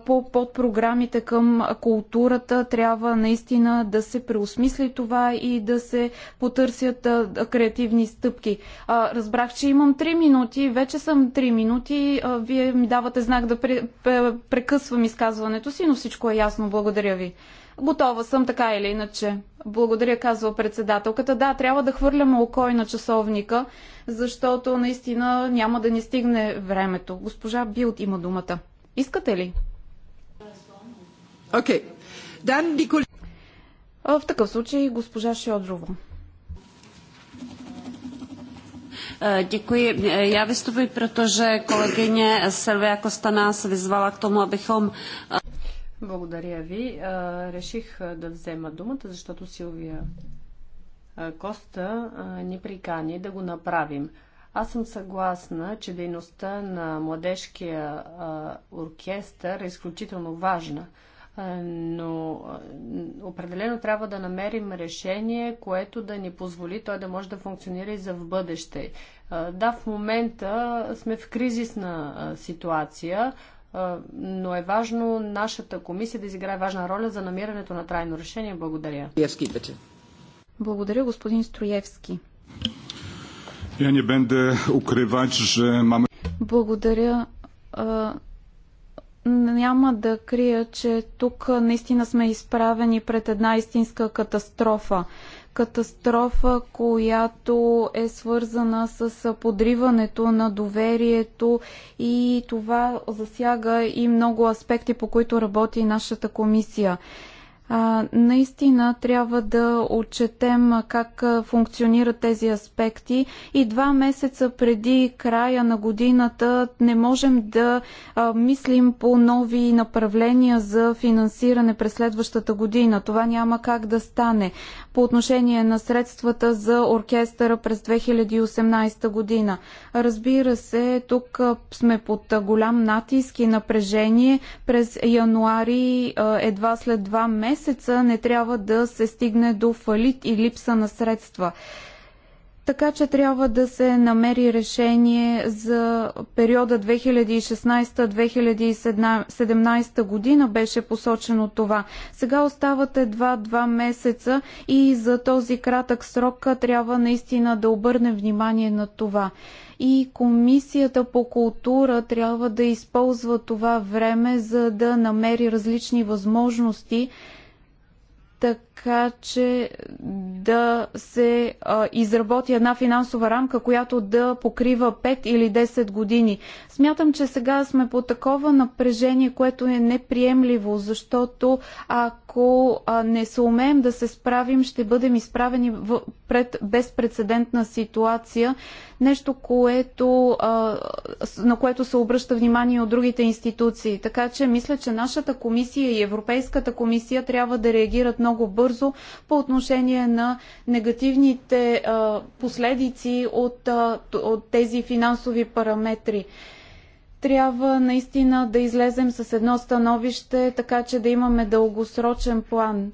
по подпрограмите към културата. Трябва наистина да се преосмисли това и да се потърсят креативни стъпки. Разбрах, че имам 3 минути, вече съм 3 минути. Вие ми давате знак да прекъсвам изказването си, но всичко е ясно. Благодаря ви. Готова съм така или иначе. Благодаря, казва председателката. Да, трябва да хвърляме окой на часовника, защото наистина няма да ни стигне времето. Госпожа Билт има думата. Искате ли? Окей. Дан Николи... В такъв случай госпожа Шеодрова. Děkuji. Já vystupuji, protože kolegyně Silvia Kostaná se vyzvala k tomu, abychom благодаря ви. Реших да взема думата, защото Силвия Коста ни прикани да го направим. Аз съм съгласна, че дейността на младежкия оркестър е изключително важна, но определено трябва да намерим решение, което да ни позволи той да може да функционира и за в бъдеще. Да, в момента сме в кризисна ситуация, но е важно нашата комисия да изиграе важна роля за намирането на трайно решение. Благодаря. Благодаря, господин Строевски. Я не да укривач, че маме... Благодаря. Няма да крия, че тук наистина сме изправени пред една истинска катастрофа катастрофа, която е свързана с подриването на доверието и това засяга и много аспекти, по които работи нашата комисия. А, наистина трябва да отчетем как функционират тези аспекти и два месеца преди края на годината не можем да а, мислим по нови направления за финансиране през следващата година. Това няма как да стане по отношение на средствата за оркестъра през 2018 година. Разбира се, тук сме под голям натиск и напрежение. През януари, едва след два месеца, не трябва да се стигне до фалит и липса на средства. Така че трябва да се намери решение за периода 2016-2017 година беше посочено това. Сега остават едва два месеца и за този кратък срок трябва наистина да обърнем внимание на това и Комисията по култура трябва да използва това време, за да намери различни възможности така че да се а, изработи една финансова рамка, която да покрива 5 или 10 години. Смятам, че сега сме по такова напрежение, което е неприемливо, защото ако ако не съумеем да се справим, ще бъдем изправени пред безпредседентна ситуация. Нещо, което, на което се обръща внимание от другите институции. Така че мисля, че нашата комисия и Европейската комисия трябва да реагират много бързо по отношение на негативните последици от, от тези финансови параметри трябва наистина да излезем с едно становище, така че да имаме дългосрочен план.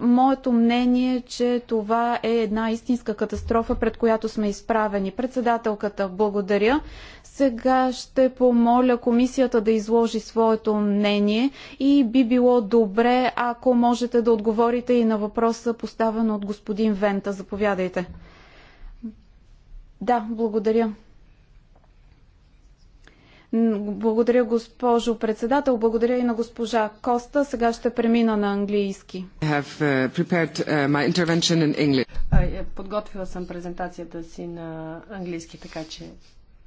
Моето мнение е, че това е една истинска катастрофа, пред която сме изправени. Председателката, благодаря. Сега ще помоля комисията да изложи своето мнение и би било добре, ако можете да отговорите и на въпроса поставен от господин Вента. Заповядайте. Да, благодаря. Благодаря, госпожо председател. Благодаря и на госпожа Коста. Сега ще премина на английски. Uh, uh, е, подготвила съм презентацията си на английски, така че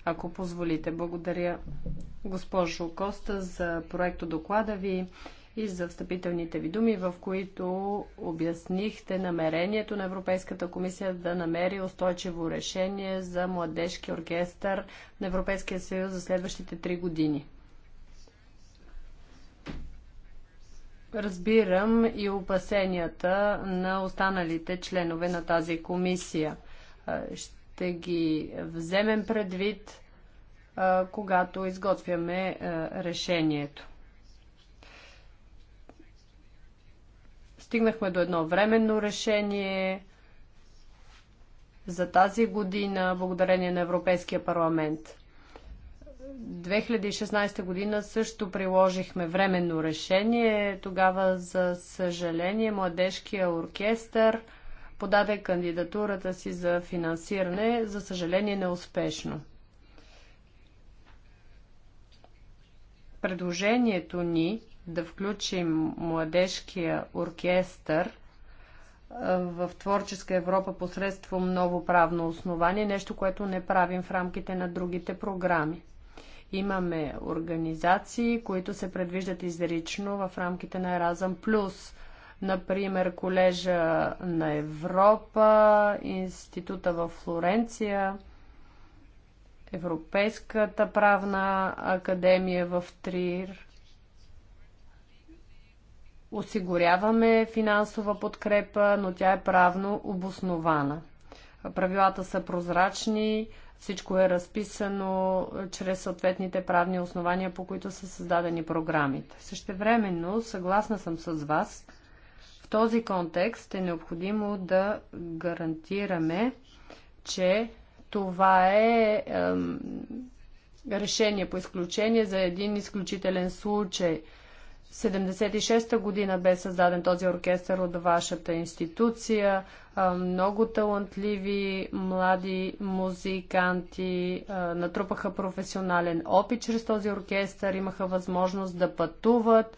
ако позволите, благодаря госпожо Коста за проекто доклада ви и за встъпителните ви думи, в които обяснихте намерението на Европейската комисия да намери устойчиво решение за младежки оркестър на Европейския съюз за следващите три години. Разбирам и опасенията на останалите членове на тази комисия. Ще ги вземем предвид, когато изготвяме решението. Стигнахме до едно временно решение за тази година, благодарение на Европейския парламент. 2016 година също приложихме временно решение. Тогава, за съжаление, младежкия оркестър подаде кандидатурата си за финансиране, за съжаление неуспешно. Предложението ни да включим младежкия оркестър в творческа Европа посредством ново правно основание, нещо, което не правим в рамките на другите програми. Имаме организации, които се предвиждат изрично в рамките на Еразъм Плюс – например Колежа на Европа, Института в Флоренция, Европейската правна академия в Трир. Осигуряваме финансова подкрепа, но тя е правно обоснована. Правилата са прозрачни, всичко е разписано е, чрез съответните правни основания, по които са създадени програмите. Същевременно, съгласна съм с вас, в този контекст е необходимо да гарантираме, че това е, е решение по изключение за един изключителен случай – 76-та година бе създаден този оркестър от вашата институция. Много талантливи млади музиканти натрупаха професионален опит чрез този оркестър, имаха възможност да пътуват,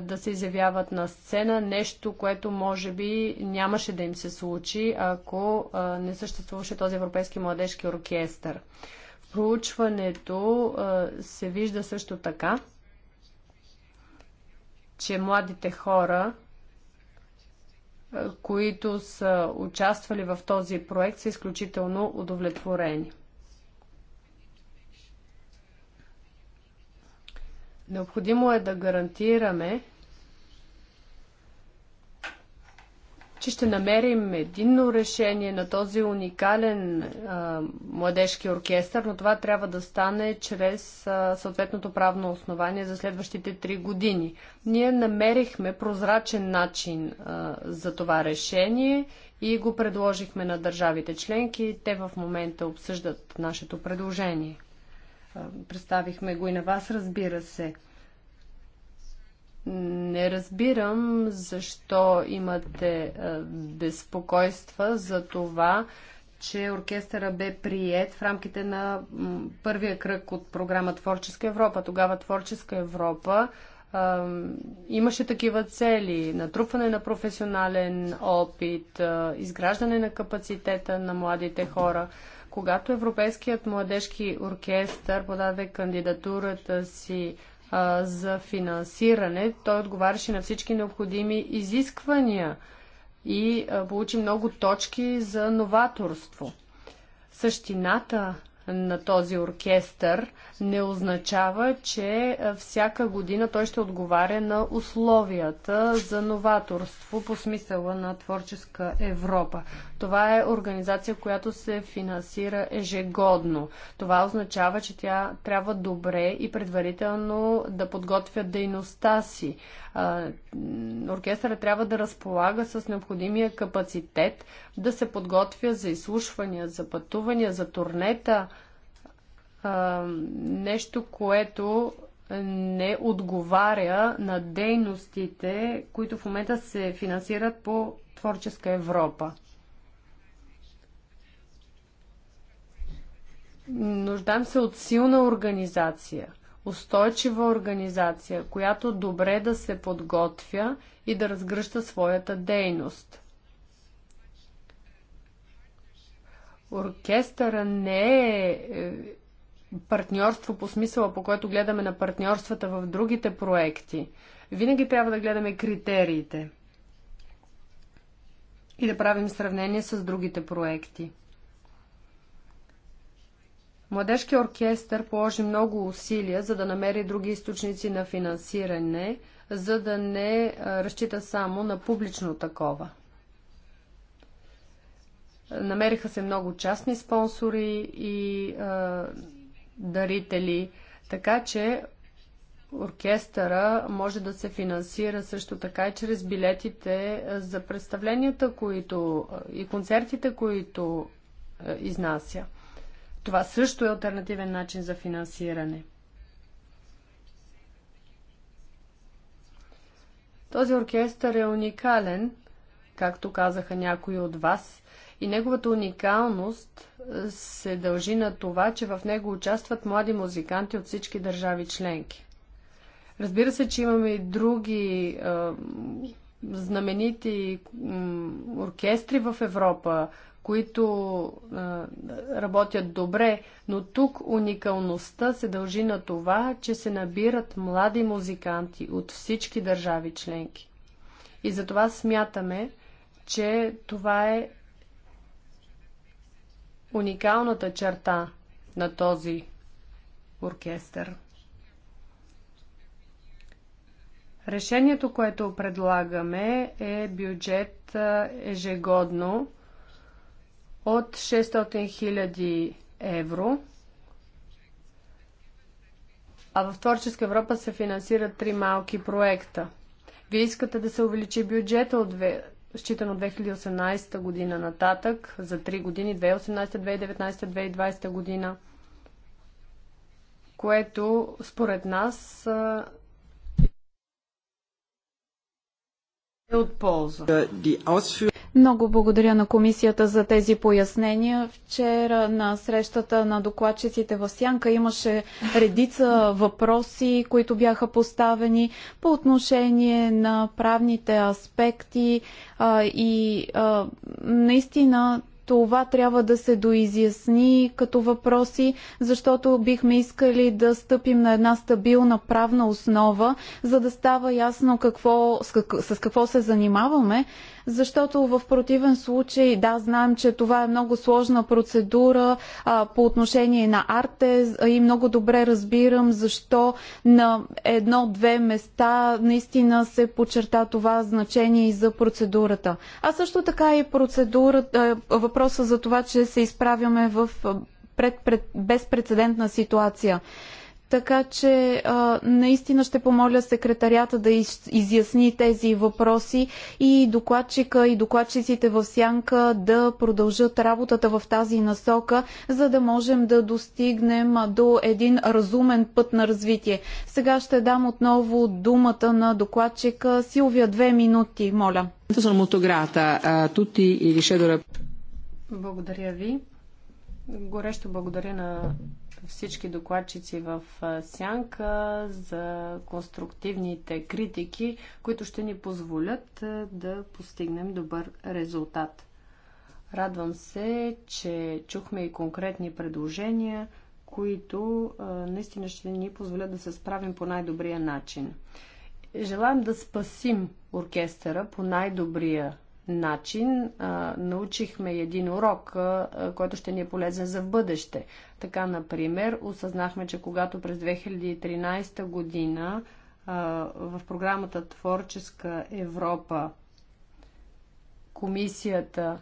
да се изявяват на сцена, нещо, което може би нямаше да им се случи, ако не съществуваше този Европейски младежки оркестър. В проучването се вижда също така, че младите хора, е, които са участвали в този проект, са изключително удовлетворени. Необходимо е да гарантираме, че ще намерим единно решение на този уникален а, младежки оркестър, но това трябва да стане чрез а, съответното правно основание за следващите три години. Ние намерихме прозрачен начин а, за това решение и го предложихме на държавите членки. Те в момента обсъждат нашето предложение. А, представихме го и на вас, разбира се. Не разбирам защо имате безпокойства за това, че оркестъра бе прият в рамките на първия кръг от програма Творческа Европа. Тогава Творческа Европа а, имаше такива цели натрупване на професионален опит, а, изграждане на капацитета на младите хора. Когато Европейският младежки оркестър подаде кандидатурата си а, за финансиране, той отговаряше на всички необходими изисквания и а, получи много точки за новаторство. Същината на този оркестър не означава, че всяка година той ще отговаря на условията за новаторство по смисъла на творческа Европа. Това е организация, която се финансира ежегодно. Това означава, че тя трябва добре и предварително да подготвя дейността си. Оркестъра трябва да разполага с необходимия капацитет да се подготвя за изслушвания, за пътувания, за турнета. Нещо, което не отговаря на дейностите, които в момента се финансират по Творческа Европа. Нуждам се от силна организация, устойчива организация, която добре да се подготвя и да разгръща своята дейност. Оркестъра не е, е партньорство по смисъла, по който гледаме на партньорствата в другите проекти. Винаги трябва да гледаме критериите и да правим сравнение с другите проекти. Младежки оркестър положи много усилия, за да намери други източници на финансиране, за да не разчита само на публично такова. Намериха се много частни спонсори и а, дарители, така че оркестъра може да се финансира също така и чрез билетите за представленията които, и концертите, които изнася. Това също е альтернативен начин за финансиране. Този оркестър е уникален, както казаха някои от вас, и неговата уникалност е, се дължи на това, че в него участват млади музиканти от всички държави членки. Разбира се, че имаме и други е, знаменити е, оркестри в Европа, които а, работят добре, но тук уникалността се дължи на това, че се набират млади музиканти от всички държави членки. И затова смятаме, че това е уникалната черта на този оркестър. Решението, което предлагаме е бюджет ежегодно от 600 000 евро. А в Творческа Европа се финансират три малки проекта. Вие искате да се увеличи бюджета от две, считано 2018 година нататък, за 3 години, 2018, 2019, 2020 година, което според нас е от полза. Е, много благодаря на комисията за тези пояснения. Вчера на срещата на докладчиците в Сянка имаше редица въпроси, които бяха поставени по отношение на правните аспекти а, и а, наистина това трябва да се доизясни като въпроси, защото бихме искали да стъпим на една стабилна правна основа, за да става ясно какво, с какво се занимаваме, защото в противен случай, да, знаем, че това е много сложна процедура а, по отношение на Арте и много добре разбирам защо на едно-две места наистина се подчерта това значение и за процедурата. А също така и процедурата, въпроса за това, че се изправяме в пред, пред, безпредседентна ситуация. Така че а, наистина ще помоля секретарята да из, изясни тези въпроси и докладчика и докладчиците в Сянка да продължат работата в тази насока, за да можем да достигнем до един разумен път на развитие. Сега ще дам отново думата на докладчика. Силвия, две минути, моля. Благодаря ви. Горещо благодаря на всички докладчици в сянка за конструктивните критики, които ще ни позволят да постигнем добър резултат. Радвам се, че чухме и конкретни предложения, които наистина ще ни позволят да се справим по най-добрия начин. Желаем да спасим оркестъра по най-добрия начин а, научихме един урок, а, който ще ни е полезен за в бъдеще. Така, например, осъзнахме, че когато през 2013 година а, в програмата Творческа Европа комисията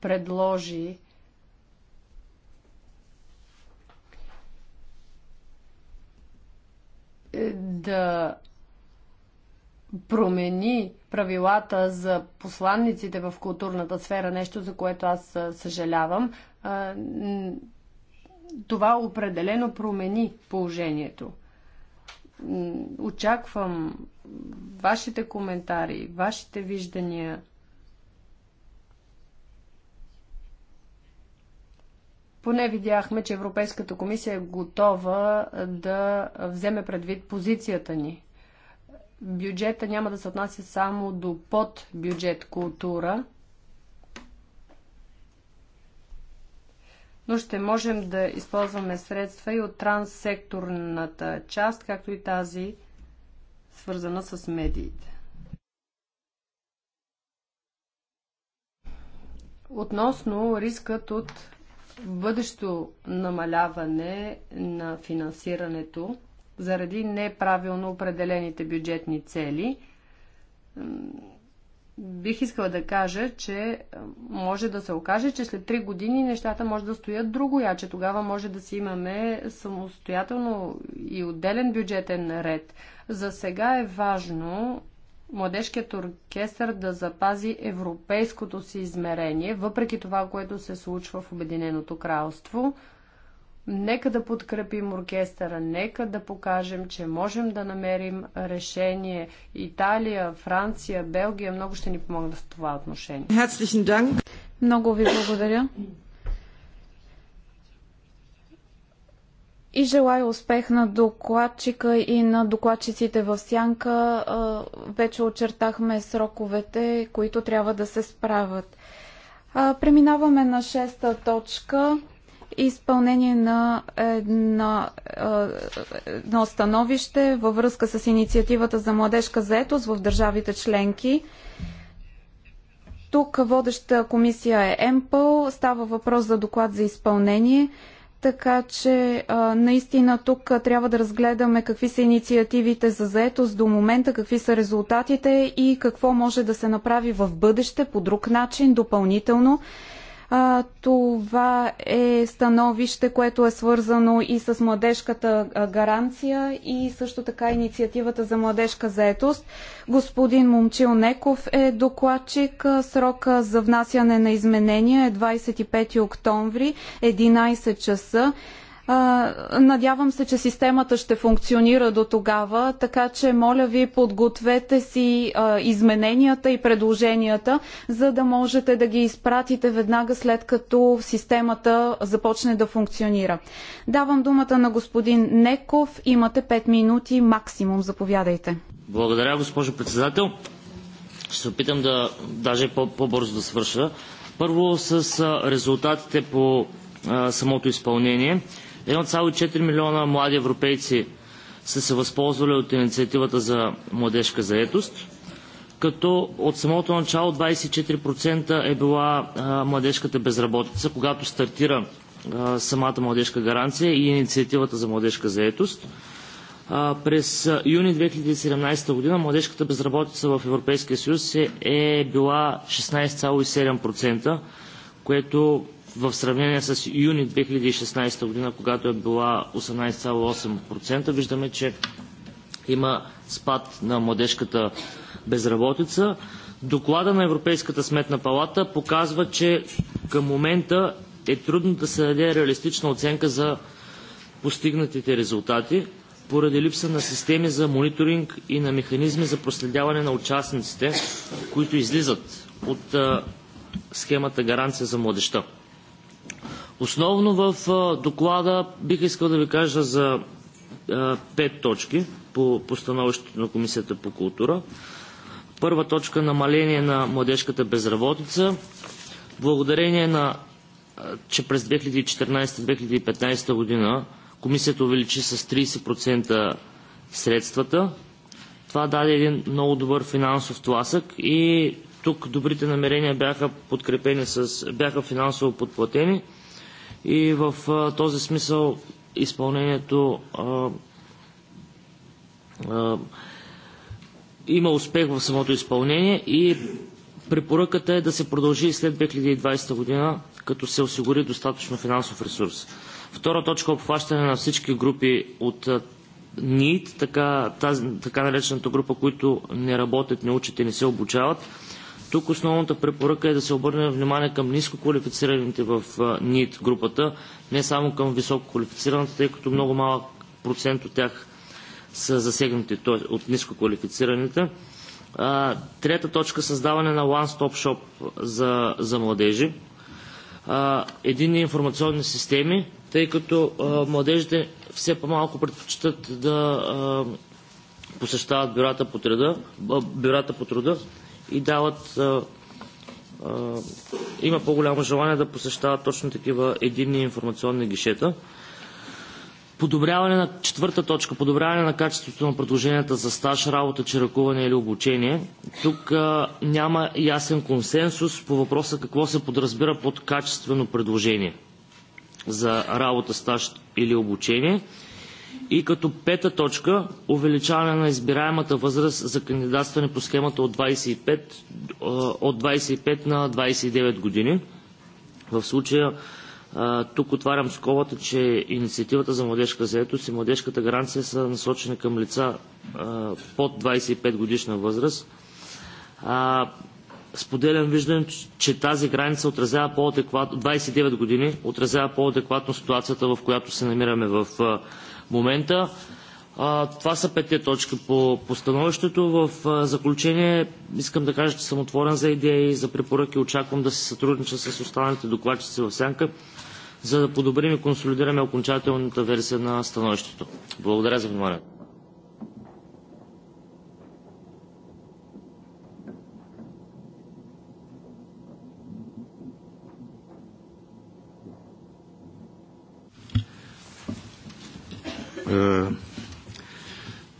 предложи е, да промени правилата за посланниците в културната сфера, нещо за което аз съжалявам, това определено промени положението. Очаквам вашите коментари, вашите виждания. Поне видяхме, че Европейската комисия е готова да вземе предвид позицията ни бюджета няма да се отнася само до подбюджет култура, но ще можем да използваме средства и от транссекторната част, както и тази свързана с медиите. Относно рискът от бъдещо намаляване на финансирането, заради неправилно определените бюджетни цели. Бих искала да кажа, че може да се окаже, че след 3 години нещата може да стоят друго, а че тогава може да си имаме самостоятелно и отделен бюджетен ред. За сега е важно младежкият оркестър да запази европейското си измерение, въпреки това, което се случва в Обединеното кралство – Нека да подкрепим оркестъра, нека да покажем, че можем да намерим решение. Италия, Франция, Белгия много ще ни помогнат в това отношение. Много ви благодаря. И желая успех на докладчика и на докладчиците в Сянка. Вече очертахме сроковете, които трябва да се справят. Преминаваме на шеста точка изпълнение на едно, едно становище във връзка с инициативата за младежка заетост в държавите членки. Тук водеща комисия е МПЛ. Става въпрос за доклад за изпълнение. Така че наистина тук трябва да разгледаме какви са инициативите за заетост до момента, какви са резултатите и какво може да се направи в бъдеще по друг начин допълнително, а, това е становище, което е свързано и с младежката гаранция и също така инициативата за младежка заетост. Господин Момчил Неков е докладчик. Срока за внасяне на изменения е 25 октомври, 11 часа. Надявам се, че системата ще функционира до тогава, така че моля ви подгответе си измененията и предложенията, за да можете да ги изпратите веднага след като системата започне да функционира. Давам думата на господин Неков. Имате 5 минути максимум. Заповядайте. Благодаря, госпожо председател. Ще се опитам да даже по-бързо -по да свърша. Първо с резултатите по самото изпълнение. 1,4 милиона млади европейци са се възползвали от инициативата за младежка заетост, като от самото начало 24% е била младежката безработица, когато стартира самата младежка гаранция и инициативата за младежка заетост. през юни 2017 година младежката безработица в Европейския съюз е, е била 16,7%, което в сравнение с юни 2016 година, когато е била 18,8%. Виждаме, че има спад на младежката безработица. Доклада на Европейската сметна палата показва, че към момента е трудно да се даде реалистична оценка за постигнатите резултати, поради липса на системи за мониторинг и на механизми за проследяване на участниците, които излизат от схемата гаранция за младеща. Основно в доклада бих искал да ви кажа за пет точки по постановището на Комисията по култура. Първа точка – намаление на младежката безработица. Благодарение на, че през 2014-2015 година Комисията увеличи с 30% средствата. Това даде един много добър финансов тласък и тук добрите намерения бяха подкрепени с, бяха финансово подплатени – и в а, този смисъл изпълнението а, а, има успех в самото изпълнение и препоръката е да се продължи и след 2020 година, като се осигури достатъчно финансов ресурс. Втора точка обхващане на всички групи от НИИТ, така, така наречената група, които не работят, не учат и не се обучават тук основната препоръка е да се обърне внимание към ниско квалифицираните в НИД групата, не само към високо квалифицираните, тъй като много малък процент от тях са засегнати от ниско квалифицираните. Трета точка – създаване на one-stop shop за, за младежи. едини информационни системи, тъй като младежите все по-малко предпочитат да посещават бюрата по труда, бюрата по труда и дават а, а, има по-голямо желание да посещават точно такива единни информационни гишета. Подобряване на четвърта точка. Подобряване на качеството на предложенията за стаж, работа, чиракуване или обучение. Тук а, няма ясен консенсус по въпроса какво се подразбира под качествено предложение за работа, стаж или обучение. И като пета точка – увеличаване на избираемата възраст за кандидатстване по схемата от 25, от 25 на 29 години. В случая тук отварям скобата, че инициативата за младежка заетост и младежката гаранция са насочени към лица под 25 годишна възраст. Споделям виждането, че тази граница отразява по-адекватно, 29 години, отразява по-адекватно ситуацията, в която се намираме в момента. А, това са петте точки по, по становището. В а, заключение искам да кажа, че съм отворен за идеи и за препоръки. Очаквам да се сътруднича с останалите докладчици в сянка, за да подобрим и консолидираме окончателната версия на становището. Благодаря за вниманието.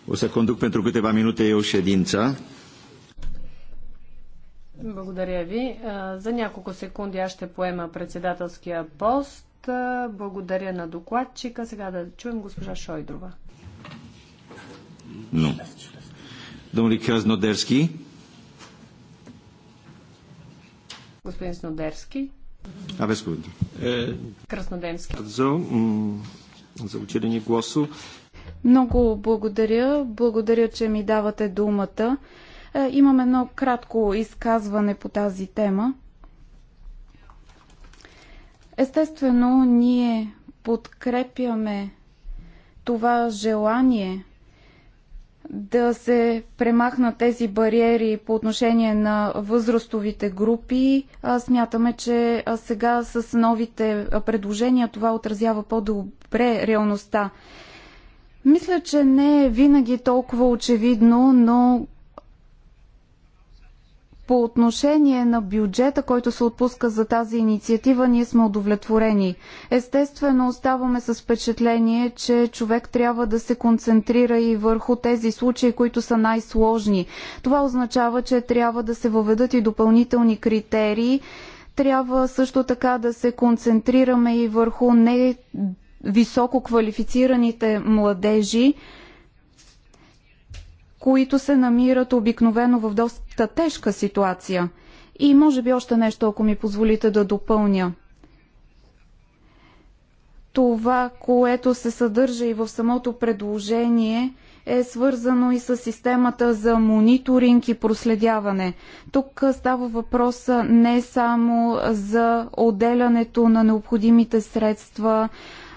O э, să conduc pentru câteva minute eu ședința. Благодаря ви. Э, за няколко секунди аз ще поема председателския пост. Э, благодаря на докладчика. Сега да чуем госпожа Шойдрова. Ну. Domnul Краснодерски. Господин Снодерски. Aveți cuvântul. Краснодемски за учедени гласу. Много благодаря. Благодаря, че ми давате думата. Е, имам едно кратко изказване по тази тема. Естествено, ние подкрепяме това желание да се премахнат тези бариери по отношение на възрастовите групи. Смятаме, че сега с новите предложения това отразява по-добре спре реалността. Мисля, че не е винаги толкова очевидно, но по отношение на бюджета, който се отпуска за тази инициатива, ние сме удовлетворени. Естествено, оставаме с впечатление, че човек трябва да се концентрира и върху тези случаи, които са най-сложни. Това означава, че трябва да се въведат и допълнителни критерии. Трябва също така да се концентрираме и върху не високо квалифицираните младежи, които се намират обикновено в доста тежка ситуация. И може би още нещо, ако ми позволите да допълня. Това, което се съдържа и в самото предложение, е свързано и с системата за мониторинг и проследяване. Тук става въпрос не само за отделянето на необходимите средства,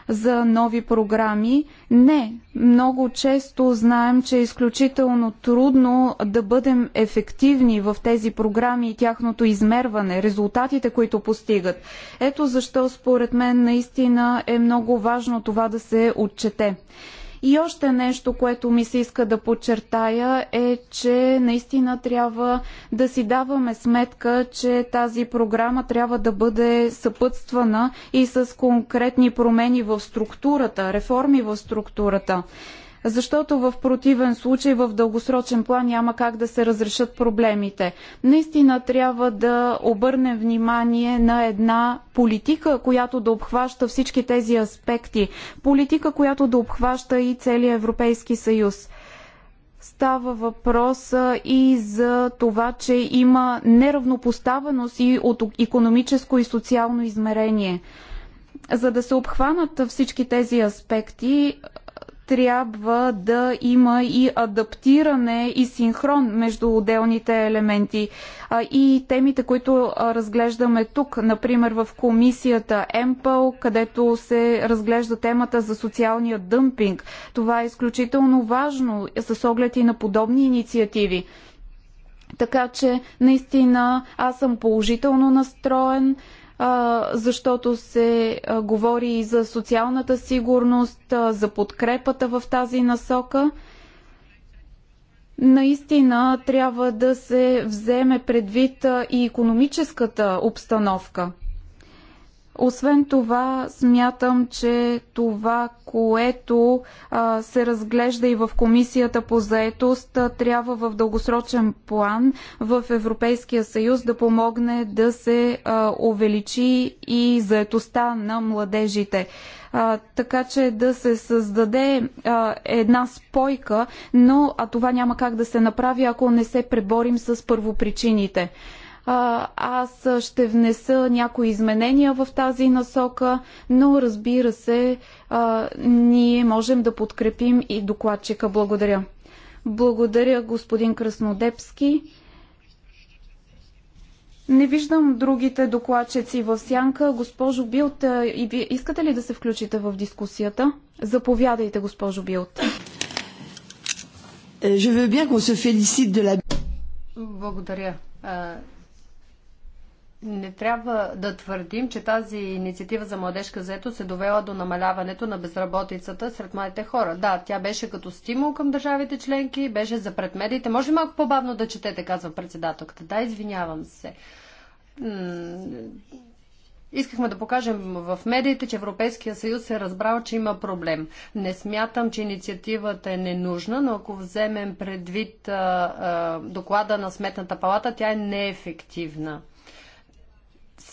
за нови програми. Не, много често знаем, че е изключително трудно да бъдем ефективни в тези програми и тяхното измерване, резултатите, които постигат. Ето защо според мен наистина е много важно това да се отчете. И още нещо, което ми се иска да подчертая е, че наистина трябва да си даваме сметка, че тази програма трябва да бъде съпътствана и с конкретни промени в структурата, реформи в структурата защото в противен случай в дългосрочен план няма как да се разрешат проблемите. Наистина трябва да обърнем внимание на една политика, която да обхваща всички тези аспекти. Политика, която да обхваща и целия Европейски съюз става въпрос и за това, че има неравнопоставеност и от економическо и социално измерение. За да се обхванат всички тези аспекти, трябва да има и адаптиране и синхрон между отделните елементи. И темите, които разглеждаме тук, например в комисията МПЛ, където се разглежда темата за социалния дъмпинг. Това е изключително важно с оглед и на подобни инициативи. Така че, наистина, аз съм положително настроен защото се говори и за социалната сигурност, за подкрепата в тази насока. Наистина трябва да се вземе предвид и економическата обстановка. Освен това, смятам, че това, което а, се разглежда и в Комисията по заетост, трябва в дългосрочен план в Европейския съюз да помогне да се а, увеличи и заетостта на младежите а, така че да се създаде а, една спойка, но а това няма как да се направи, ако не се преборим с първопричините. Аз ще внеса някои изменения в тази насока, но разбира се, ние можем да подкрепим и докладчика. Благодаря. Благодаря, господин Краснодепски. Не виждам другите докладчици в сянка. Госпожо Билт, и ви, искате ли да се включите в дискусията? Заповядайте, госпожо Билт. Е, Благодаря не трябва да твърдим, че тази инициатива за младежка заето се довела до намаляването на безработицата сред младите хора. Да, тя беше като стимул към държавите членки, беше за предмедиите. Може ли малко по-бавно да четете, казва председателката. Да, извинявам се. Искахме да покажем в медиите, че Европейския съюз е разбрал, че има проблем. Не смятам, че инициативата е ненужна, но ако вземем предвид а, а, доклада на Сметната палата, тя е неефективна.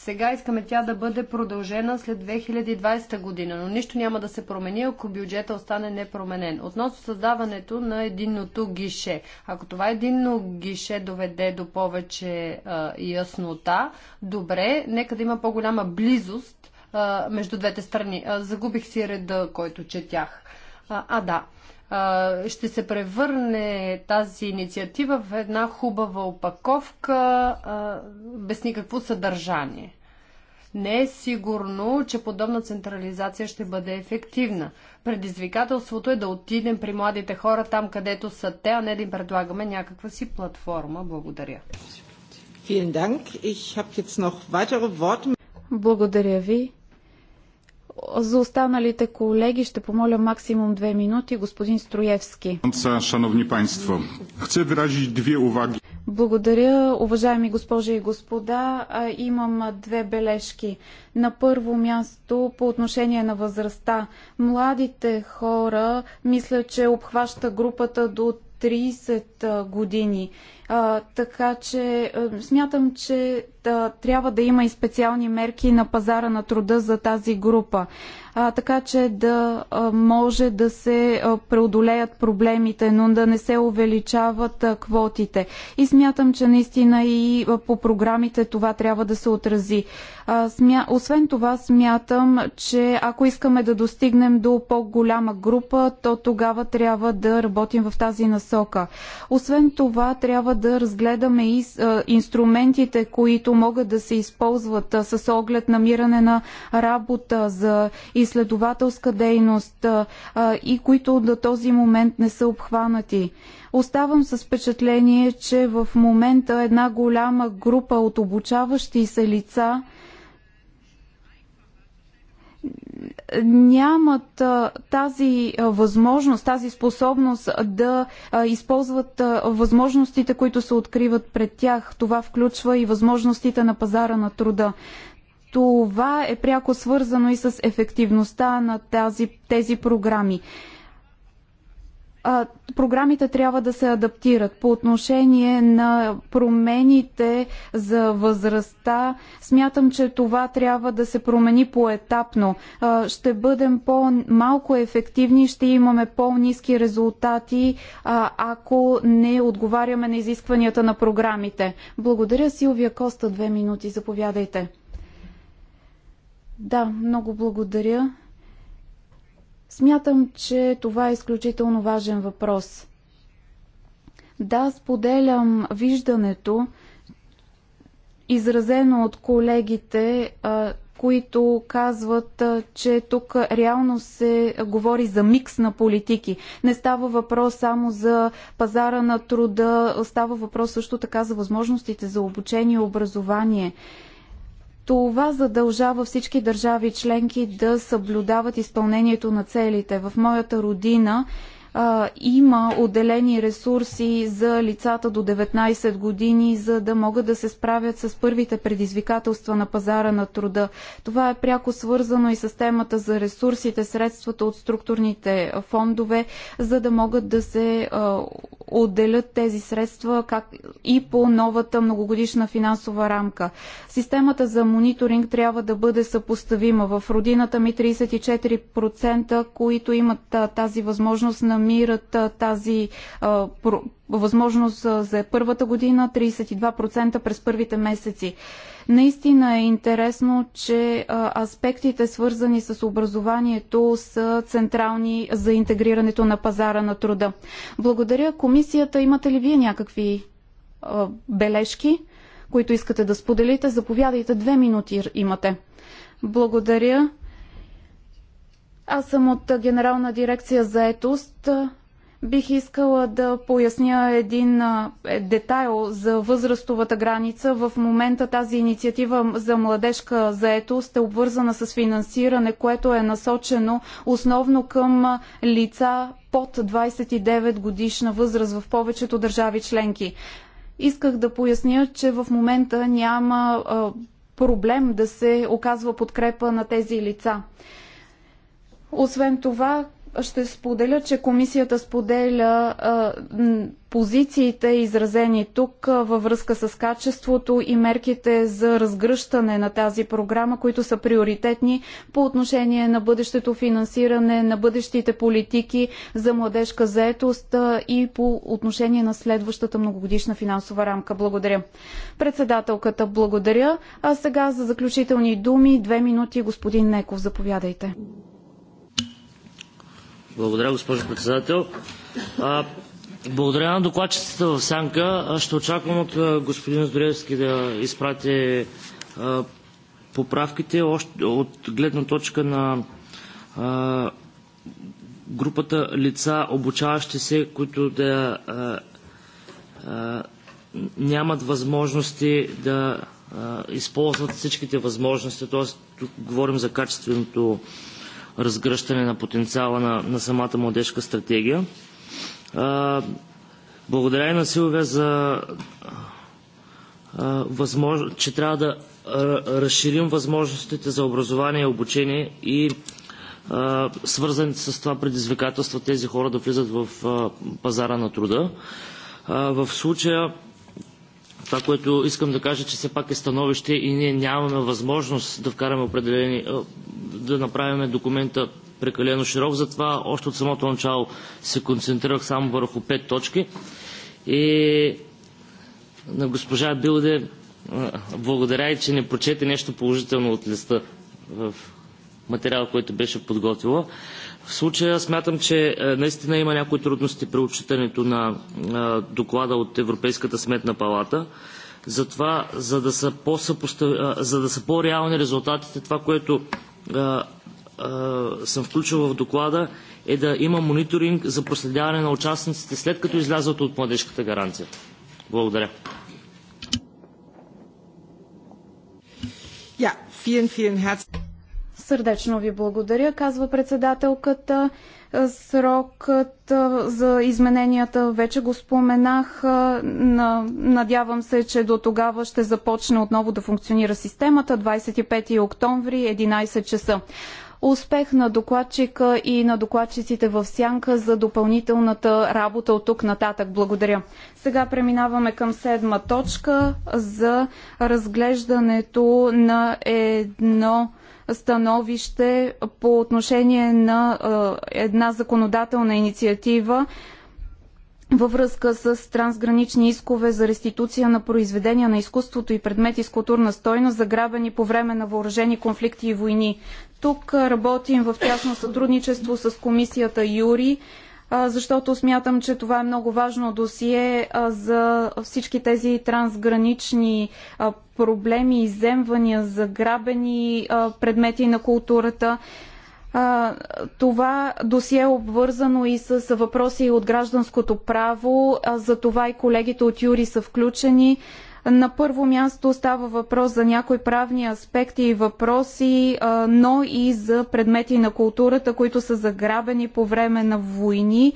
Сега искаме тя да бъде продължена след 2020 година, но нищо няма да се промени, ако бюджета остане непроменен. Относно създаването на единното гише. Ако това единно гише доведе до повече а, яснота, добре, нека да има по-голяма близост а, между двете страни. А, загубих си реда, който четях. А, а да ще се превърне тази инициатива в една хубава опаковка без никакво съдържание. Не е сигурно, че подобна централизация ще бъде ефективна. Предизвикателството е да отидем при младите хора там, където са те, а не да им предлагаме някаква си платформа. Благодаря. Благодаря ви. За останалите колеги ще помоля максимум две минути. Господин Строевски. Шановни панство, хочу выразить две уваги. Благодаря, уважаеми госпожи и господа. Имам две бележки. На първо място по отношение на възрастта. Младите хора, мисля, че обхваща групата до 30 години. А, така че а, смятам, че да, трябва да има и специални мерки на пазара на труда за тази група, а, така че да а, може да се а, преодолеят проблемите, но да не се увеличават а, квотите. И смятам, че наистина и а, по програмите това трябва да се отрази. А, смя... Освен това, смятам, че ако искаме да достигнем до по-голяма група, то тогава трябва да работим в тази насока. Освен това, трябва да разгледаме и инструментите, които могат да се използват с оглед намиране на работа за изследователска дейност и които до този момент не са обхванати. Оставам с впечатление, че в момента една голяма група от обучаващи се лица – нямат тази възможност, тази способност да използват възможностите, които се откриват пред тях. Това включва и възможностите на пазара на труда. Това е пряко свързано и с ефективността на тази, тези програми а, програмите трябва да се адаптират. По отношение на промените за възрастта, смятам, че това трябва да се промени поетапно. А, ще бъдем по-малко ефективни, ще имаме по-низки резултати, а, ако не отговаряме на изискванията на програмите. Благодаря, Силвия Коста, две минути. Заповядайте. Да, много благодаря. Смятам, че това е изключително важен въпрос. Да, споделям виждането, изразено от колегите, които казват, че тук реално се говори за микс на политики. Не става въпрос само за пазара на труда, става въпрос също така за възможностите за обучение и образование. Това задължава всички държави членки да съблюдават изпълнението на целите. В моята родина а, има отделени ресурси за лицата до 19 години, за да могат да се справят с първите предизвикателства на пазара на труда. Това е пряко свързано и с темата за ресурсите, средствата от структурните фондове, за да могат да се а, отделят тези средства как и по новата многогодишна финансова рамка. Системата за мониторинг трябва да бъде съпоставима. В родината ми 34%, които имат а, тази възможност на намират тази възможност за първата година, 32% през първите месеци. Наистина е интересно, че аспектите свързани с образованието са централни за интегрирането на пазара на труда. Благодаря. Комисията, имате ли вие някакви бележки, които искате да споделите? Заповядайте, две минути имате. Благодаря. Аз съм от Генерална дирекция за етост. Бих искала да поясня един е, детайл за възрастовата граница. В момента тази инициатива за младежка заетост е обвързана с финансиране, което е насочено основно към лица под 29 годишна възраст в повечето държави членки. Исках да поясня, че в момента няма проблем да се оказва подкрепа на тези лица. Освен това, ще споделя, че комисията споделя а, позициите, изразени тук а, във връзка с качеството и мерките за разгръщане на тази програма, които са приоритетни по отношение на бъдещето финансиране, на бъдещите политики за младежка заетост а, и по отношение на следващата многогодишна финансова рамка. Благодаря. Председателката, благодаря. А сега за заключителни думи, две минути, господин Неков, заповядайте. Благодаря, госпожо председател. А, благодаря на докладчицата в Сянка. Ще очаквам от господин Здоревски да изпрати а, поправките още от гледна точка на а, групата лица, обучаващи се, които да а, а, нямат възможности да а, използват всичките възможности. Тоест, тук говорим за качественото а, разгръщане на потенциала на, на самата младежка стратегия. А, благодаря и на Силвия за а, възмож... че трябва да разширим възможностите за образование и обучение и а, свързани с това предизвикателства тези хора да влизат в а, пазара на труда. А, в случая това, което искам да кажа, че все пак е становище и ние нямаме възможност да вкараме определени да направим документа прекалено широк, затова още от самото начало се концентрирах само върху пет точки. И на госпожа Билде благодаря и, че не прочете нещо положително от листа в материал, който беше подготвила. В случая смятам, че наистина има някои трудности при отчитането на доклада от Европейската сметна палата. Затова, за да са по-реални резултатите, това, което а, а, съм включил в доклада, е да има мониторинг за проследяване на участниците след като излязат от младежката гаранция. Благодаря. Yeah, vielen, vielen herzlichen Сърдечно ви благодаря, казва председателката. Срокът за измененията вече го споменах. Надявам се, че до тогава ще започне отново да функционира системата. 25 октомври, 11 часа успех на докладчика и на докладчиците в Сянка за допълнителната работа от тук нататък. Благодаря. Сега преминаваме към седма точка за разглеждането на едно становище по отношение на една законодателна инициатива във връзка с трансгранични искове за реституция на произведения на изкуството и предмети с културна стойност, заграбени по време на въоръжени конфликти и войни. Тук работим в тясно сътрудничество с комисията Юри защото смятам, че това е много важно досие за всички тези трансгранични проблеми, иземвания, заграбени предмети на културата. Това досие е обвързано и с въпроси от гражданското право, за това и колегите от Юри са включени. На първо място става въпрос за някои правни аспекти и въпроси, но и за предмети на културата, които са заграбени по време на войни,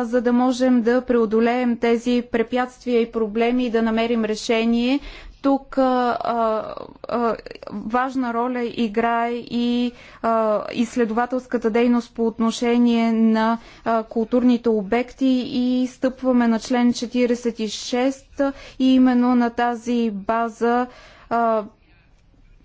за да можем да преодолеем тези препятствия и проблеми и да намерим решение. Тук а, а, важна роля играе и а, изследователската дейност по отношение на а, културните обекти и стъпваме на член 46 и именно на тази база а,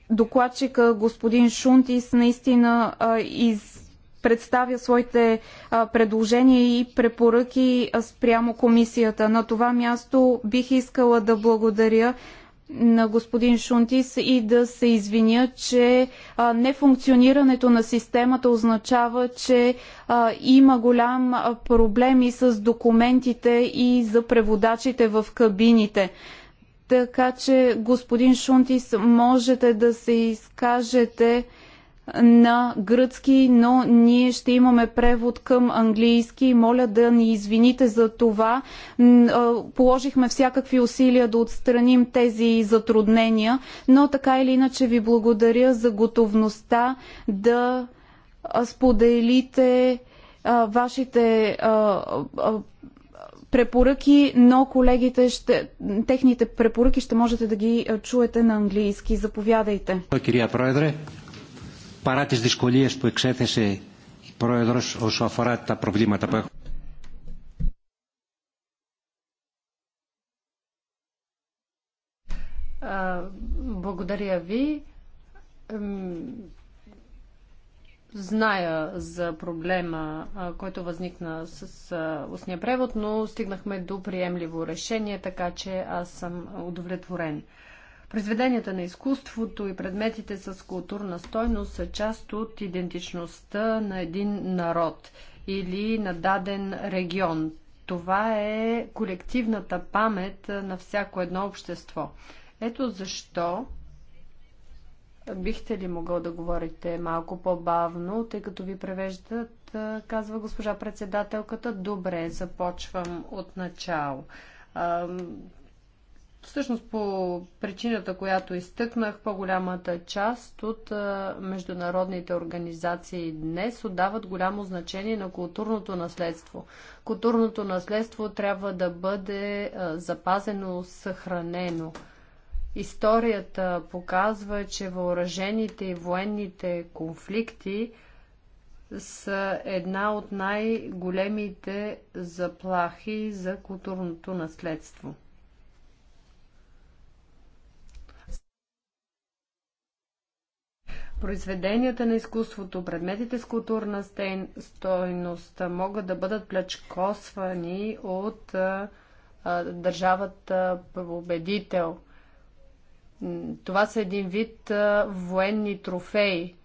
докладчика господин Шунтис наистина а, из представя своите а, предложения и препоръки а, спрямо комисията. На това място бих искала да благодаря на господин Шунтис и да се извиня, че а, нефункционирането на системата означава, че а, има голям проблем и с документите и за преводачите в кабините. Така че, господин Шунтис, можете да се изкажете на гръцки, но ние ще имаме превод към английски. Моля да ни извините за това. Положихме всякакви усилия да отстраним тези затруднения, но така или иначе ви благодаря за готовността да споделите вашите препоръки, но колегите ще, техните препоръки ще можете да ги чуете на английски. Заповядайте. Кирия παρά τις δυσκολίες που εξέθεσε η Πρόεδρος όσο αφορά τα προβλήματα που έχουμε. Благодаря ви. Зная за проблема, който възникна с устния превод, но стигнахме до приемливо решение, така че аз съм удовлетворен. Произведенията на изкуството и предметите с културна стойност са част от идентичността на един народ или на даден регион. Това е колективната памет на всяко едно общество. Ето защо бихте ли могъл да говорите малко по-бавно, тъй като ви превеждат, казва госпожа председателката. Добре, започвам от начало Всъщност по причината, която изтъкнах, по-голямата част от международните организации днес отдават голямо значение на културното наследство. Културното наследство трябва да бъде запазено, съхранено. Историята показва, че въоръжените и военните конфликти са една от най-големите заплахи за културното наследство. произведенията на изкуството, предметите с културна стойност могат да бъдат плячкосвани от държавата победител. Това са един вид военни трофеи,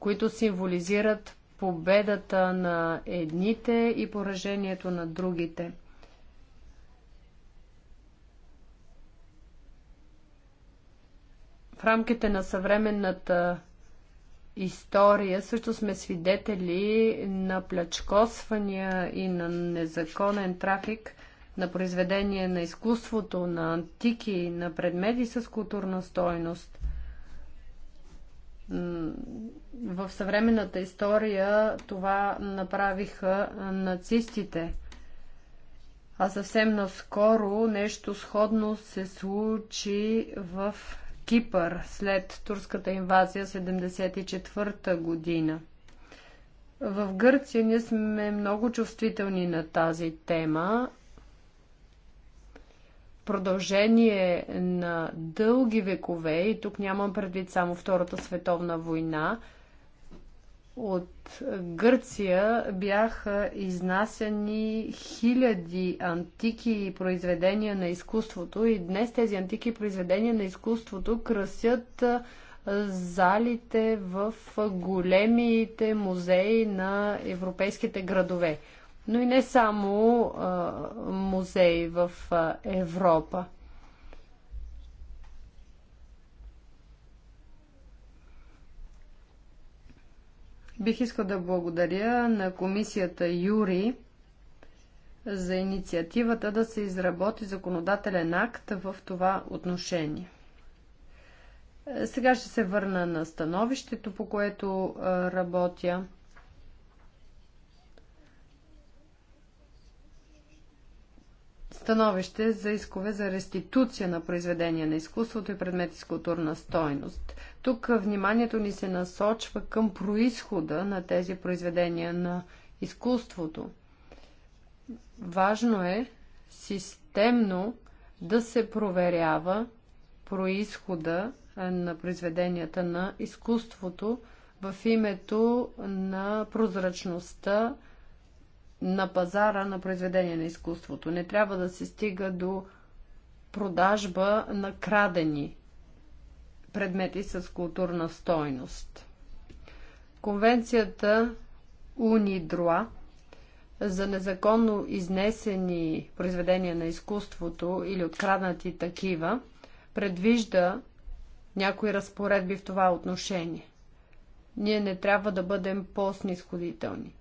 които символизират победата на едните и поражението на другите. В рамките на съвременната история също сме свидетели на плячкосвания и на незаконен трафик на произведение на изкуството, на антики, на предмети с културна стойност. В съвременната история това направиха нацистите. А съвсем наскоро нещо сходно се случи в Кипър след турската инвазия 74-та година. В Гърция ние сме много чувствителни на тази тема. Продължение на дълги векове, и тук нямам предвид само Втората световна война, от Гърция бяха изнасяни хиляди антики произведения на изкуството и днес тези антики произведения на изкуството красят залите в големите музеи на европейските градове. Но и не само музеи в Европа. Бих искал да благодаря на комисията Юри за инициативата да се изработи законодателен акт в това отношение. Сега ще се върна на становището, по което работя. Становище за искове за реституция на произведения на изкуството и предмети с културна стойност. Тук вниманието ни се насочва към происхода на тези произведения на изкуството. Важно е системно да се проверява происхода е, на произведенията на изкуството в името на прозрачността на пазара на произведения на изкуството. Не трябва да се стига до продажба на крадени предмети с културна стойност. Конвенцията УНИДРОА за незаконно изнесени произведения на изкуството или откраднати такива предвижда някои разпоредби в това отношение. Ние не трябва да бъдем по-снисходителни.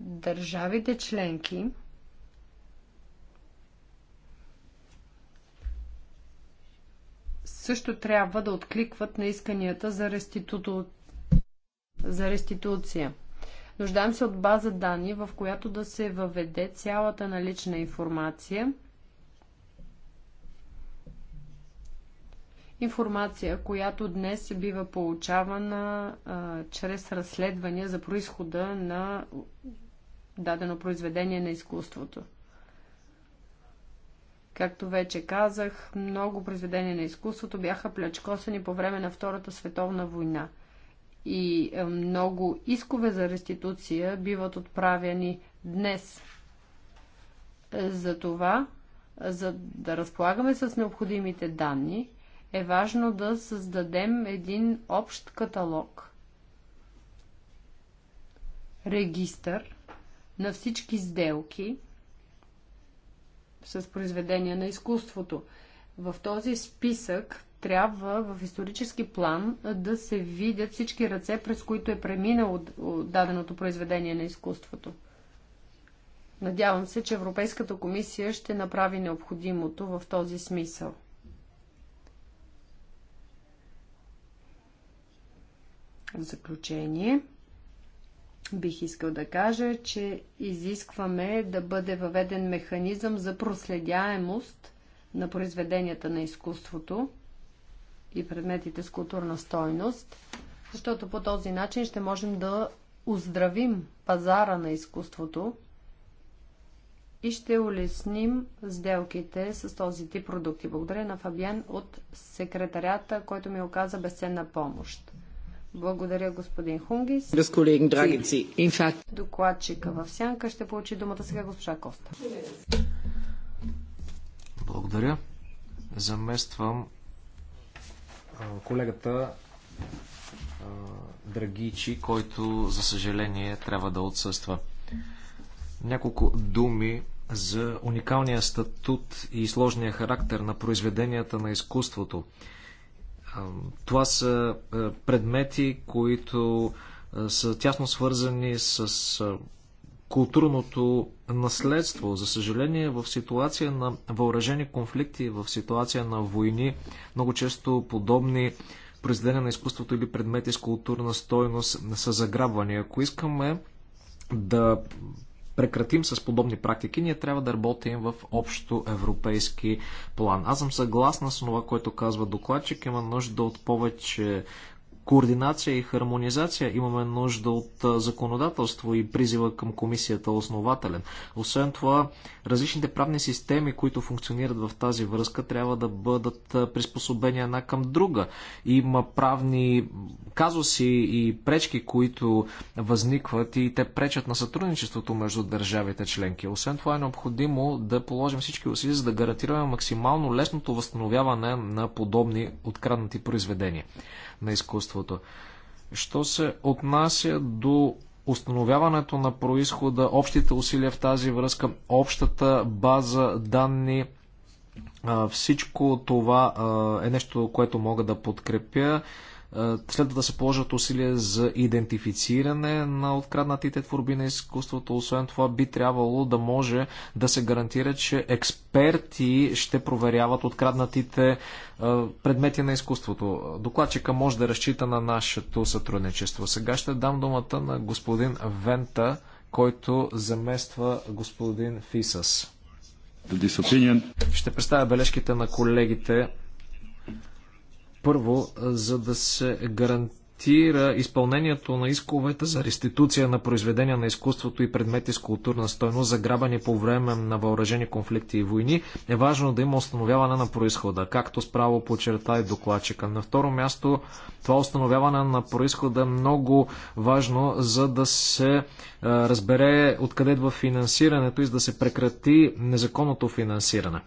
Държавите членки също трябва да откликват на исканията за, реститу... за реституция. Нуждаем се от база данни, в която да се въведе цялата налична информация. Информация, която днес бива получавана а, чрез разследвания за происхода на дадено произведение на изкуството. Както вече казах, много произведения на изкуството бяха плячкосани по време на Втората световна война. И е, много искове за реституция биват отправяни днес. Е, Затова, за да разполагаме с необходимите данни, е важно да създадем един общ каталог, регистър на всички сделки, с произведения на изкуството. В този списък трябва в исторически план да се видят всички ръце, през които е преминало даденото произведение на изкуството. Надявам се, че Европейската комисия ще направи необходимото в този смисъл. В заключение. Бих искал да кажа, че изискваме да бъде въведен механизъм за проследяемост на произведенията на изкуството и предметите с културна стойност, защото по този начин ще можем да оздравим пазара на изкуството и ще улесним сделките с този тип продукти. Благодаря на Фабиан от секретарята, който ми оказа безценна помощ. Благодаря, господин Хунгис. Докладчика в сянка ще получи думата сега госпожа Коста. Благодаря. Замествам колегата Драгичи, който за съжаление трябва да отсъства. Няколко думи за уникалния статут и сложния характер на произведенията на изкуството. Това са е, предмети, които е, са тясно свързани с е, културното наследство. За съжаление, в ситуация на въоръжени конфликти, в ситуация на войни, много често подобни произведения на изкуството или предмети с културна стойност са заграбвани. Ако искаме да прекратим с подобни практики, ние трябва да работим в общо европейски план. Аз съм съгласна с това, което казва докладчик. Има нужда от повече координация и хармонизация имаме нужда от законодателство и призива към комисията основателен. Освен това, различните правни системи, които функционират в тази връзка, трябва да бъдат приспособени една към друга. Има правни казуси и пречки, които възникват и те пречат на сътрудничеството между държавите членки. Освен това е необходимо да положим всички усилия, за да гарантираме максимално лесното възстановяване на подобни откраднати произведения на изкуството. Що се отнася до установяването на происхода, общите усилия в тази връзка, общата база данни, всичко това е нещо, което мога да подкрепя. Е, следва да се положат усилия за идентифициране на откраднатите творби на изкуството. Освен това, би трябвало да може да се гарантира, че експерти ще проверяват откраднатите е, предмети на изкуството. Докладчика може да разчита на нашето сътрудничество. Сега ще дам думата на господин Вента, който замества господин Фисас. Ще представя бележките на колегите първо, за да се гарантира изпълнението на исковете за реституция на произведения на изкуството и предмети с културна стойност, заграбани по време на въоръжени конфликти и войни, е важно да има установяване на происхода, както справо черта и докладчика. На второ място, това установяване на происхода е много важно, за да се разбере откъде идва финансирането и за да се прекрати незаконното финансиране.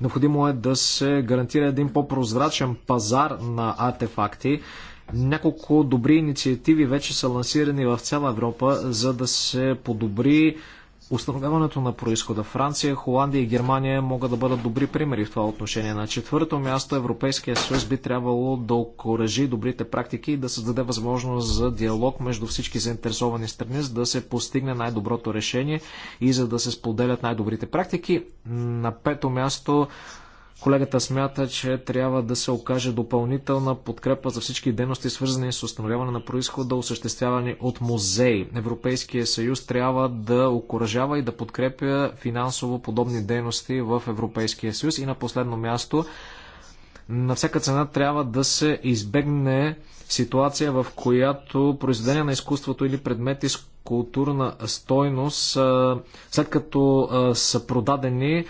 Необходимо е да се гарантира един по-прозрачен пазар на артефакти. Няколко добри инициативи вече са лансирани в цяла Европа, за да се подобри Установяването на происхода. Франция, Холандия и Германия могат да бъдат добри примери в това отношение. На четвърто място Европейския съюз би трябвало да окоръжи добрите практики и да създаде възможност за диалог между всички заинтересовани страни, за да се постигне най-доброто решение и за да се споделят най-добрите практики. На пето място Колегата смята, че трябва да се окаже допълнителна подкрепа за всички дейности, свързани с установяване на происхода, осъществявани от музеи. Европейския съюз трябва да окоръжава и да подкрепя финансово подобни дейности в Европейския съюз. И на последно място, на всяка цена трябва да се избегне ситуация, в която произведения на изкуството или предмети с културна стойност, след като са продадени,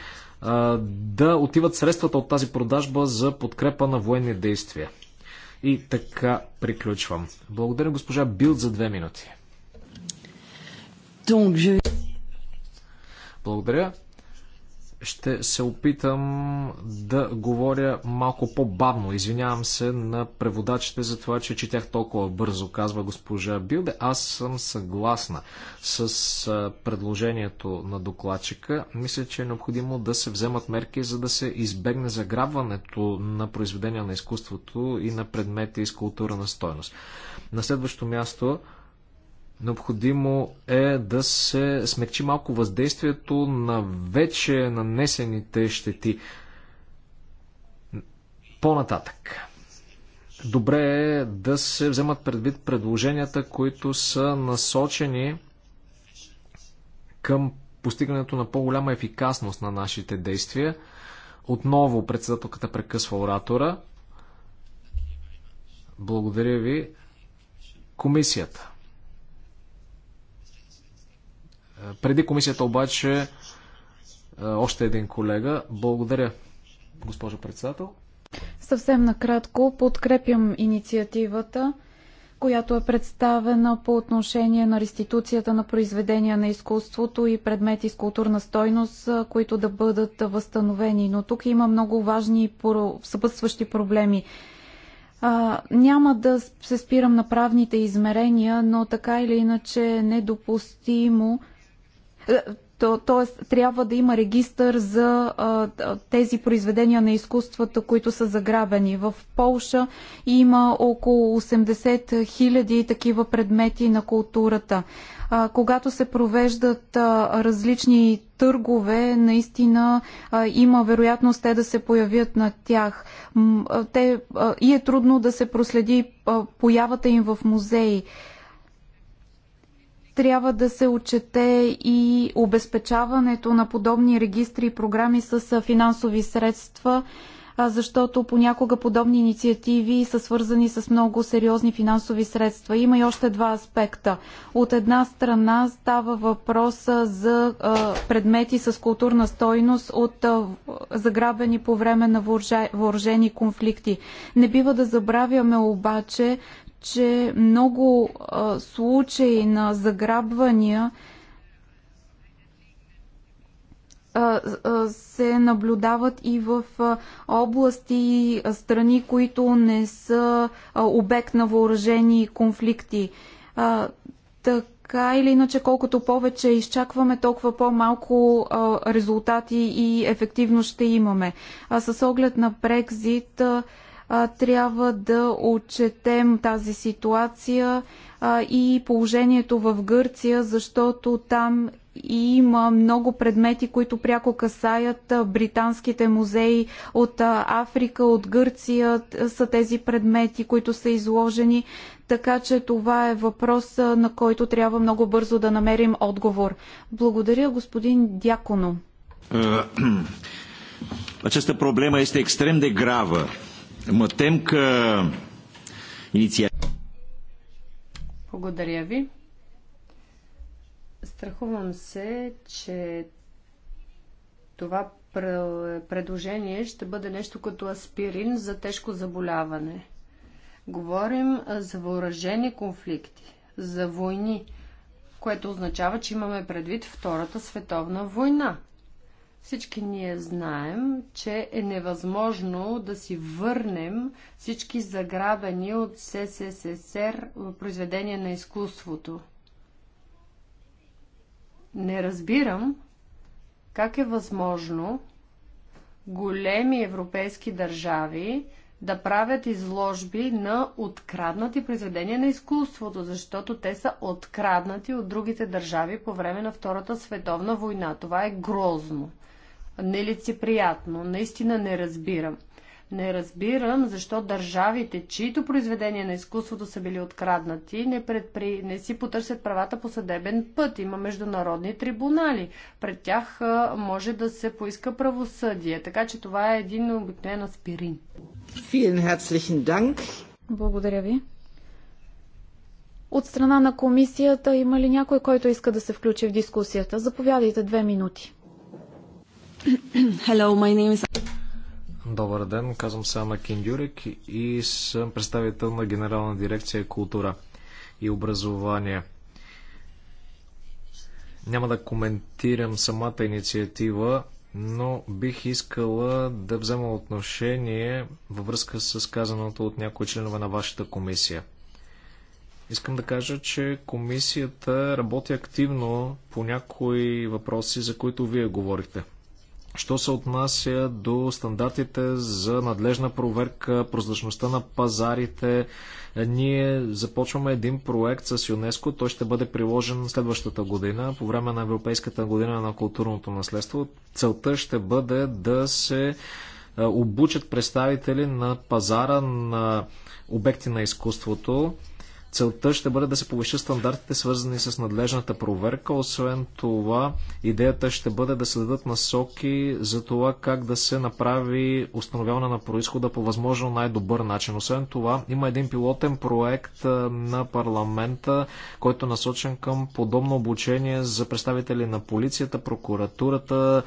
да отиват средствата от тази продажба за подкрепа на военни действия. И така приключвам. Благодаря госпожа Билд за две минути. Благодаря ще се опитам да говоря малко по-бавно. Извинявам се на преводачите за това, че четях толкова бързо, казва госпожа Билде. Аз съм съгласна с предложението на докладчика. Мисля, че е необходимо да се вземат мерки, за да се избегне заграбването на произведения на изкуството и на предмети с култура на стойност. На следващо място Необходимо е да се смекчи малко въздействието на вече нанесените щети. По-нататък. Добре е да се вземат предвид предложенията, които са насочени към постигането на по-голяма ефикасност на нашите действия. Отново председателката прекъсва оратора. Благодаря ви. Комисията. Преди комисията обаче е, още един колега. Благодаря, госпожо председател. Съвсем накратко подкрепям инициативата, която е представена по отношение на реституцията на произведения на изкуството и предмети с културна стойност, които да бъдат възстановени. Но тук има много важни съпътстващи проблеми. А, няма да се спирам на правните измерения, но така или иначе е недопустимо е, тоест, трябва да има регистър за а, тези произведения на изкуствата, които са заграбени. В Полша има около 80 хиляди такива предмети на културата. А, когато се провеждат а, различни търгове, наистина а, има вероятност те да се появят на тях. М, те, а, и е трудно да се проследи а, появата им в музеи трябва да се отчете и обезпечаването на подобни регистри и програми с финансови средства, защото понякога подобни инициативи са свързани с много сериозни финансови средства. Има и още два аспекта. От една страна става въпрос за предмети с културна стойност от заграбени по време на въоръжени конфликти. Не бива да забравяме обаче, че много а, случаи на заграбвания се наблюдават и в области и страни, които не са обект на въоръжени конфликти. така така или иначе, колкото повече изчакваме, толкова по-малко резултати и ефективно ще имаме. А с оглед на Брекзит, трябва да отчетем тази ситуация и положението в Гърция, защото там и има много предмети, които пряко касаят британските музеи от Африка, от Гърция са тези предмети, които са изложени. Така че това е въпрос, на който трябва много бързо да намерим отговор. Благодаря, господин Дяконо. Е, Această проблема este extrem de gravă Ма тем că Благодаря ви. Страхувам се, че това предложение ще бъде нещо като аспирин за тежко заболяване. Говорим за въоръжени конфликти, за войни, което означава, че имаме предвид Втората световна война. Всички ние знаем, че е невъзможно да си върнем всички заграбени от СССР произведения на изкуството. Не разбирам как е възможно големи европейски държави да правят изложби на откраднати произведения на изкуството, защото те са откраднати от другите държави по време на Втората световна война. Това е грозно нелицеприятно. Наистина не разбирам. Не разбирам защо държавите, чието произведения на изкуството са били откраднати, не, предпри... не си потърсят правата по съдебен път. Има международни трибунали. Пред тях може да се поиска правосъдие. Така че това е един обикновен аспирин. Благодаря ви. От страна на комисията има ли някой, който иска да се включи в дискусията? Заповядайте две минути. Hello, my name is... Добър ден, казвам се Ана Киндюрик и съм представител на Генерална дирекция култура и образование. Няма да коментирам самата инициатива, но бих искала да взема отношение във връзка с казаното от някои членове на вашата комисия. Искам да кажа, че комисията работи активно по някои въпроси, за които вие говорихте. Що се отнася до стандартите за надлежна проверка, прозрачността на пазарите, ние започваме един проект с ЮНЕСКО. Той ще бъде приложен следващата година, по време на Европейската година на културното наследство. Целта ще бъде да се обучат представители на пазара на обекти на изкуството, Целта ще бъде да се повишат стандартите, свързани с надлежната проверка. Освен това, идеята ще бъде да се дадат насоки за това как да се направи установяване на происхода по възможно най-добър начин. Освен това, има един пилотен проект на парламента, който е насочен към подобно обучение за представители на полицията, прокуратурата,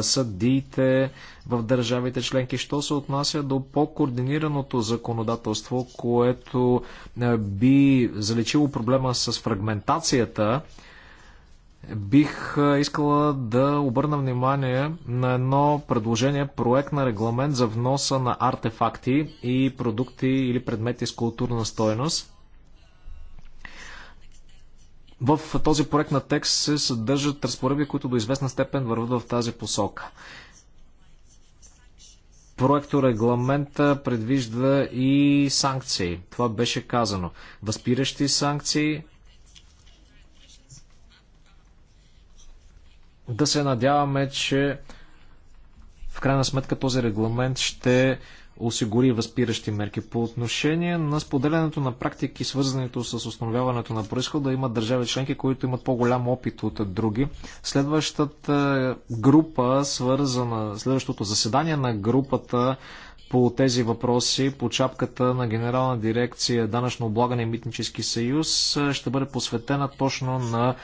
съдиите, в държавите членки, що се отнася до по-координираното законодателство, което е, би залечило проблема с фрагментацията, бих е, искала да обърна внимание на едно предложение, проект на регламент за вноса на артефакти и продукти или предмети с културна стойност. В този проект на текст се съдържат разпоръби, които до известна степен върват в тази посока проекторегламента предвижда и санкции. Това беше казано. Възпиращи санкции. Да се надяваме, че в крайна сметка този регламент ще осигури възпиращи мерки. По отношение на споделянето на практики, свързането с установяването на происхода, има държави членки, които имат по-голям опит от други. Следващата е, група, свързана, следващото заседание на групата по тези въпроси по чапката на Генерална дирекция Данъчно облагане и Митнически съюз е, ще бъде посветена точно на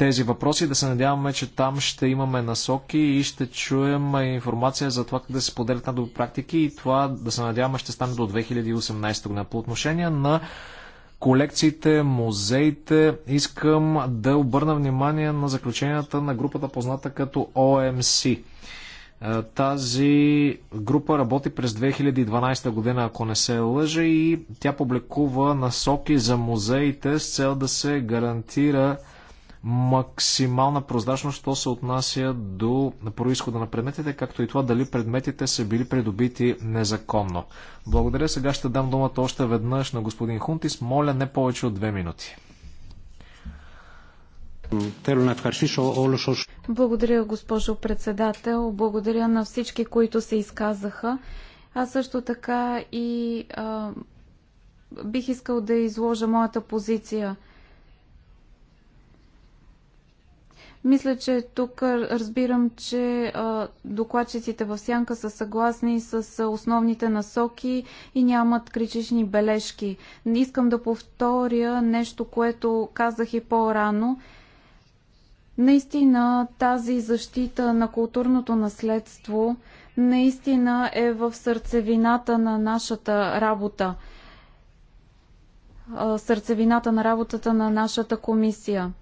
тези въпроси. Да се надяваме, че там ще имаме насоки и ще чуем информация за това как да се поделят на добри практики и това да се надяваме ще стане до 2018 година. По отношение на колекциите, музеите, искам да обърна внимание на заключенията на групата позната като OMC. Е, тази група работи през 2012 година, ако не се лъжа, и тя публикува насоки за музеите с цел да се гарантира максимална прозрачност, що се отнася до происхода на предметите, както и това дали предметите са били придобити незаконно. Благодаря. Сега ще дам думата още веднъж на господин Хунтис. Моля не повече от две минути. Благодаря, госпожо председател. Благодаря на всички, които се изказаха. Аз също така и а, бих искал да изложа моята позиция – Мисля, че тук разбирам, че докладчиците в Сянка са съгласни с основните насоки и нямат критични бележки. Искам да повторя нещо, което казах и по-рано. Наистина тази защита на културното наследство наистина е в сърцевината на нашата работа. Сърцевината на работата на нашата комисия.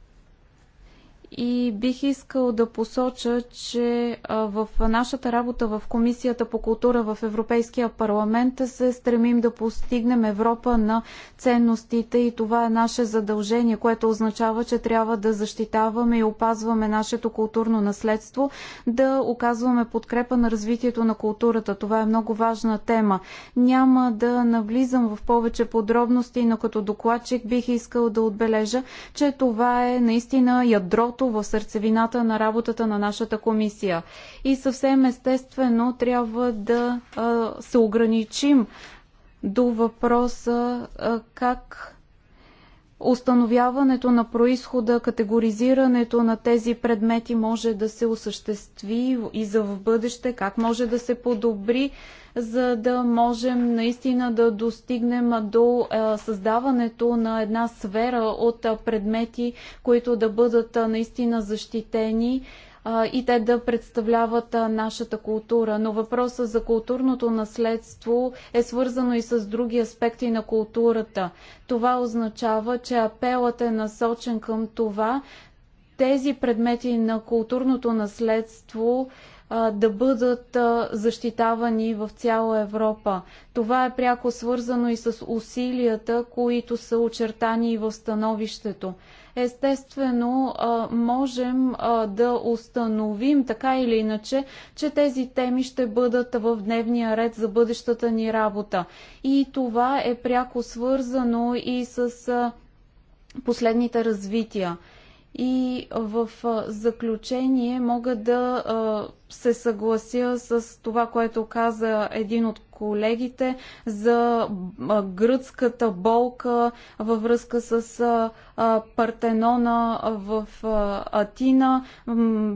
И бих искал да посоча, че в нашата работа в Комисията по култура в Европейския парламент се стремим да постигнем Европа на ценностите и това е наше задължение, което означава, че трябва да защитаваме и опазваме нашето културно наследство, да оказваме подкрепа на развитието на културата. Това е много важна тема. Няма да навлизам в повече подробности, но като докладчик бих искал да отбележа, че това е наистина ядрото бюрото в сърцевината на работата на нашата комисия. И съвсем естествено трябва да се ограничим до въпроса как Установяването на происхода, категоризирането на тези предмети може да се осъществи и за в бъдеще, как може да се подобри, за да можем наистина да достигнем до създаването на една сфера от предмети, които да бъдат наистина защитени и те да представляват нашата култура. Но въпроса за културното наследство е свързано и с други аспекти на културата. Това означава, че апелът е насочен към това тези предмети на културното наследство да бъдат защитавани в цяла Европа. Това е пряко свързано и с усилията, които са очертани и в становището естествено можем да установим така или иначе, че тези теми ще бъдат в дневния ред за бъдещата ни работа. И това е пряко свързано и с последните развития. И в заключение мога да се съглася с това, което каза един от колегите за гръцката болка във връзка с Партенона в Атина,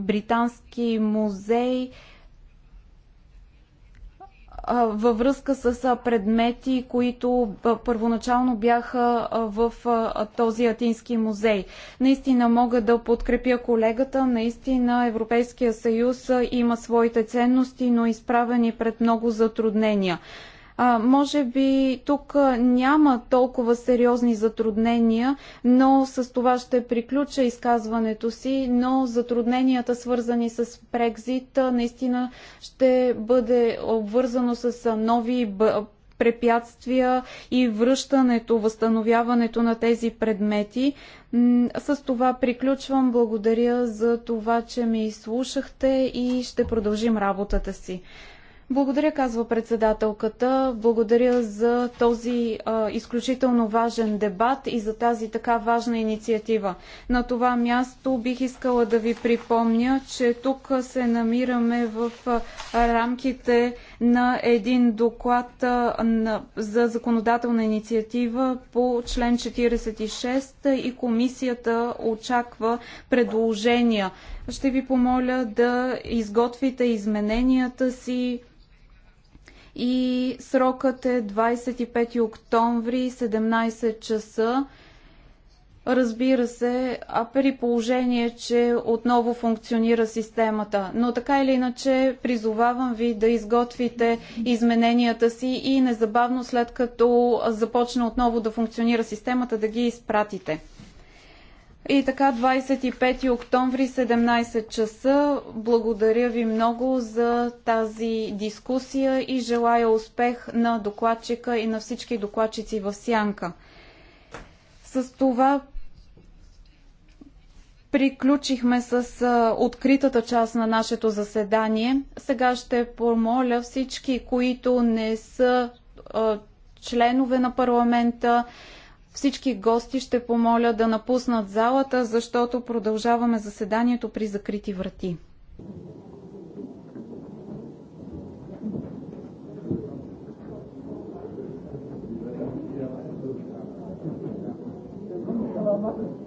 Британски музей във връзка с предмети, които първоначално бяха в този Атински музей. Наистина мога да подкрепя колегата, наистина Европейския съюз има своите ценности, но изправени е пред много затруднения. А, може би тук няма толкова сериозни затруднения, но с това ще приключа изказването си, но затрудненията свързани с Брекзит наистина ще бъде обвързано с нови препятствия и връщането, възстановяването на тези предмети. С това приключвам. Благодаря за това, че ме изслушахте и ще продължим работата си. Благодаря, казва председателката. Благодаря за този а, изключително важен дебат и за тази така важна инициатива. На това място бих искала да ви припомня, че тук се намираме в а, рамките на един доклад а, на, за законодателна инициатива по член 46 и комисията очаква предложения. Ще ви помоля да изготвите измененията си и срокът е 25 октомври 17 часа. Разбира се, а при положение, че отново функционира системата. Но така или иначе, призовавам ви да изготвите измененията си и незабавно след като започне отново да функционира системата, да ги изпратите. И така 25 октомври 17 часа. Благодаря ви много за тази дискусия и желая успех на докладчика и на всички докладчици в Сянка. С това приключихме с откритата част на нашето заседание. Сега ще помоля всички, които не са членове на парламента, всички гости ще помоля да напуснат залата, защото продължаваме заседанието при закрити врати. Thank you.